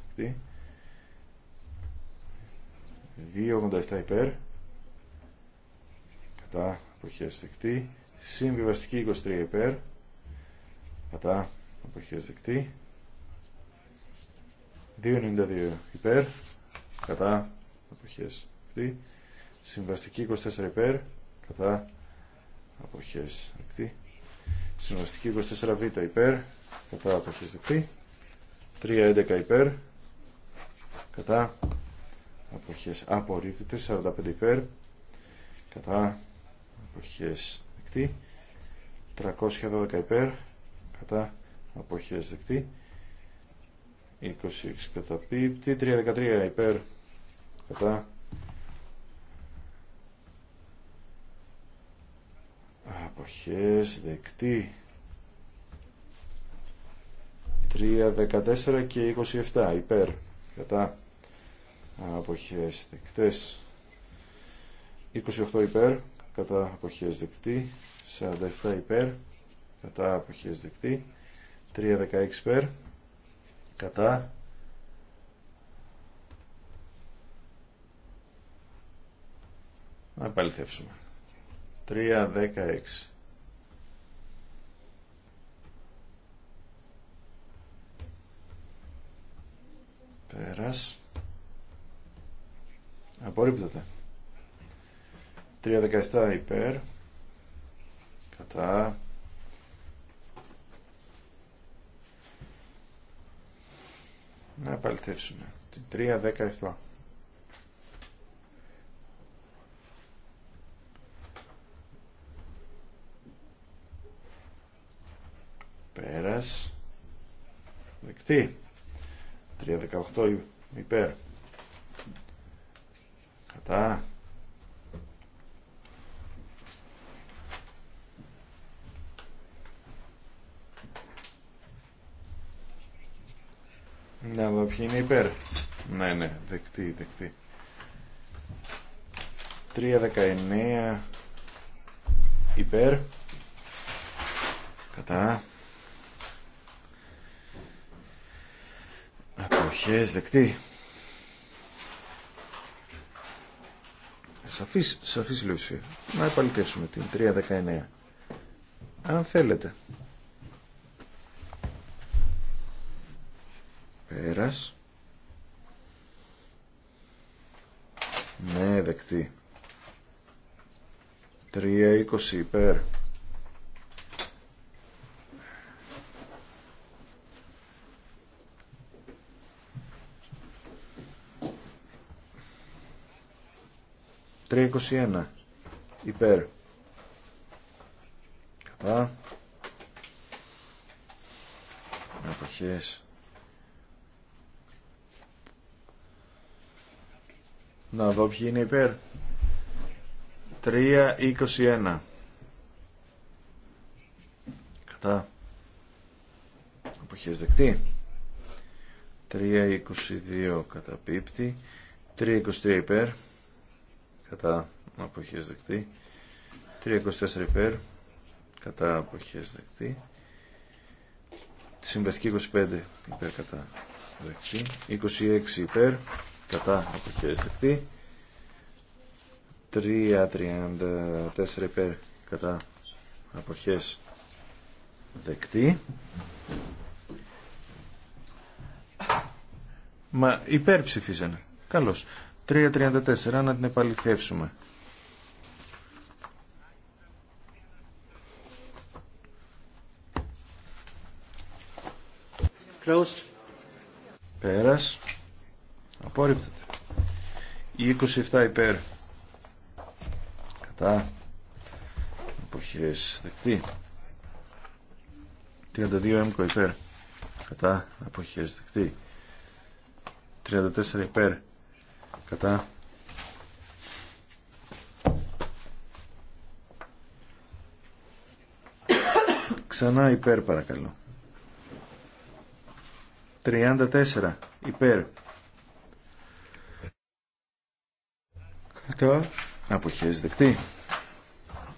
2,87 υπέρ κατά αποχές συμβιβαστική 23 υπέρ κατά αποχές 2,92 υπέρ κατά αποχές συμβαστική 24 υπέρ κατά αποχές δεκτή. Συμβαστική 24β υπέρ, κατά αποχές δεκτή. 3.11 υπέρ, κατά αποχές απορρίπτεται. 45 υπέρ, κατά αποχές δεκτή. 312 υπέρ, κατά αποχές δεκτή. 26 καταπίπτει, 313 υπέρ, κατά αποχές δεκτή 3, 14 και 27 υπέρ κατά αποχές δεκτές 28 υπέρ κατά αποχές δεκτή 47 υπέρ κατά αποχές δεκτή 3, 16 υπέρ κατά να επαληθεύσουμε 3.16 Πέρας Απορρίπτεται 3.17 υπέρ Κατά Να επαληθεύσουμε 3.17 Πέρας. Δεκτή. 3.18 υπέρ. Κατά. Να δω ποιοι είναι υπέρ. Ναι, ναι, δεκτή, δεκτή. 3.19 υπέρ. Κατά. έχεις δεκτή. Σαφής, σαφής λουσία. Να επαληθεύσουμε την 319. Αν θέλετε. Πέρας. Ναι, δεκτή. 320 υπέρ. 321 υπέρ κατά αποχές να δω ποιοι είναι υπέρ 321 κατά αποχές δεκτή 322 καταπίπτει 323 υπέρ κατά αποχές δεκτή 324 υπέρ κατά αποχές δεκτή συμβατική 25 υπέρ κατά δεκτή 26 υπέρ κατά αποχές δεκτή 334 υπέρ κατά αποχές δεκτή μα υπέρ ψηφίσανε καλώς 3.34 να την επαληθεύσουμε. Closed. Πέρας. Απόρριπτεται. 27 υπέρ. Κατά. Εποχές δεκτή. 32 έμκο υπέρ. Κατά. Εποχές δεκτή. 34 υπέρ κατά ξανά υπέρ παρακαλώ 34 υπέρ κατά αποχές δεκτή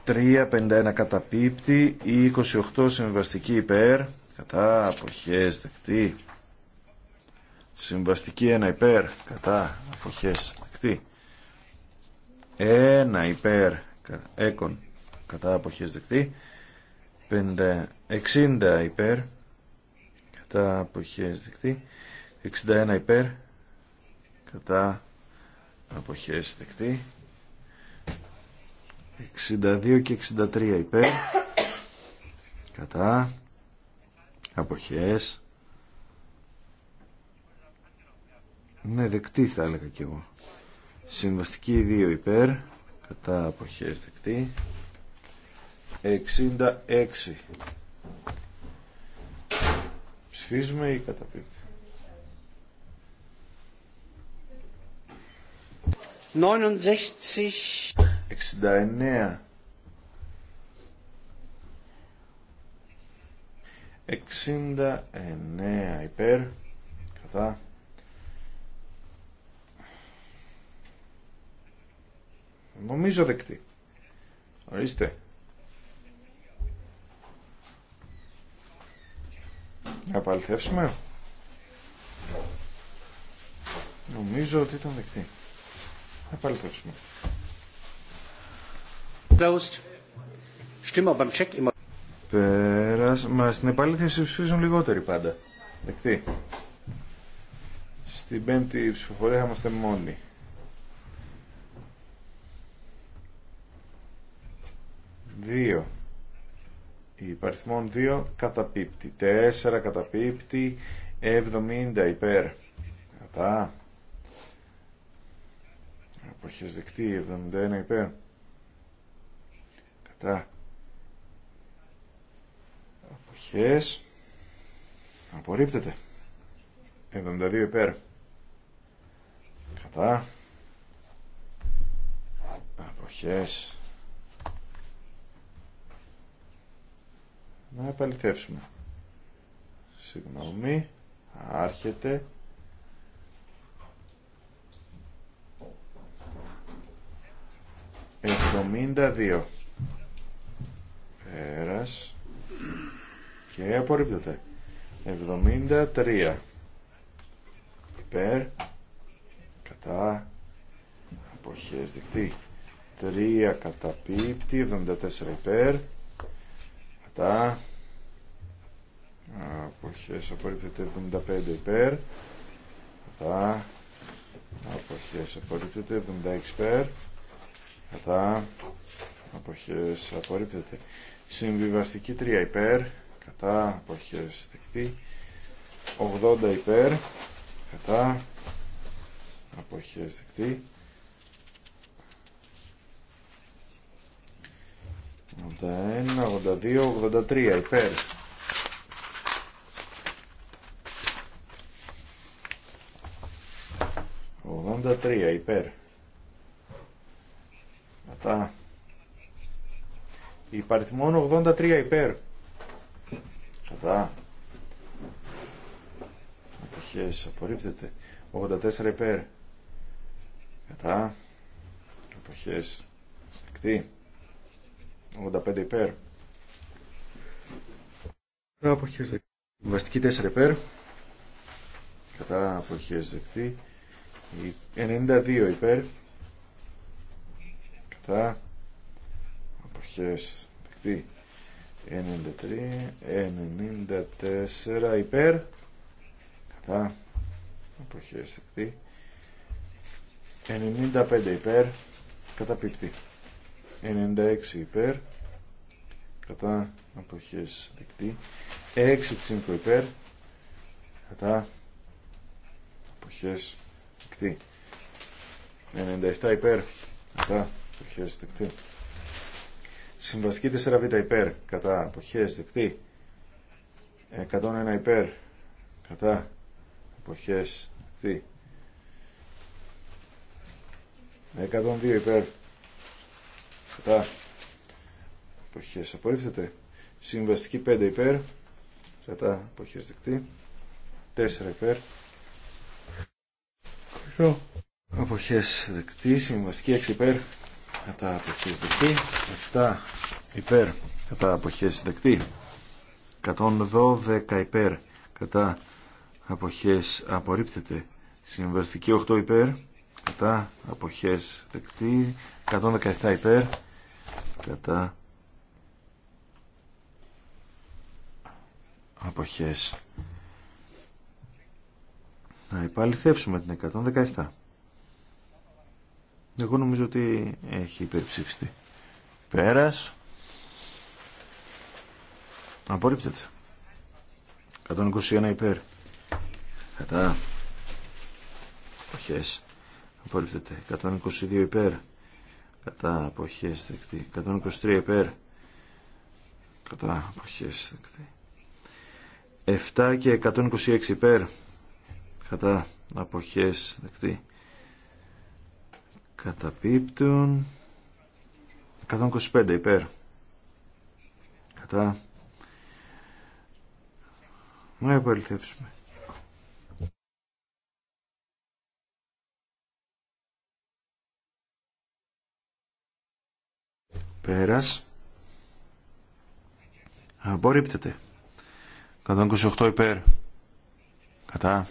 3.51 καταπίπτει ή 28 συμβαστική υπέρ κατά αποχές δεκτή Συμβαστική 1 υπέρ κατά αποχές δεκτή. 1 υπέρ έκον κατά αποχές δεκτή. 60 υπέρ κατά αποχές δεκτή. 61 υπέρ κατά αποχές δεκτή. 62 και 63 υπέρ κατά αποχές Ναι, δεκτή θα έλεγα κι εγώ. Συμβαστική 2 υπέρ, κατά αποχές δεκτή. 66. Ψηφίζουμε ή καταπίπτει. 69. 69. 69 υπέρ, κατά Νομίζω δεκτή. Ορίστε. Να επαληθεύσουμε. Νομίζω ότι ήταν δεκτή. Να Πέρασμα. Πέρας, στην επαλήθευση ψηφίζουν λιγότεροι πάντα. Δεκτή. Στην πέμπτη ψηφοφορία είμαστε μόνοι. 2 υπαριθμών 2 καταπίπτει 4 καταπίπτει 70 υπέρ κατά αποχές δεκτή 71 υπέρ κατά αποχές απορρίπτεται 72 υπέρ κατά αποχές να επαληθεύσουμε. Συγγνώμη, άρχεται. Εβδομήντα δύο. Πέρας. Και απορρίπτεται. Εβδομήντα τρία. Υπέρ. Κατά. Αποχές δικτύ. Τρία καταπίπτει. Εβδομήντα τέσσερα υπέρ κατά αποχές απορρίπτεται 75 υπέρ κατά αποχές απορρίπτεται 76 υπέρ κατά αποχές απορρίπτεται συμβιβαστική 3 υπέρ κατά αποχές δεκτή 80 υπέρ κατά αποχές δεκτή 81, 82, 83 υπέρ. 83. τρία υπέρ. Κατά. Υπαριθμόν 83 υπέρ. Κατά. Αποχές απορρίπτεται. 84 υπέρ. Κατά. Αποχές. Εκτή. 85 υπέρ. Κατά Βαστική 4 υπέρ. Κατά αποχές δεκτή. 92 υπέρ. Κατά αποχές δεκτή. 93, 94 υπέρ. Κατά αποχές δεκτή. 95 υπέρ. Κατά πιπτή. 96 υπέρ κατά αποχές δεκτή 6 ψήφου υπέρ κατά αποχές δεκτή 97 υπέρ κατά αποχές δεκτή συμβαστική 4β υπέρ κατά αποχές δεκτή 101 υπέρ κατά αποχές δεκτή 102 υπέρ Κατά. εποχές απορρίφθεται Συμβαστική 5 υπέρ. Κατά. εποχές δεκτή. 4 υπέρ. Αποχές δεκτή. Συμβαστική 6 υπέρ. Κατά. Αποχές δεκτή. 7 υπέρ. Κατά. Αποχές δεκτή. 112 υπέρ. Κατά. Αποχές απορρίπτεται. Συμβαστική 8 υπέρ κατά αποχές δεκτή 117 υπέρ κατά αποχές να υπαλληθεύσουμε την 117 εγώ νομίζω ότι έχει υπερψηφιστεί πέρας απορρίπτεται 121 υπέρ κατά αποχές 122 υπέρ κατά αποχές δεκτή 123 υπέρ κατά αποχές δεκτή 7 και 126 υπέρ κατά αποχές δεκτή καταπίπτουν 125 υπέρ κατά να επαληθεύσουμε Πέρας. Απορρίπτεται. 128 υπέρ. Κατά.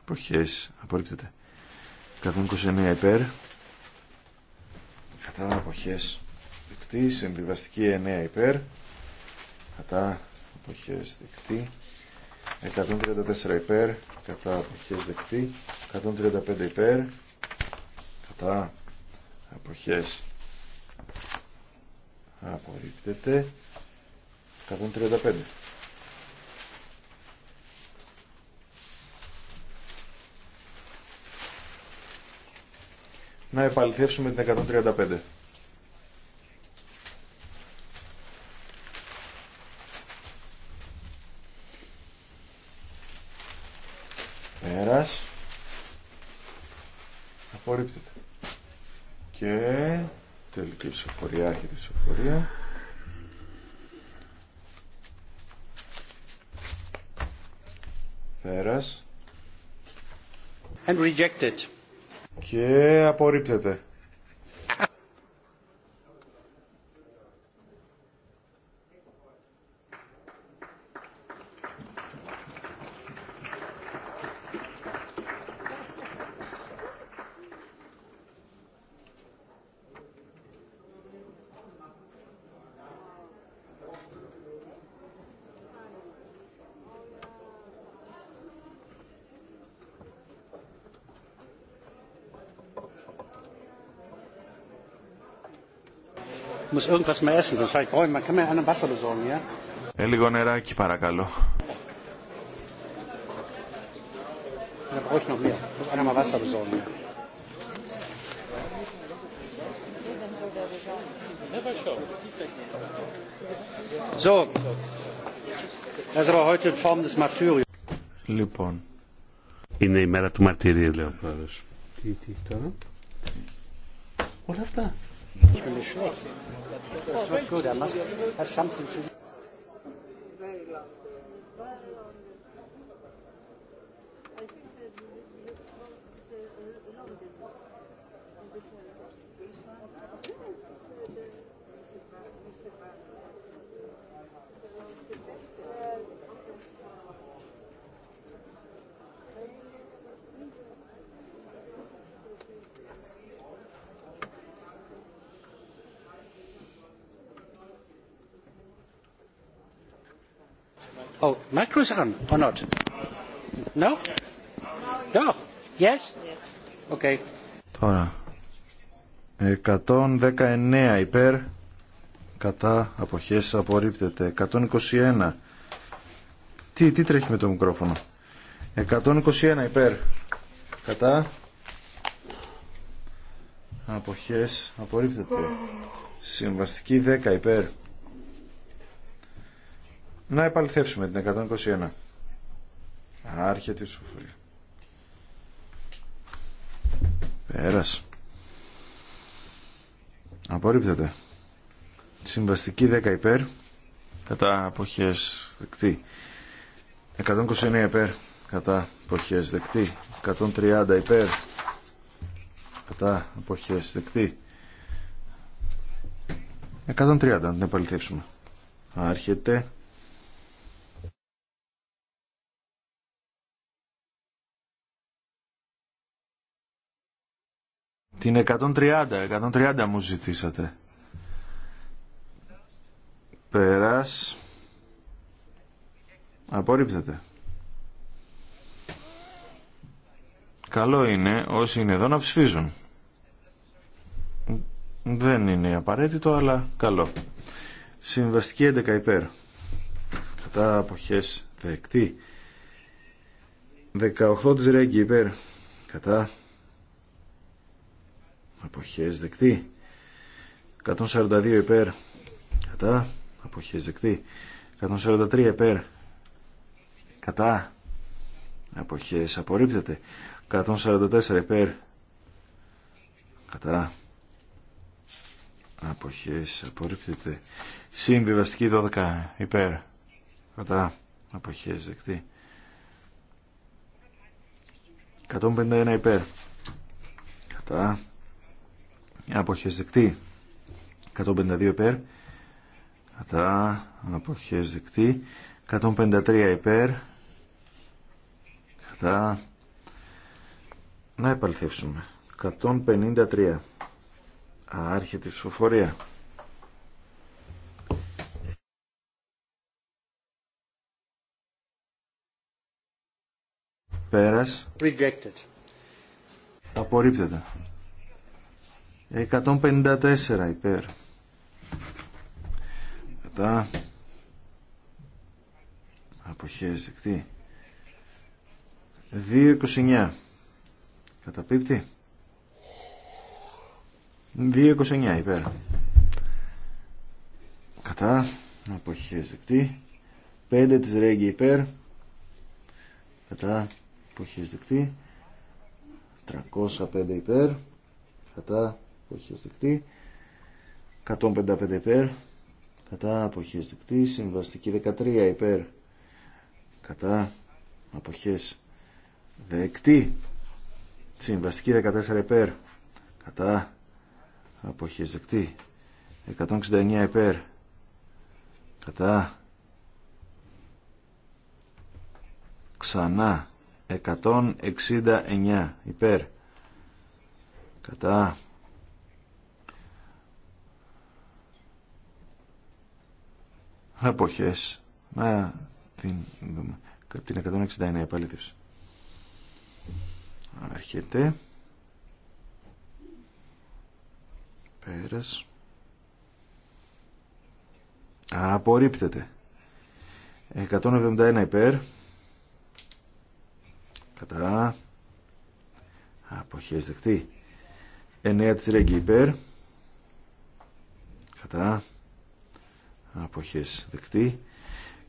Αποχές. Απορρίπτεται. 129 υπέρ. Κατά αποχές. Δεκτή. Συμβιβαστική 9 υπέρ. Κατά αποχές δεκτή. 134 υπέρ. Κατά αποχές δεκτή. 135 υπέρ. Κατά αποχές απορρίπτεται 135 να επαληθεύσουμε την 135 Πέρας. Απορρίπτεται. Και τελική ψηφοφορία, άρχη ψηφοφορία. rejected. Και απορρίπτεται. irgendwas ε, νεράκι παρακαλώ. Λοιπόν. Είναι η μέρα του μαρτυρίου, λέω. Τι, τι, τώρα. Όλα αυτά. It's really short. That's not good. I must have something on or not? No? No? Yes? Okay. Τώρα. 119 ε, υπέρ, κατά αποχές απορρίπτεται. 121. Τι, τι τρέχει με το μικρόφωνο. 121 υπέρ, κατά αποχές απορρίπτεται. Συμβαστική 10 υπέρ να επαληθεύσουμε την 121. Άρχεται η ψηφοφορία. Πέρας. Απορρίπτεται. Συμβαστική 10 υπέρ. Κατά αποχές δεκτή. 129 υπέρ. Κατά αποχές δεκτή. 130 υπέρ. Κατά αποχές δεκτή. 130 να την επαληθεύσουμε. Άρχεται. Την 130, 130 μου ζητήσατε. Πέρας. Απορρίπτεται. Καλό είναι όσοι είναι εδώ να ψηφίζουν. Δεν είναι απαραίτητο, αλλά καλό. Συμβαστική 11 υπέρ. Κατά αποχές δεκτή. 18 της Ρέγγι υπέρ. Κατά αποχές δεκτή 142 υπέρ κατά αποχές δεκτή 143 υπέρ κατά αποχές απορρίπτεται 144 υπέρ κατά αποχές απορρίπτεται συμβιβαστική 12 υπέρ κατά αποχές δεκτή 151 υπέρ κατά αποχές 152 υπέρ κατά αποχές 153 υπέρ κατά να επαληθεύσουμε 153 άρχεται η ψηφοφορία πέρας Rejected. απορρίπτεται 154 υπέρ. Κατά. Αποχές δεκτή. 2.29. Καταπίπτει. 2.29 υπέρ. Κατά. Αποχές δεκτή. 5 της Ρέγγι υπέρ. Κατά. Αποχές δεκτή. 305 υπέρ. Κατά αποχές δεκτή 155 υπέρ κατά αποχές δεκτή συμβαστική 13 υπέρ κατά αποχές δεκτή συμβαστική 14 υπέρ κατά αποχές δεκτή 169 υπέρ κατά ξανά 169 υπέρ κατά Αποχές. Να την δούμε. Την 169 επαλήθευση. Άρχεται. Πέρας. Απορρίπτεται. 171 υπέρ. Κατά. Αποχές δεκτή. 9 της Ρέγκη υπέρ. Κατά αποχές δεκτή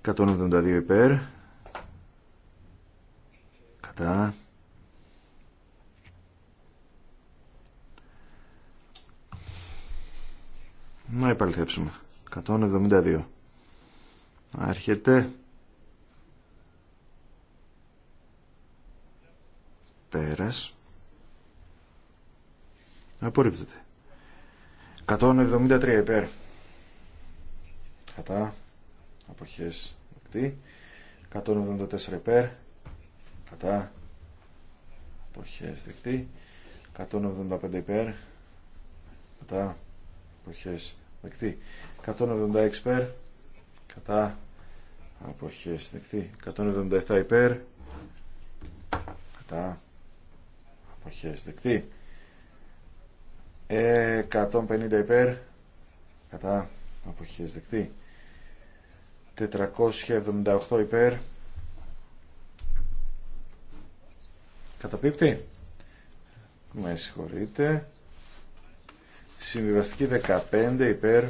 172 υπέρ κατά να επαληθεύσουμε 172 άρχεται πέρας απορρίπτεται 173 υπέρ κατά αποχές δεκτή 174 υπέρ κατά αποχές δεκτή 175 υπέρ κατά αποχές δεκτή 176 υπέρ κατά αποχές δεκτή 177 υπέρ κατά αποχές δεκτή 150 υπέρ κατά αποχές δεκτή 478 υπέρ. Καταπίπτει. Με συγχωρείτε. Συμβιβαστική 15 υπέρ.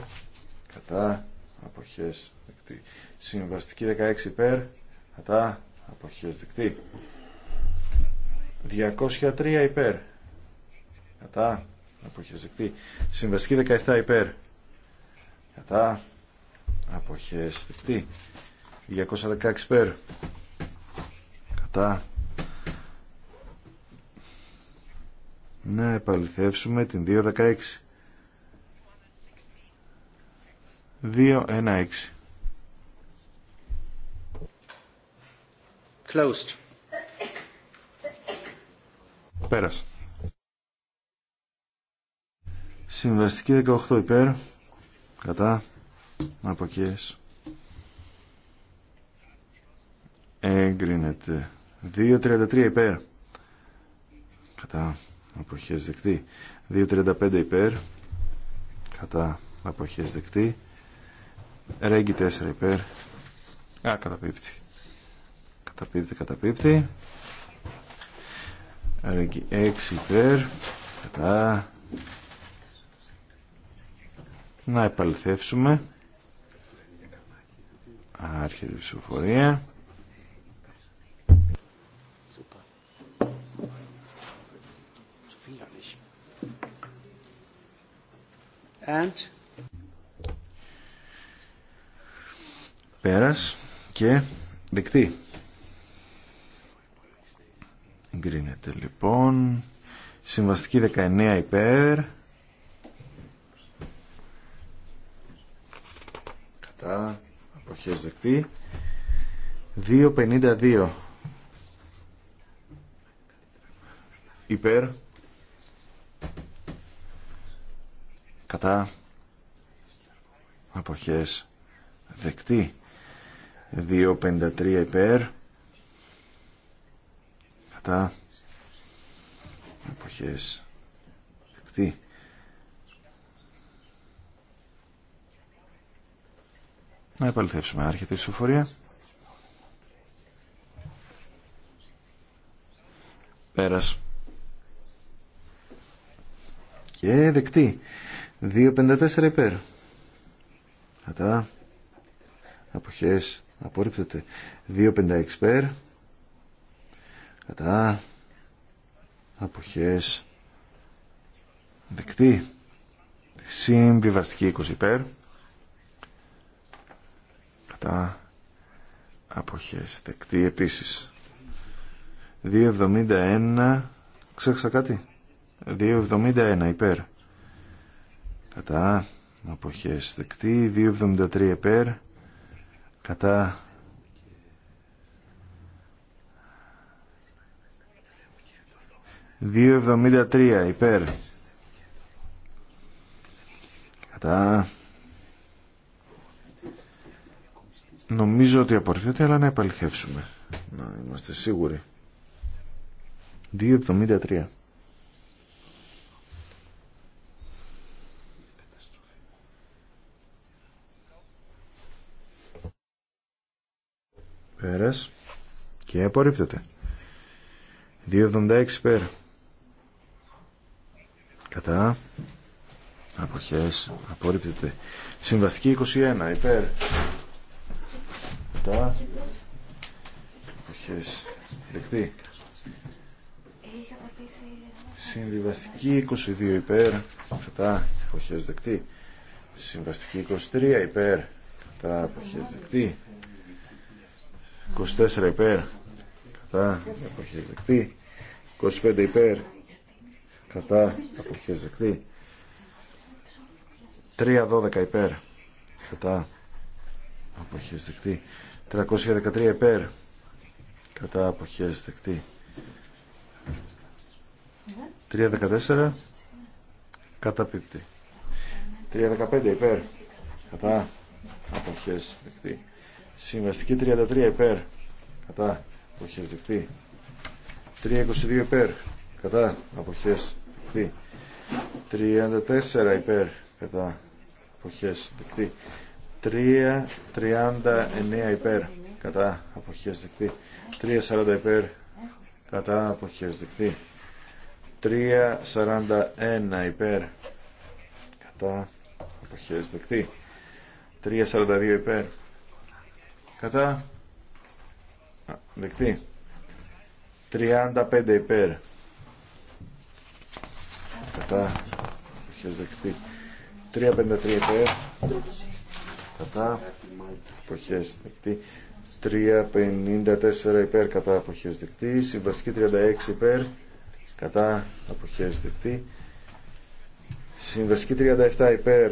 Κατά αποχές δεκτή. Συμβαστική 16 υπέρ. Κατά αποχές δεκτή. 203 υπέρ. Κατά αποχές δεκτή. Συμβαστική 17 υπέρ. Κατά αποχές 216 πέρ κατά να επαληθεύσουμε την 216 216 Closed. Πέρασε. Συμβαστική 18 υπέρ. Κατά αποχές εγκρίνεται 2.33 υπέρ κατά αποχές δεκτή 2.35 υπέρ κατά αποχές δεκτή ρέγγι 4 υπέρ α καταπίπτει καταπίπτει καταπίπτει ρέγγι 6 υπέρ κατά να επαληθεύσουμε Άρχεται η ψηφοφορία. And... Πέρας και δεκτή. Εγκρίνεται λοιπόν. Συμβαστική 19 υπέρ. Κατά αποχές δεκτή 2.52 υπέρ κατά αποχές δεκτή 2.53 υπέρ κατά αποχές δεκτή Να επαληθεύσουμε. Άρχεται η ψηφοφορία. Πέρας. Και δεκτή. 2.54 υπέρ. Κατά. Αποχές. Απορρίπτεται. 2.56 υπέρ. Κατά. Αποχές. Δεκτή. Συμβιβαστική 20 υπέρ αποχές δεκτή επίσης 2.71 ξέχασα κάτι 2.71 υπέρ κατά αποχές δεκτή 2.73 υπέρ κατά 2.73 υπέρ. Κατά. Νομίζω ότι απορριφθείτε, αλλά να επαληθεύσουμε. Να είμαστε σίγουροι. 2,73. Πέρας και απορρίπτεται. 2,76 πέρα. Κατά. Αποχές. Απορρίπτεται. Συμβαστική 21. Υπέρ κατά αποχές δεκτή συμβιβαστική 22 υπέρ κατά Εποχές δεκτή συμβαστική 23 υπέρ κατά Εποχές δεκτή 24 υπέρ κατά Εποχές δεκτή 25 υπέρ Κατά. αποχές δεκτή 3-12 υπέρ κατά αποχές δεκτή 313 υπέρ κατά αποχές δεκτή 314 πίπτη 315 υπέρ κατά αποχές δεκτή συμβαστική 33 υπέρ κατά αποχές δεκτή 322 υπέρ κατά αποχές δεκτή 34 υπέρ κατά αποχές δεκτή 3.39 υπέρ κατά αποχές δεκτή 3.40 υπέρ κατά αποχές δεκτή 3.41 υπέρ κατά αποχές δεκτή 3.42 υπέρ κατά δικτή. δεκτή 35 υπέρ κατά αποχές δεκτή 3.53 υπέρ κατά αποχές δεκτή 354 υπέρ κατά αποχές δεκτή συμβαστική 36 υπέρ κατά αποχές δεκτή συμβαστική 37 υπέρ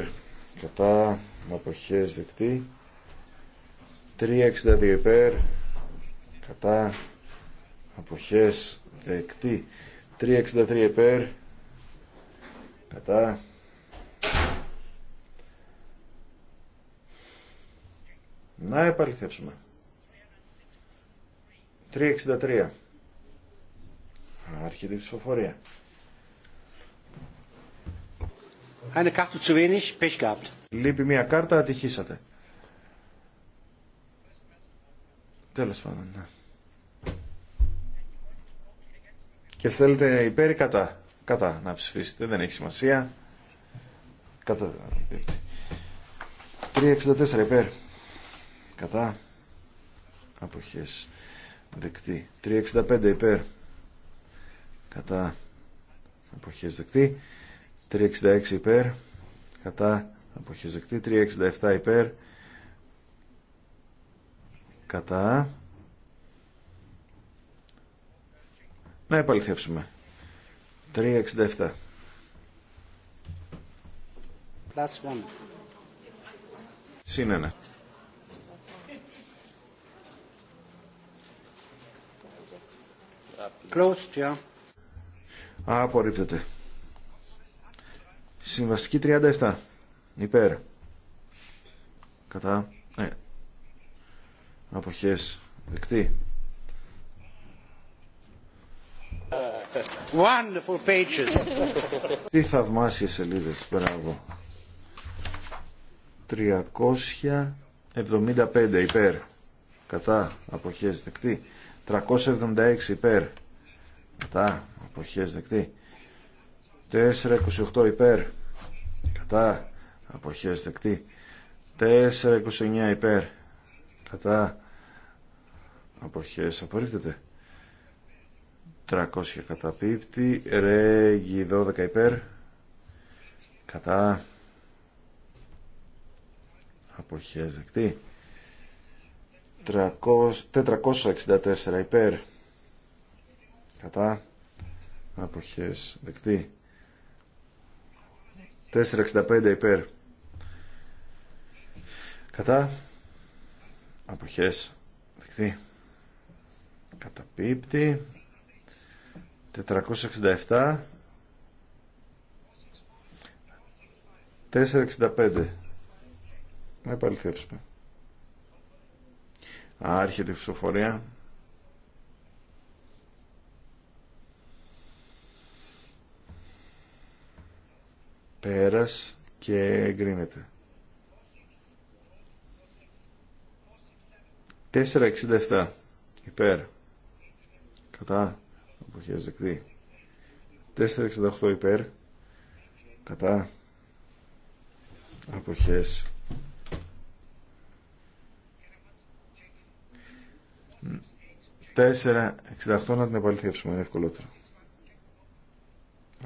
κατά αποχές δεκτή 362 υπέρ κατά αποχές δεκτή 363 υπέρ κατά Να επαληθεύσουμε. 363. Άρχεται η ψηφοφορία. Eine Karte zu wenig, Pech gehabt. Λείπει μια κάρτα, ατυχήσατε. Τέλος πάντων, ναι. Και θέλετε υπέρ ή κατά. Κατά να ψηφίσετε, δεν έχει σημασία. Κατά. 364 υπέρ κατά αποχές δεκτή 365 υπέρ κατά αποχές δεκτή 366 υπέρ κατά αποχές δεκτή 367 υπέρ κατά να επαληθεύσουμε 367 Συνένα. one. Closed, Απορρίπτεται. Συμβαστική 37. Υπέρ. Κατά. Ναι. Αποχές. Δεκτή. Wonderful pages. Τι θαυμάσια σελίδες. Μπράβο. 375 υπέρ. Κατά. Αποχές. Δεκτή. 376 υπέρ κατά αποχές δεκτή 4.28 υπέρ κατά αποχές δεκτή 4.29 υπέρ κατά αποχές απορρίπτεται 300 καταπίπτει ρέγγι 12 υπέρ κατά αποχές δεκτή 464 υπέρ κατά αποχές δεκτή 465 υπέρ κατά αποχές δεκτή καταπίπτει 467 465 να επαληθεύσουμε άρχεται η ψηφοφορία Πέρας και εγκρίνεται. 467 υπέρ. Κατά. Αποχές δεκτή. 468 υπέρ. Κατά. Αποχές. Τέσσερα, 68 να την επαληθεύσουμε, είναι ευκολότερο.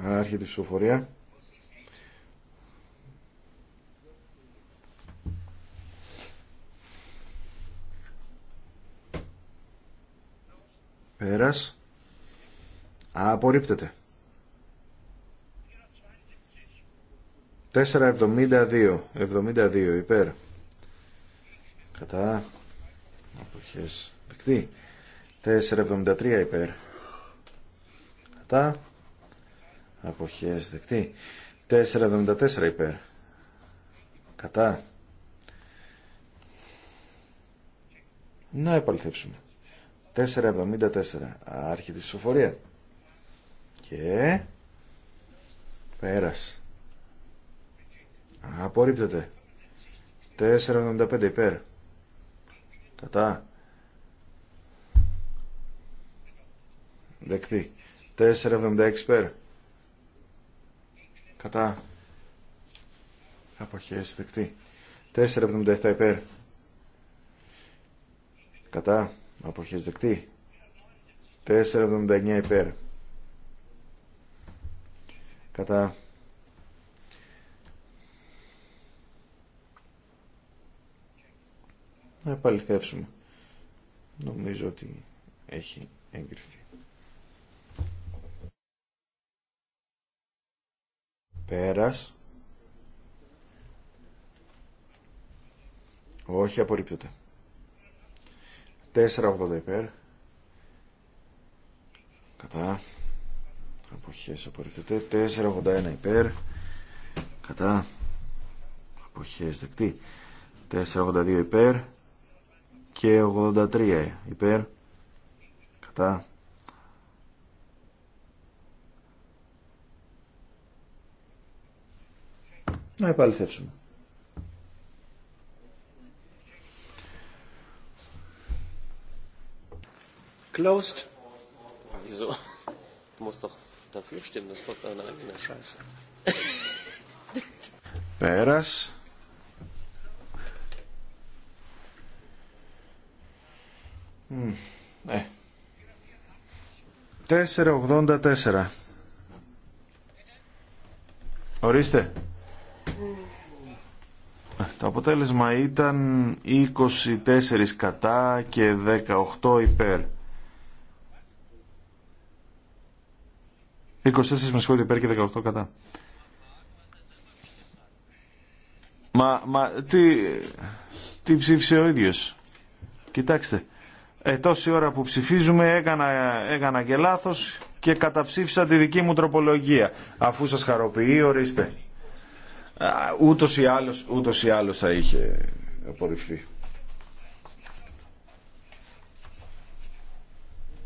Άρχεται η ψηφοφορία. Πέρας. Απορρίπτεται. 472. 72 υπέρ. Κατά. αποχέ Δεκτή. 473 υπέρ. Κατά. Αποχέ δεκτή. 474 υπέρ. Κατά. Να επαληθεύσουμε. 474. Άρχη τη σοφορία. Και... Πέρας. Απορρίπτεται. 4,75 υπέρ. Κατά. Δεκτή. 4,76 υπέρ. Κατά. Αποχές δεκτή. 4,77 υπέρ. Κατά. Αποχές δεκτή. 4,79 υπέρ. Κατά. Να επαληθεύσουμε. Νομίζω ότι έχει εγκριθεί. Πέρας. Όχι απορρίπτεται. 4,80 υπέρ. Κατά. Αποχές απορριφτεται. 4,81 υπέρ. Κατά. Αποχές δεκτή. 4,82 υπέρ. Και 83 υπέρ. Κατά. Να επαληθεύσουμε. Closed. Wieso? Du musst doch dafür stimmen, das ist doch deine eigene Scheiße. Πέρας. Ναι. 484. Ορίστε. Το αποτέλεσμα ήταν 24 κατά και 18 υπέρ. 24 με σχόλιο υπέρ και 18 κατά. Μα, μα τι, τι ψήφισε ο ίδιος. Κοιτάξτε. Ε, τόση ώρα που ψηφίζουμε έκανα, έκανα και λάθος και καταψήφισα τη δική μου τροπολογία. Αφού σας χαροποιεί, ορίστε. Ούτως ή άλλως, ούτως ή άλλως θα είχε απορριφθεί.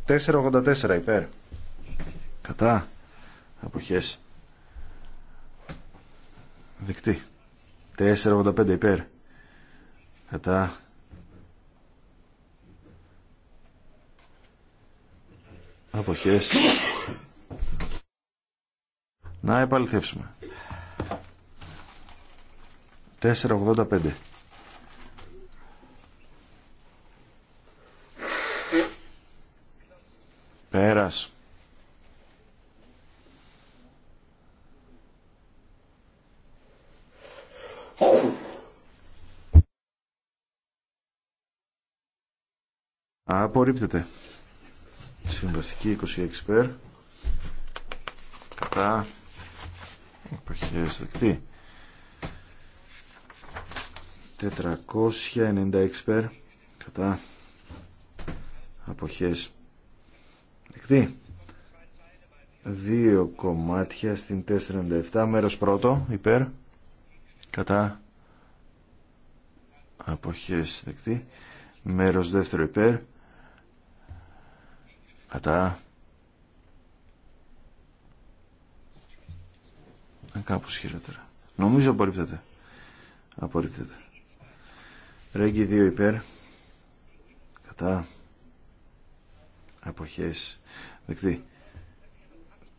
4.84 υπέρ. Κατά αποχές δεκτή 4.85 υπέρ κατά αποχές να επαληθεύσουμε 4.85 Πέρας. Απορρίπτεται. Συμβαστική 26 περ. Κατά. Εποχές δεκτή. 496 περ. Κατά. Αποχές δεκτή. Δύο κομμάτια στην 47 Μέρος πρώτο υπέρ. Κατά. Αποχές δεκτή. Μέρος δεύτερο υπέρ Κατά. Ε, Κάπω χειρότερα. Νομίζω απορρίπτεται. Απορρίπτεται. Ρέγγι 2 υπέρ. Κατά. Αποχές. Δεκτή.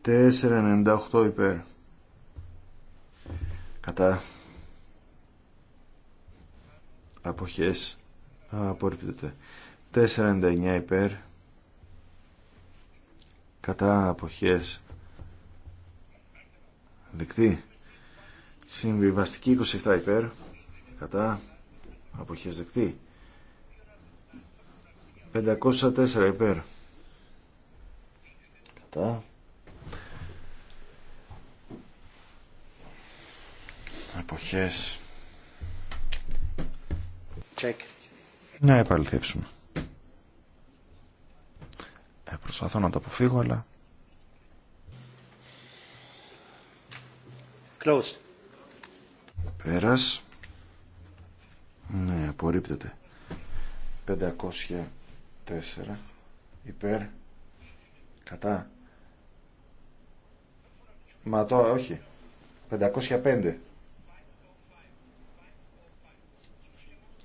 4,98 υπέρ. Κατά. Αποχές. Απορρίπτεται. 4,99 υπέρ κατά αποχές δεκτή συμβιβαστική 27 υπέρ κατά αποχές δεκτή 504 υπέρ κατά αποχές check να επαληθεύσουμε ε, προσπαθώ να το αποφύγω, αλλά... Closed. Πέρας. Ναι, απορρίπτεται. 504 υπέρ κατά μα το όχι 505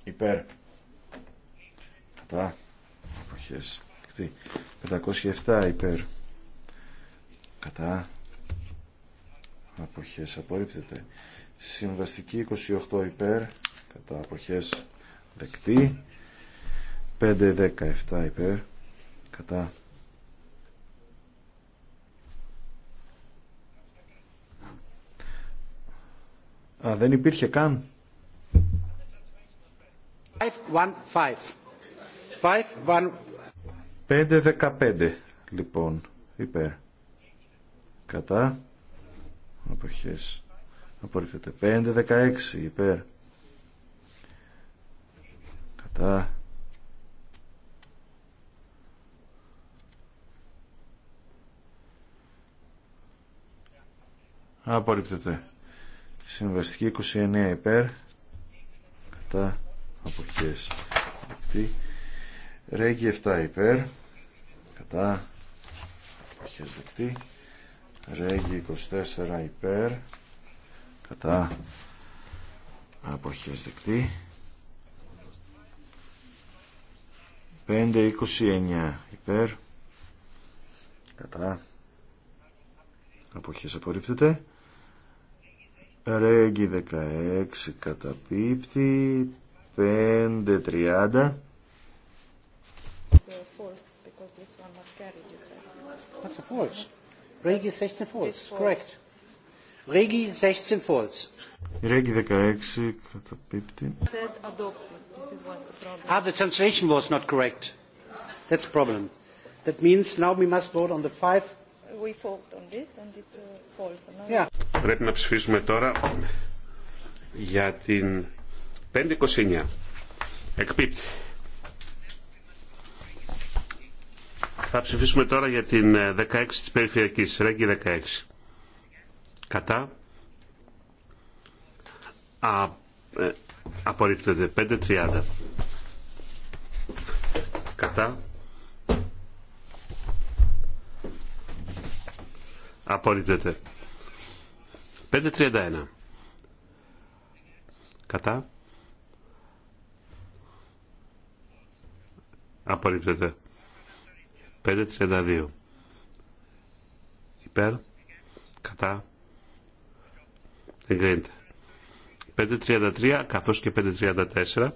υπέρ κατά εποχές 207 507 υπέρ κατά αποχές απορρίπτεται συμβαστική 28 υπέρ κατά αποχές 517 υπέρ κατά Α, δεν υπήρχε καν. 515 515 5-15 λοιπόν υπέρ κατά αποχές απορρίπτεται 5-16 υπέρ κατά απορρίπτεται συμβαστική 29 υπέρ κατά αποχές Ρέγγι 7 υπέρ κατά αποχές δεκτεί, Ρέγγι 24 υπέρ κατά δεκτεί, δεκτή υπέρ κατά αποχές απορρίπτεται Ρέγγι 16 καταπίπτει 5-30 This one was carried, you said. That's a false. Regi 16 false. false. Correct. Regi 16 false. Regi 16 καταπίπτει. Said adopted. This is what's the problem. Ah, the translation was not correct. That's the problem. That means now we must vote on the five. We vote on this and it uh, falls. Yeah. Πρέπει να ψηφίσουμε τώρα για την 529. Εκπίπτει. Θα ψηφίσουμε τώρα για την 16 ε, της περιφερειακής, Ρέγγι 16. Κατά. Α, ε, απορρίπτεται. 5.30. Κατά. Απορρίπτεται. 5.31. Κατά. Απορρίπτεται. 532 υπέρ κατά εγκρίνεται 533 καθώς και 534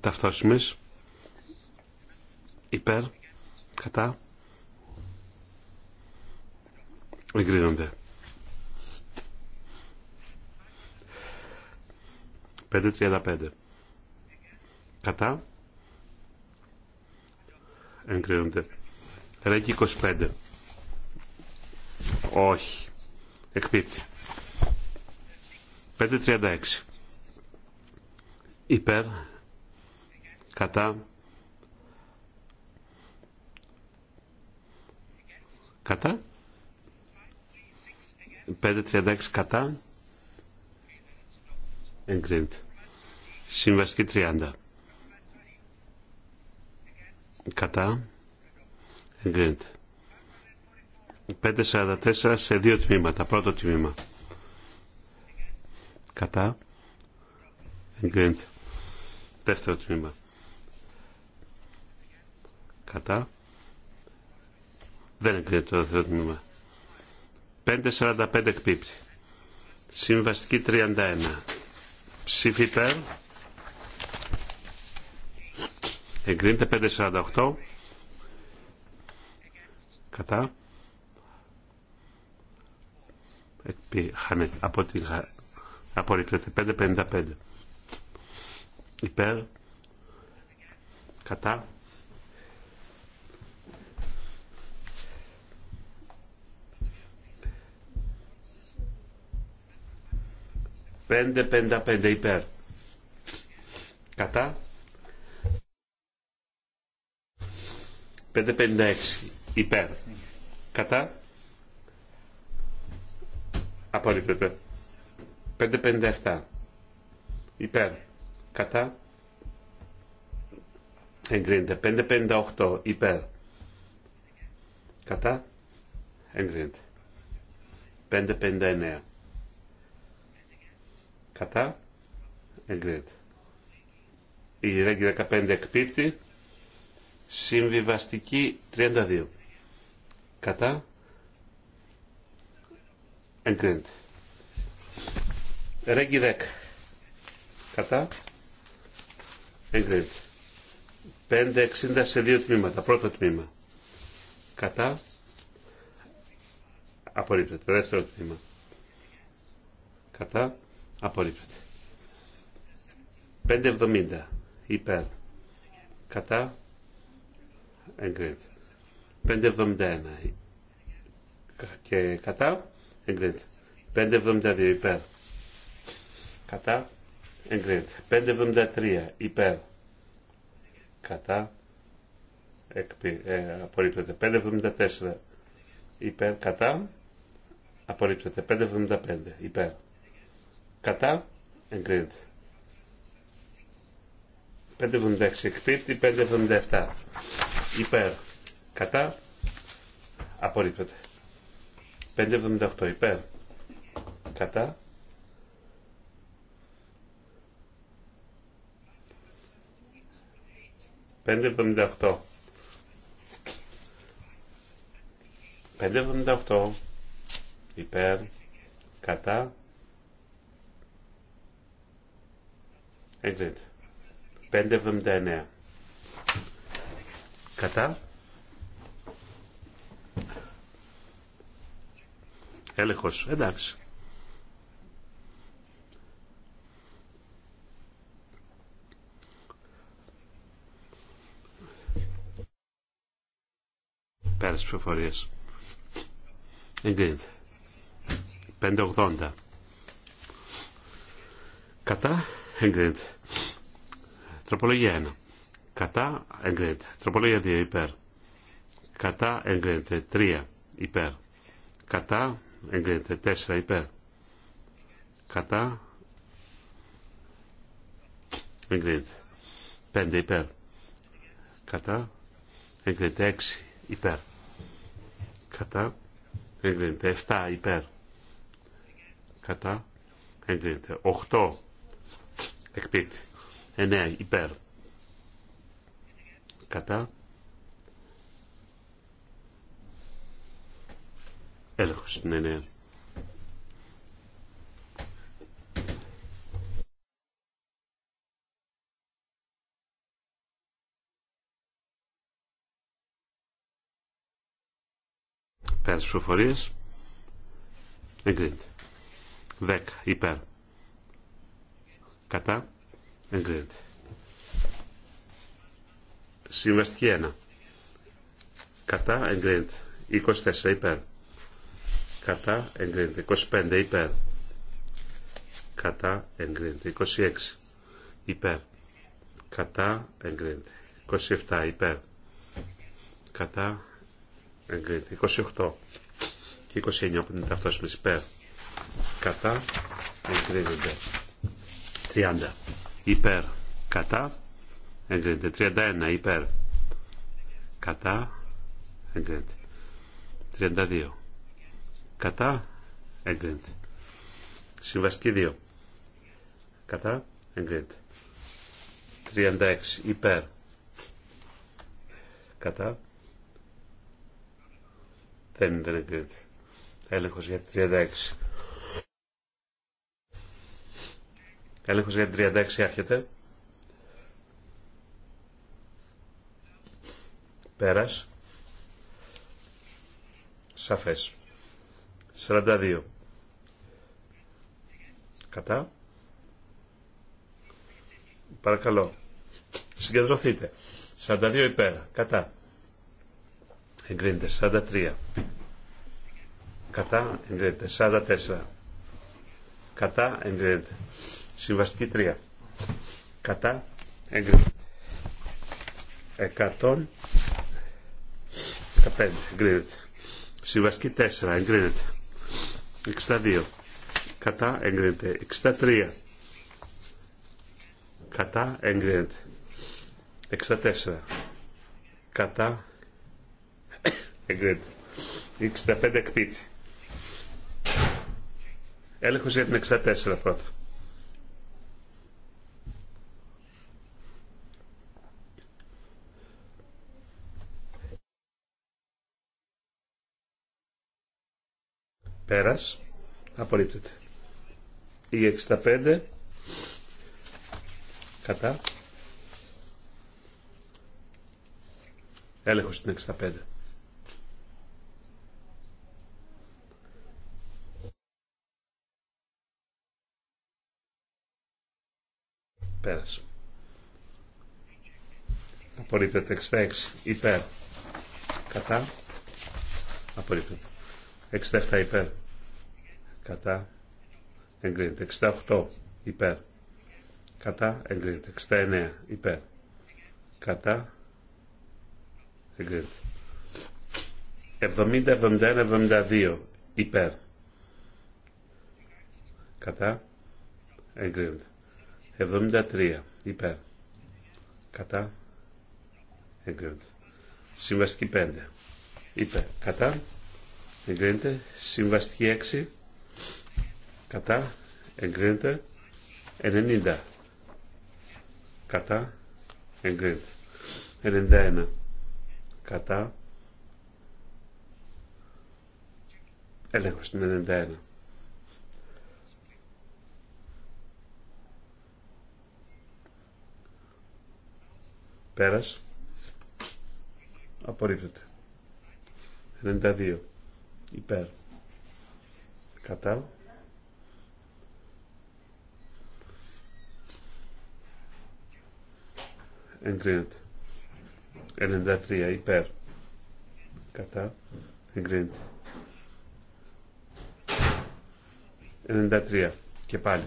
ταυτόσιμες υπέρ κατά εγκρίνονται 535 κατά εγκρίνονται. Ρέγγι 25. Όχι. Εκπίπτει. 536. Υπέρ. Κατά. Κατά. 536 κατά. Εγκρίνεται. Συμβαστική 30 κατά εγκρίνεται 544 σε δύο τμήματα πρώτο τμήμα κατά εγκρίνεται δεύτερο τμήμα κατά δεν εγκρίνεται το δεύτερο τμήμα 545 εκπίπτει συμβαστική 31 ψήφι Εγκρίνεται 548. Κατά. χανε, Από την... Απορρίπτεται 555. Υπέρ. Κατά. Πέντε, πέντε, πέντε υπέρ. Κατά. 556 υπέρ. Κατά. Απορρίπτεται. 557 υπέρ. Κατά. Εγκρίνεται. 558 υπέρ. Κατά. Εγκρίνεται. 559 κατά εγκρίνεται. Η ρέγγι 15 εκπίπτει. Συμβιβαστική 32. Κατά. Εγκρίνεται. Ρέγγι 10. Κατά. Εγκρίνεται. 560 σε δύο τμήματα. Πρώτο τμήμα. Κατά. Απορρίπτεται. Δεύτερο τμήμα. Κατά. Απορρίπτεται. 570. Υπέρ. Κατά εγκρίνεται. 571 και κατά εγκρίνεται. 572 υπέρ κατά εγκρίνεται. 573 υπέρ κατά εκπι, ε, απορρίπτεται. 574 υπέρ κατά απορρίπτεται. 575 υπέρ κατά εγκρίνεται. 576 εκπίπτει, 577 Υπέρ. Κατά. Απολύπτεται. 578. Υπέρ. Κατά. 578. 578. Υπέρ. Κατά. Έγκριντ. 579. Κατά. Έλεγχος. Εντάξει. Πέρας ψηφοφορίες. Εγκρίνεται. 580. Κατά. Εγκρίνεται. Τροπολογία 1. Κατά εγκρίνεται. Τροπολογία 2 υπέρ. Κατά εγκρίνεται. 3 υπέρ. Κατά εγκρίνεται. 4 υπέρ. Κατά εγκρίνεται. 5 υπέρ. Κατά εγκρίνεται. 6 υπέρ. Κατά εγκρίνεται. 7 υπέρ. Κατά εγκρίνεται. 8 εκπίπτει. 9 υπέρ Κατά. Έλεγχος. Ναι, ναι. στις προφορίες. Εγκρίνεται. Δέκα Υπέρ. Κατά. Εγκρίνεται. Συμβαστική 1. Κατά εγκρίνεται. 24 υπέρ. Κατά εγκρίνεται. 25 υπέρ. Κατά εγκρίνεται. 26 υπέρ. Κατά εγκρίνεται. 27 υπέρ. Κατά εγκρίνεται. 28 και 29 που είναι ταυτόσιμες υπέρ. Κατά εγκρίνεται. 30 υπέρ. Κατά εγκρίνεται 31 υπέρ κατά εγκρίνεται 32 κατά εγκρίνεται συμβαστική 2 κατά εγκρίνεται 36 υπέρ κατά δεν, είναι εγκρίνεται έλεγχος για 36 Έλεγχος για 36 έρχεται. Πέρας. Σαφές. 42. Κατά. Παρακαλώ. Συγκεντρωθείτε. 42 υπέρ. Κατά. Εγκρίνεται. 43. Κατά. Εγκρίνεται. 44. Κατά. Εγκρίνεται. Συμβαστική 3. Κατά. Εγκρίνεται. 15 εγκρίνεται. Συμβαστική 4 εγκρίνεται. 62 κατά εγκρίνεται. 63 κατά εγκρίνεται. 64 κατά εγκρίνεται. 65 εκπίτη. Έλεγχος για την 64 πρώτα. Πέρας. Απορρίπτεται. Η 65. Κατά. Έλεγχος στην 65. Πέρας. Απορρίπτεται 66. Υπέρ. Κατά. Απορρίπτεται. 67 υπέρ κατά εγκρίνεται 68 υπέρ κατά εγκρίνεται 69 υπέρ κατά εγκρίνεται 70, 71, 72 υπέρ κατά εγκρίνεται 73 υπέρ κατά εγκρίνεται συμβαστική 5 υπέρ κατά εγκρίνεται συμβαστική 6 κατά εγκρίνεται 90 κατά εγκρίνεται 91 κατά έλεγχο στην 91 πέρας απορρίπτεται 92 υπέρ κατά εγκρίνεται. 93 υπέρ. Κατά. Εγκρίνεται. 93 και πάλι.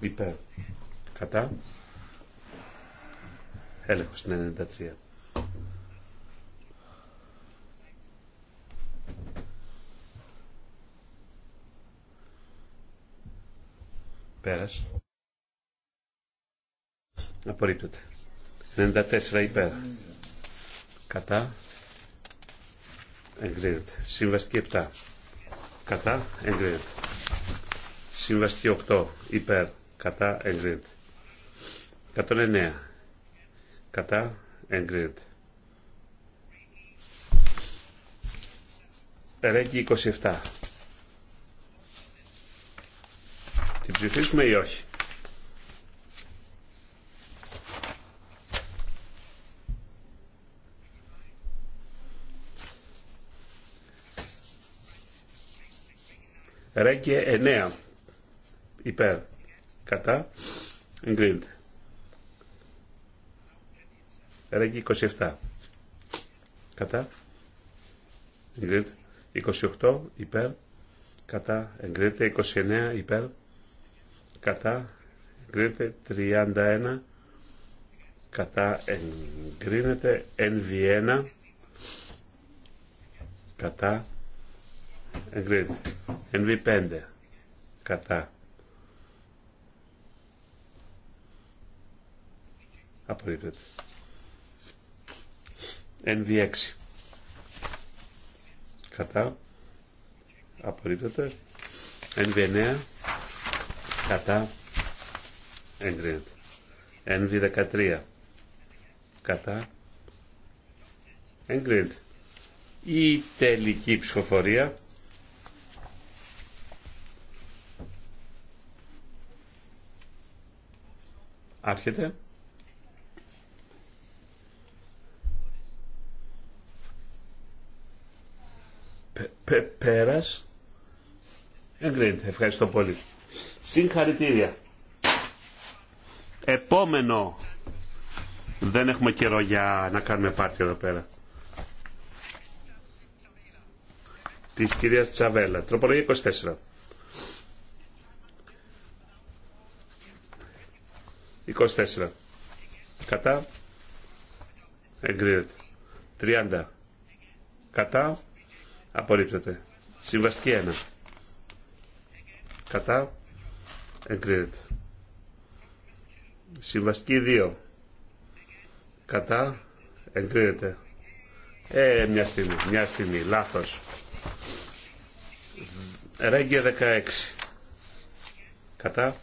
Υπέρ. Κατά. Έλεγχο στην 93. Πέρας. Απορρίπτεται. 94 υπέρ. Κατά. Εγκρίνεται. Συμβαστική 7. Κατά. Εγκρίνεται. Συμβαστική 8 υπέρ. Κατά. Εγκρίνεται. 109. Κατά. Εγκρίνεται. Ρέγγι 27. Την ψηφίσουμε ή όχι. Ρέγγε 9 υπέρ κατά εγκρίνεται. Ρέγγε 27 κατά εγκρίνεται. 28 υπέρ κατά εγκρίνεται. 29 υπέρ κατά εγκρίνεται. 31 κατά εγκρίνεται. NV1 κατά εγκρίνεται. NV5 κατά απορρίπτεται. NV6 κατά απορρίπτεται. NV9 κατά εγκρίνεται. NV13 κατά εγκρίνεται. Η τελική ψηφοφορία Άρχεται. Πε, πέρας. Εγκρίνεται. Ευχαριστώ πολύ. Συγχαρητήρια. Επόμενο. Δεν έχουμε καιρό για να κάνουμε πάρτι εδώ πέρα. Τη κυρία Τσαβέλα. Τροπολογία 24. 24. Κατά. Εγκρίνεται. 30. Κατά. Απορρίπτεται. Συμβαστική 1. Κατά. Εγκρίνεται. Συμβαστική 2. Κατά. Εγκρίνεται. Ε, μια στιγμή, μια στιγμή, λάθος. Ρέγγια 16. Κατά.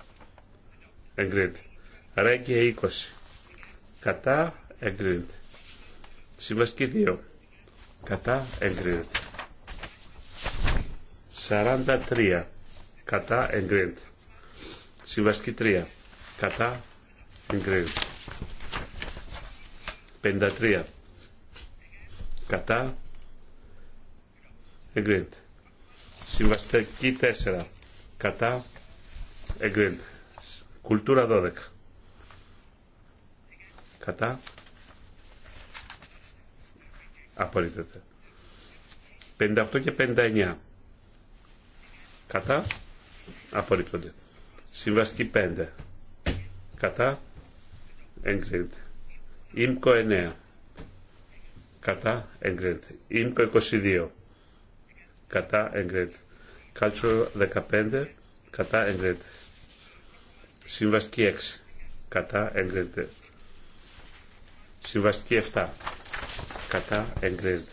Εγκρίνεται. Ρέγγε 20. Κατά εγκρίνεται. Συμβαστική 2. Κατά εγκρίνεται. 43. Κατά εγκρίνεται. Συμβαστική 3. Κατά εγκρίνεται. 53. Κατά εγκρίνεται. Συμβαστική 4. Κατά εγκρίνεται. Κουλτούρα 12. Κατά. Απορρίπτεται. 58 και 59. Κατά. Απορρίπτονται. Συμβαστική 5. Κατά. Εγκρίνεται. Ήμκο 9. Κατά. Εγκρίνεται. Ήμκο 22. Κατά. Εγκρίνεται. Κάλτσο 15. Κατά. Εγκρίνεται. Συμβαστική 6. Κατά. Εγκρίνεται. Συμβαστική 7. Κατά εγκρίνεται.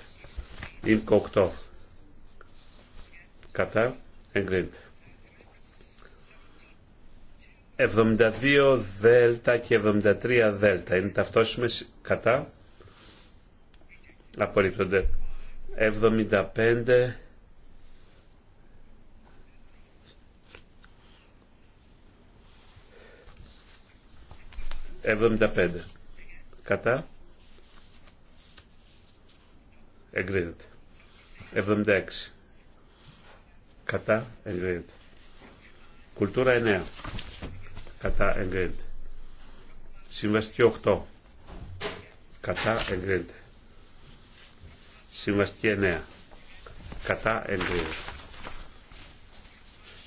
Ήλκο 8. Κατά εγκρίνεται. 72 δέλτα και 73 δέλτα είναι ταυτόσιμες κατά απορρίπτονται 75 75 Κατά. Εγκρίνεται. 76. Κατά. Εγκρίνεται. Κουλτούρα 9. Κατά. Εγκρίνεται. Συμβαστική 8. Κατά. Εγκρίνεται. Συμβαστική 9. Κατά. Εγκρίνεται.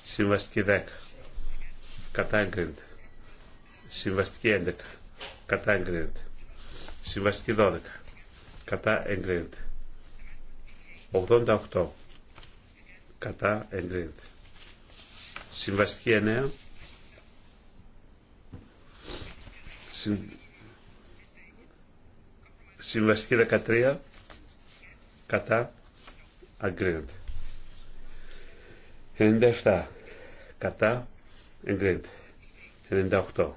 Συμβαστική 10. Κατά. Εγκρίνεται. Συμβαστική 11. Κατά. Εγκρίνεται. Συμβαστική 12. Κατά εγκρίνεται. 88. Κατά εγκρίνεται. Συμβαστική 9. Συμβαστική 13. Κατά εγκρίνεται. 97. Κατά εγκρίνεται. 98.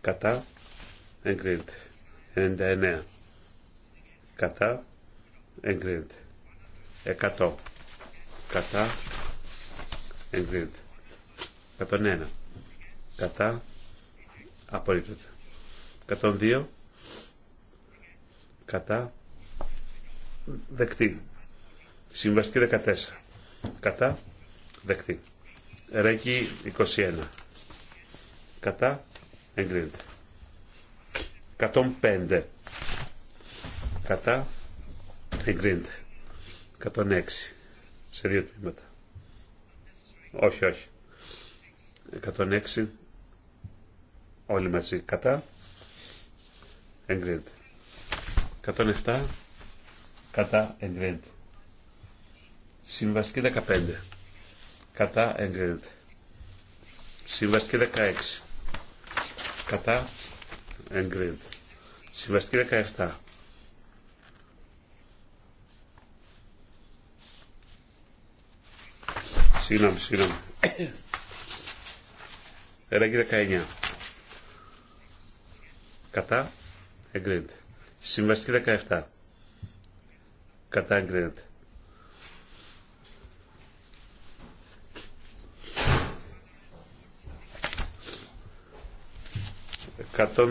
Κατά εγκρίνεται. 99 κατά εγκρίνεται. 100 κατά εγκρίνεται. 101 κατά απορρίπτεται. 102 κατά δεκτή. Συμβαστική 14 κατά δεκτή. Ρέκι 21 κατά εγκρίνεται. 105 κατά εγκρίνεται 106 σε δύο τμήματα όχι όχι 106 όλοι μαζί κατά εγκρίνεται 107 κατά εγκρίνεται συμβαστική 15 κατά εγκρίνεται συμβαστική 16 κατά εγκρίνεται Συμβαστική 17. Συγγνώμη, συγγνώμη. Ρέγγι 19. Κατά εγκρίνεται. Συμβαστική 17. Κατά εγκρίνεται. Κατόν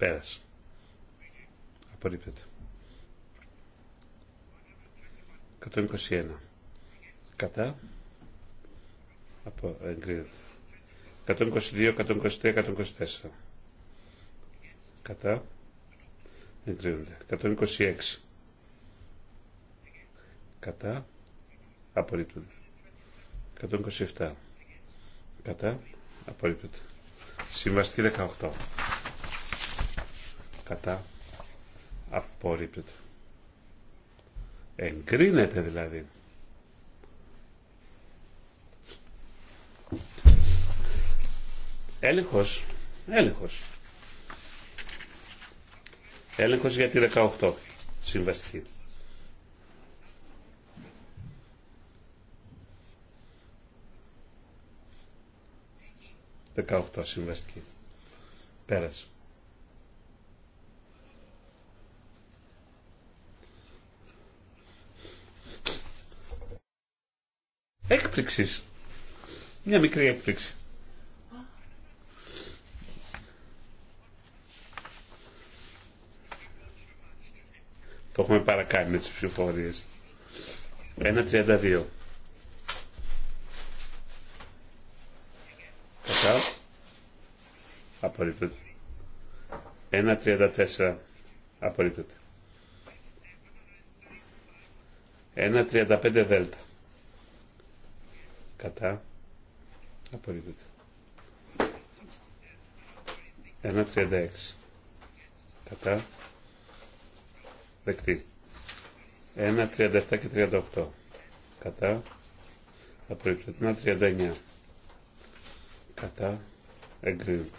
Πέρας. Απορρίπτεται. 121. Κατά. Από εγκρίνεται. 122, 123, 124. Κατά. Εγκρίνονται. 126. Κατά. Απορρίπτονται. 127. Κατά. Απορρίπτονται. Συμβαστική 18 κατά απορρίπτεται. Εγκρίνεται δηλαδή. Έλεγχος, έλεγχος. Έλεγχος για τη 18 συμβαστική. Δεκαοκτώ συμβαστική. Πέρασε. έκπληξη. Μια μικρή έκπληξη. Το έχουμε παρακάνει με τις ψηφοφορίες. 1.32. Κατά. Απορρίπτεται. 1.34. Απορρίπτεται. 1.35 δέλτα κατά απορρίπτεται. 1.36 κατά δεκτή. 1.37 και 38 κατά απορρίπτεται. 1.39 κατά εγκρίνεται.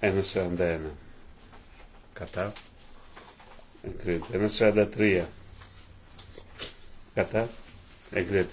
1.41 κατά εγκρίνεται. 1.43 κατά εγκρίνεται.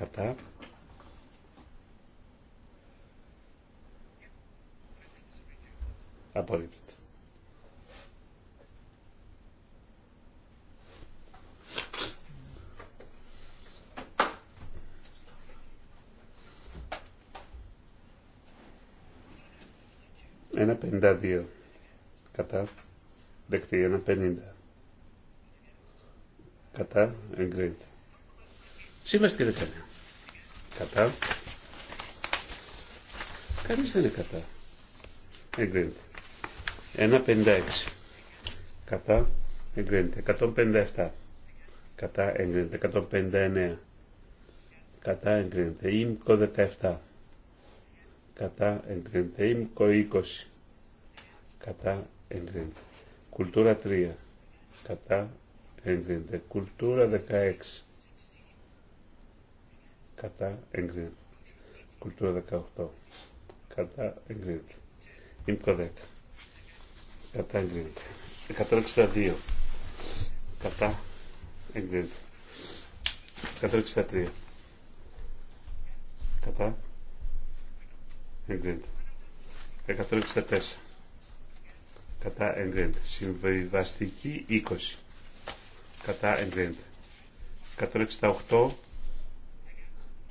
κατά. Απορρίπτεται. Ένα πενήντα δύο. Κατά. Δεκτή. Ένα πενήντα. Κατά. Εγκρίνεται. Σήμερα στη δεκαετία. Κατά. Κανεί δεν είναι κατά. Εγκρίνεται. 1.56. Κατά. Εγκρίνεται. 157. Κατά. Εγκρίνεται. 159. Κατά. Εγκρίνεται. Ήμικο 17. Κατά. Εγκρίνεται. Ήμικο 20. Κατά. Εγκρίνεται. Κουλτούρα 3. Κατά. Εγκρίνεται. Κουλτούρα 16 κατά εγκρίνεται. Κουλτούρα 18 κατά εγκρίνεται. Ήμκο 10 κατά εγκρίνεται. 162 κατά εγκρίνεται. 163 κατά εγκρίνεται. 164 κατά εγκρίνεται. Συμβιβαστική 20 κατά εγκρίνεται. 168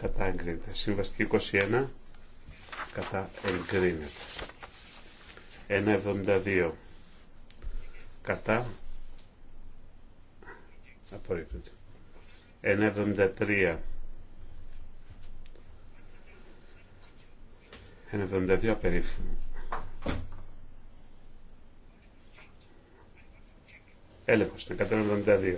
κατά εγκρίνεται. Συμβαστική 21 κατά εγκρίνεται. 1,72 κατά απορρίπτεται. 1,73 1,72 απερίφθη. Έλεγχος, 172.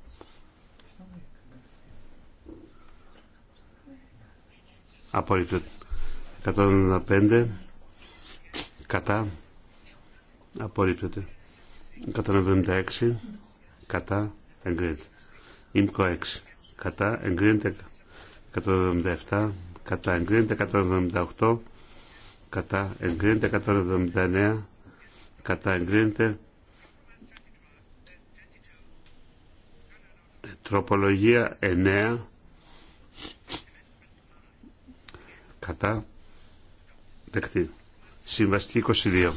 απόλυτο 195 κατά απόλυτο 176 κατά εγκρίνεται ΙΜΚΟ 6 κατά εγκρίνεται 177 κατά εγκρίνεται 178 κατά εγκρίνεται 179 κατά εγκρίνεται τροπολογία 9 κατά δεκτή. Συμβαστική 22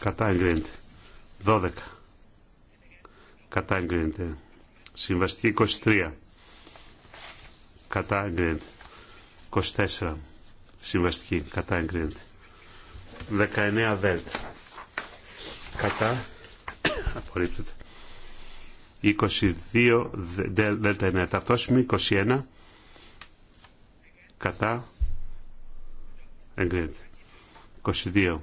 κατά εγκρίνεται. 12 κατά εγκρίνεται. Συμβαστική 23 κατά εγκρίνεται. 24 συμβαστική κατά εγκρίνεται. 19 δέλτα κατά απορρίπτεται. 22 δέλτα είναι ταυτόσιμη, 21 κατά εγκρίνεται. 22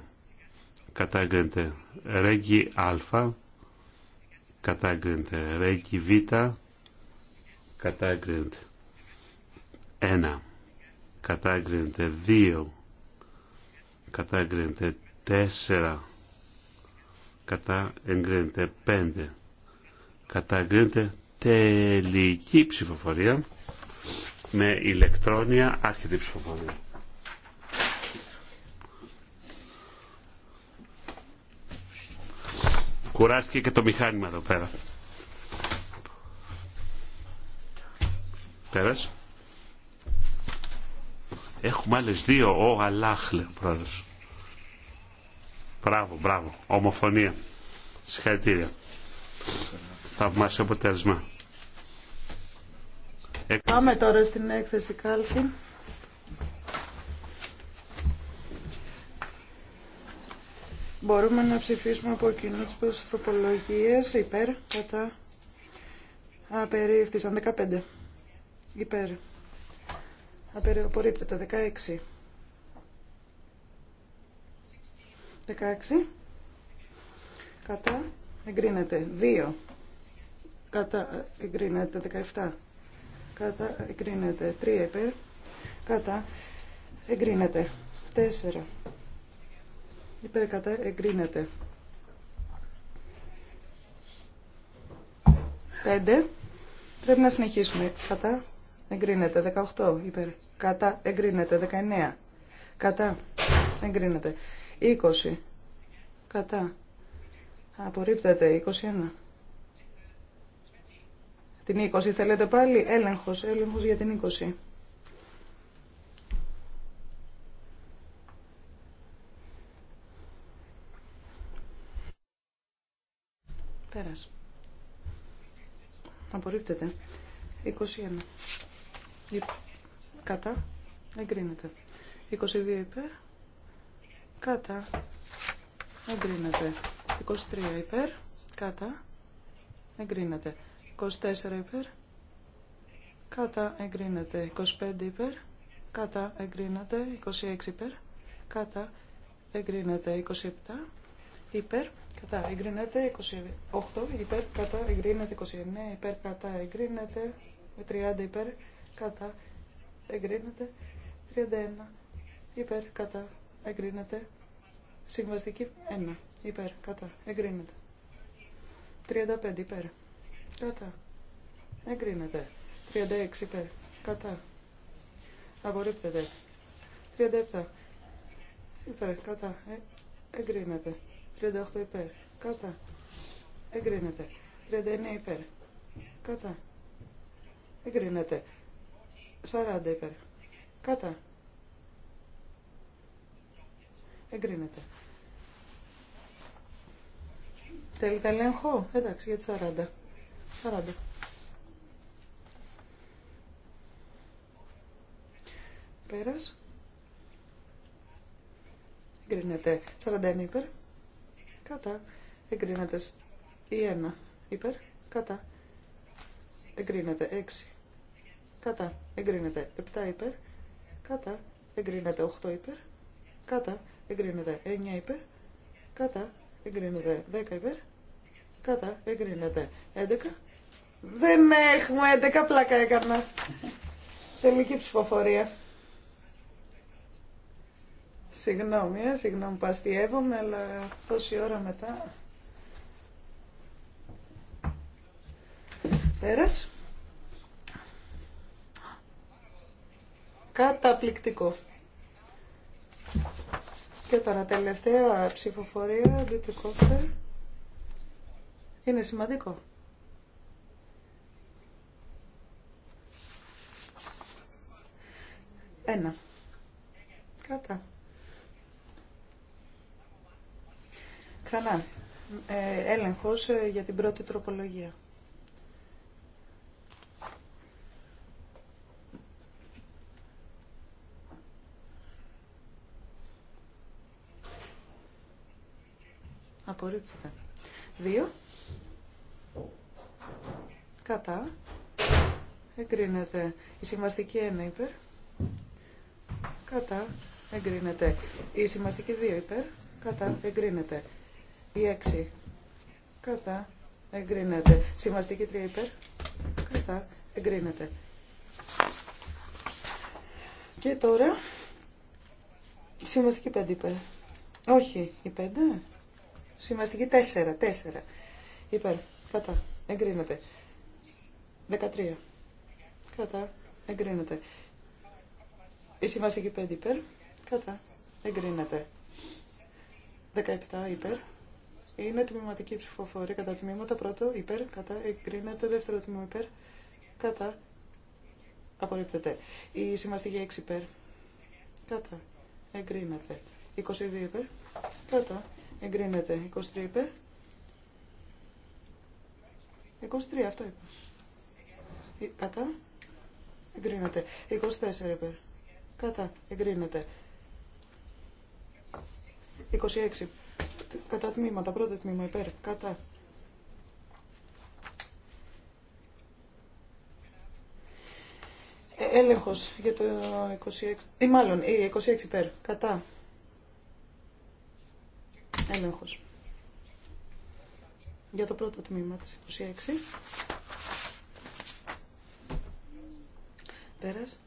κατά εγκρίνεται. Ρέγγι α κατά εγκρίνεται. Ρέγγι β κατά εγκρίνεται. 1 κατά εγκρίνεται. 2 κατά εγκρίνεται. 4 κατά εγκρίνεται. 5 κατά εγκρίνεται. Τελική ψηφοφορία με ηλεκτρόνια άρχιτη ψηφοφορία. Κουράστηκε και το μηχάνημα εδώ πέρα. Πέρας. Έχουμε άλλε δύο. Ο Αλάχ, λέει πρόεδρος. Μπράβο, μπράβο. Ομοφωνία. Συγχαρητήρια. Θαυμάσιο αποτέλεσμα. Πάμε τώρα στην έκθεση Κάλφιν. Μπορούμε να ψηφίσουμε από κοινού τι προσωπολογίε υπέρ, κατά, απερίφθησαν 15, υπέρ, απορρίπτεται 16, 16, κατά, εγκρίνεται 2, κατά, εγκρίνεται 17 κατά εγκρίνεται. 3 υπέρ κατά εγκρίνεται. 4 υπέρ κατά εγκρίνεται. 5 πρέπει να συνεχίσουμε. Κατά εγκρίνεται. 18 υπέρ κατά εγκρίνεται. 19 κατά εγκρίνεται. 20 κατά απορρίπτεται. 21 την 20 θέλετε πάλι. Έλεγχος. Έλεγχος για την 20. Πέρας. Απορρίπτεται. 21. Κατά. Εγκρίνεται. 22 υπέρ. Κατά. Εγκρίνεται. 23 υπέρ. Κατά. Εγκρίνεται. 24 υπέρ. Κατά εγκρίνεται 25 υπέρ. Κατά εγκρίνεται 26 υπέρ. Κατά εγκρίνεται 27 υπέρ. Κατά εγκρίνεται 28 υπέρ. Κατά εγκρίνεται 29 υπέρ. Κατά εγκρίνεται 30 υπέρ. Κατά εγκρίνεται 31 υπέρ. Κατά εγκρίνεται συμβαστική 1 υπέρ. Κατά εγκρίνεται 35 υπέρ. Κατά. Εγκρίνεται. 36 υπέρ. Κατά. Απορρίπτεται. 37 ε, υπέρ. Κατά. εγκρίνεται. 38 υπέρ. Κατά. Εγκρίνεται. 39 υπέρ. Κατά. Εγκρίνεται. 40 υπέρ. Κατά. Εγκρίνεται. Θέλετε ελέγχο. Εντάξει, για τις 40. 40. Πέρας. Εγκρίνεται 41 υπέρ. Κατά. Εγκρίνεται η 1 υπέρ. Κατά. Εγκρίνεται 6. Κατά. Εγκρίνεται 7 υπέρ. Κατά. Εγκρίνεται 8 υπέρ. Κατά. Εγκρίνεται 9 υπέρ. Κατά. Εγκρίνεται 10 υπέρ Κατά. Εγκρίνεται. 11. Δεν έχουμε 11 πλάκα έκανα. Τελική ψηφοφορία. Συγγνώμη, ε, συγγνώμη, παστιεύομαι, αλλά τόση ώρα μετά. Πέρας. Καταπληκτικό. Και τώρα τελευταία ψηφοφορία, Beauty είναι σημαντικό. Ένα. Κατά. Ξανά. Ε, έλεγχος ε, για την πρώτη τροπολογία. Απορρίπτεται. 2 κατά εγκρίνεται η συμβαστική 1 υπέρ κατά εγκρίνεται η συμβαστική 2 υπέρ κατά εγκρίνεται η 6 κατά εγκρίνεται συμβαστική 3 υπέρ κατά εγκρίνεται και τώρα συμβαστική 5 υπέρ όχι η 5 Συμβαστική 4. 4. Υπέρ. Κατά. Εγκρίνεται. 13. Κατά. Εγκρίνεται. Η συμβαστική 5 υπέρ. Κατά. Εγκρίνεται. 17 υπέρ. Είναι τμηματική ψηφοφορία κατά τμήματα. Πρώτο υπέρ. Κατά. Εγκρίνεται. Δεύτερο τμήμα υπέρ. Κατά. Απορρίπτεται. Η συμβαστική 6 υπέρ. Κατά. Εγκρίνεται. 22 υπέρ. Κατά εγκρίνεται. 23 υπέρ. 23, αυτό είπα. Ε, κατά. Εγκρίνεται. 24 υπέρ. Κατά. Εγκρίνεται. 26. Κατά τμήματα. Πρώτο τμήμα υπέρ. Κατά. Ε, έλεγχος για το 26. Ή ε, μάλλον, 26 υπέρ. Κατά έλεγχος. Για το πρώτο τμήμα της 26. Πέρας.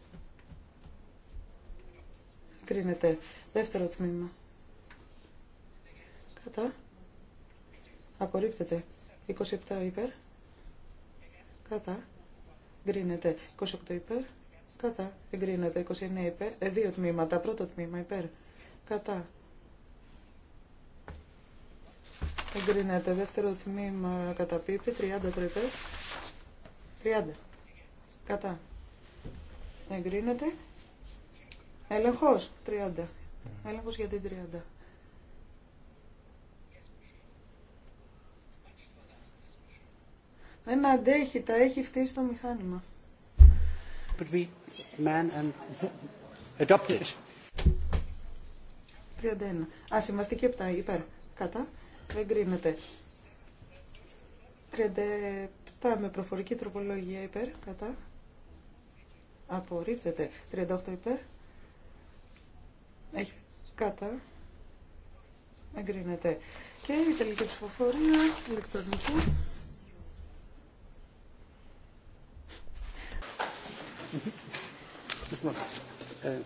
Κρίνεται. Δεύτερο τμήμα. Κατά. Απορρίπτεται. 27 υπέρ. Κατά. Γκρίνεται. 28 υπέρ. Κατά. Εγκρίνεται. 29 υπέρ. Ε, δύο τμήματα. Πρώτο τμήμα υπέρ. Κατά. Εγκρίνεται. Δεύτερο τμήμα καταπίπτει. 30 το 30. Κατά. Εγκρίνεται. Έλεγχος. 30. Έλεγχος για την 30. Δεν αντέχει, τα έχει φτύσει το μηχάνημα. Man and um, adopted. 31. Α, σημαστική 7, υπέρ. Κατά. Εγκρίνεται. 37 με προφορική τροπολογία υπέρ, κατά. Απορρίπτεται. 38 υπέρ. Έχει κατά. Εγκρίνεται. Και η τελική ψηφοφορία ηλεκτρονική. Äh,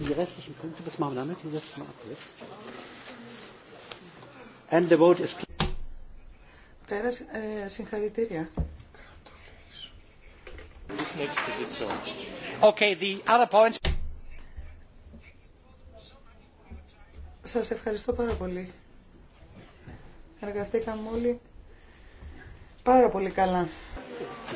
die restlichen Punkte, was machen wir damit? setzen ab And the vote is Πέρας, ε, συγχαρητήρια. Okay, the other points. Σας ευχαριστώ πάρα πολύ. Εργαστήκαμε όλοι πάρα πολύ καλά.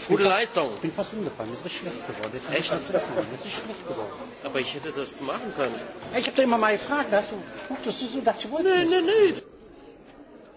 Gute Leistung. Ich bin fast umgefallen. Das ist richtig schlecht geworden. Das Echt? Das ist richtig schlecht geworden. Aber ich hätte das machen können. Ich habe doch immer mal gefragt. Hast du, guck, das ist so, dachte ich, wolltest Nein, nein, nein.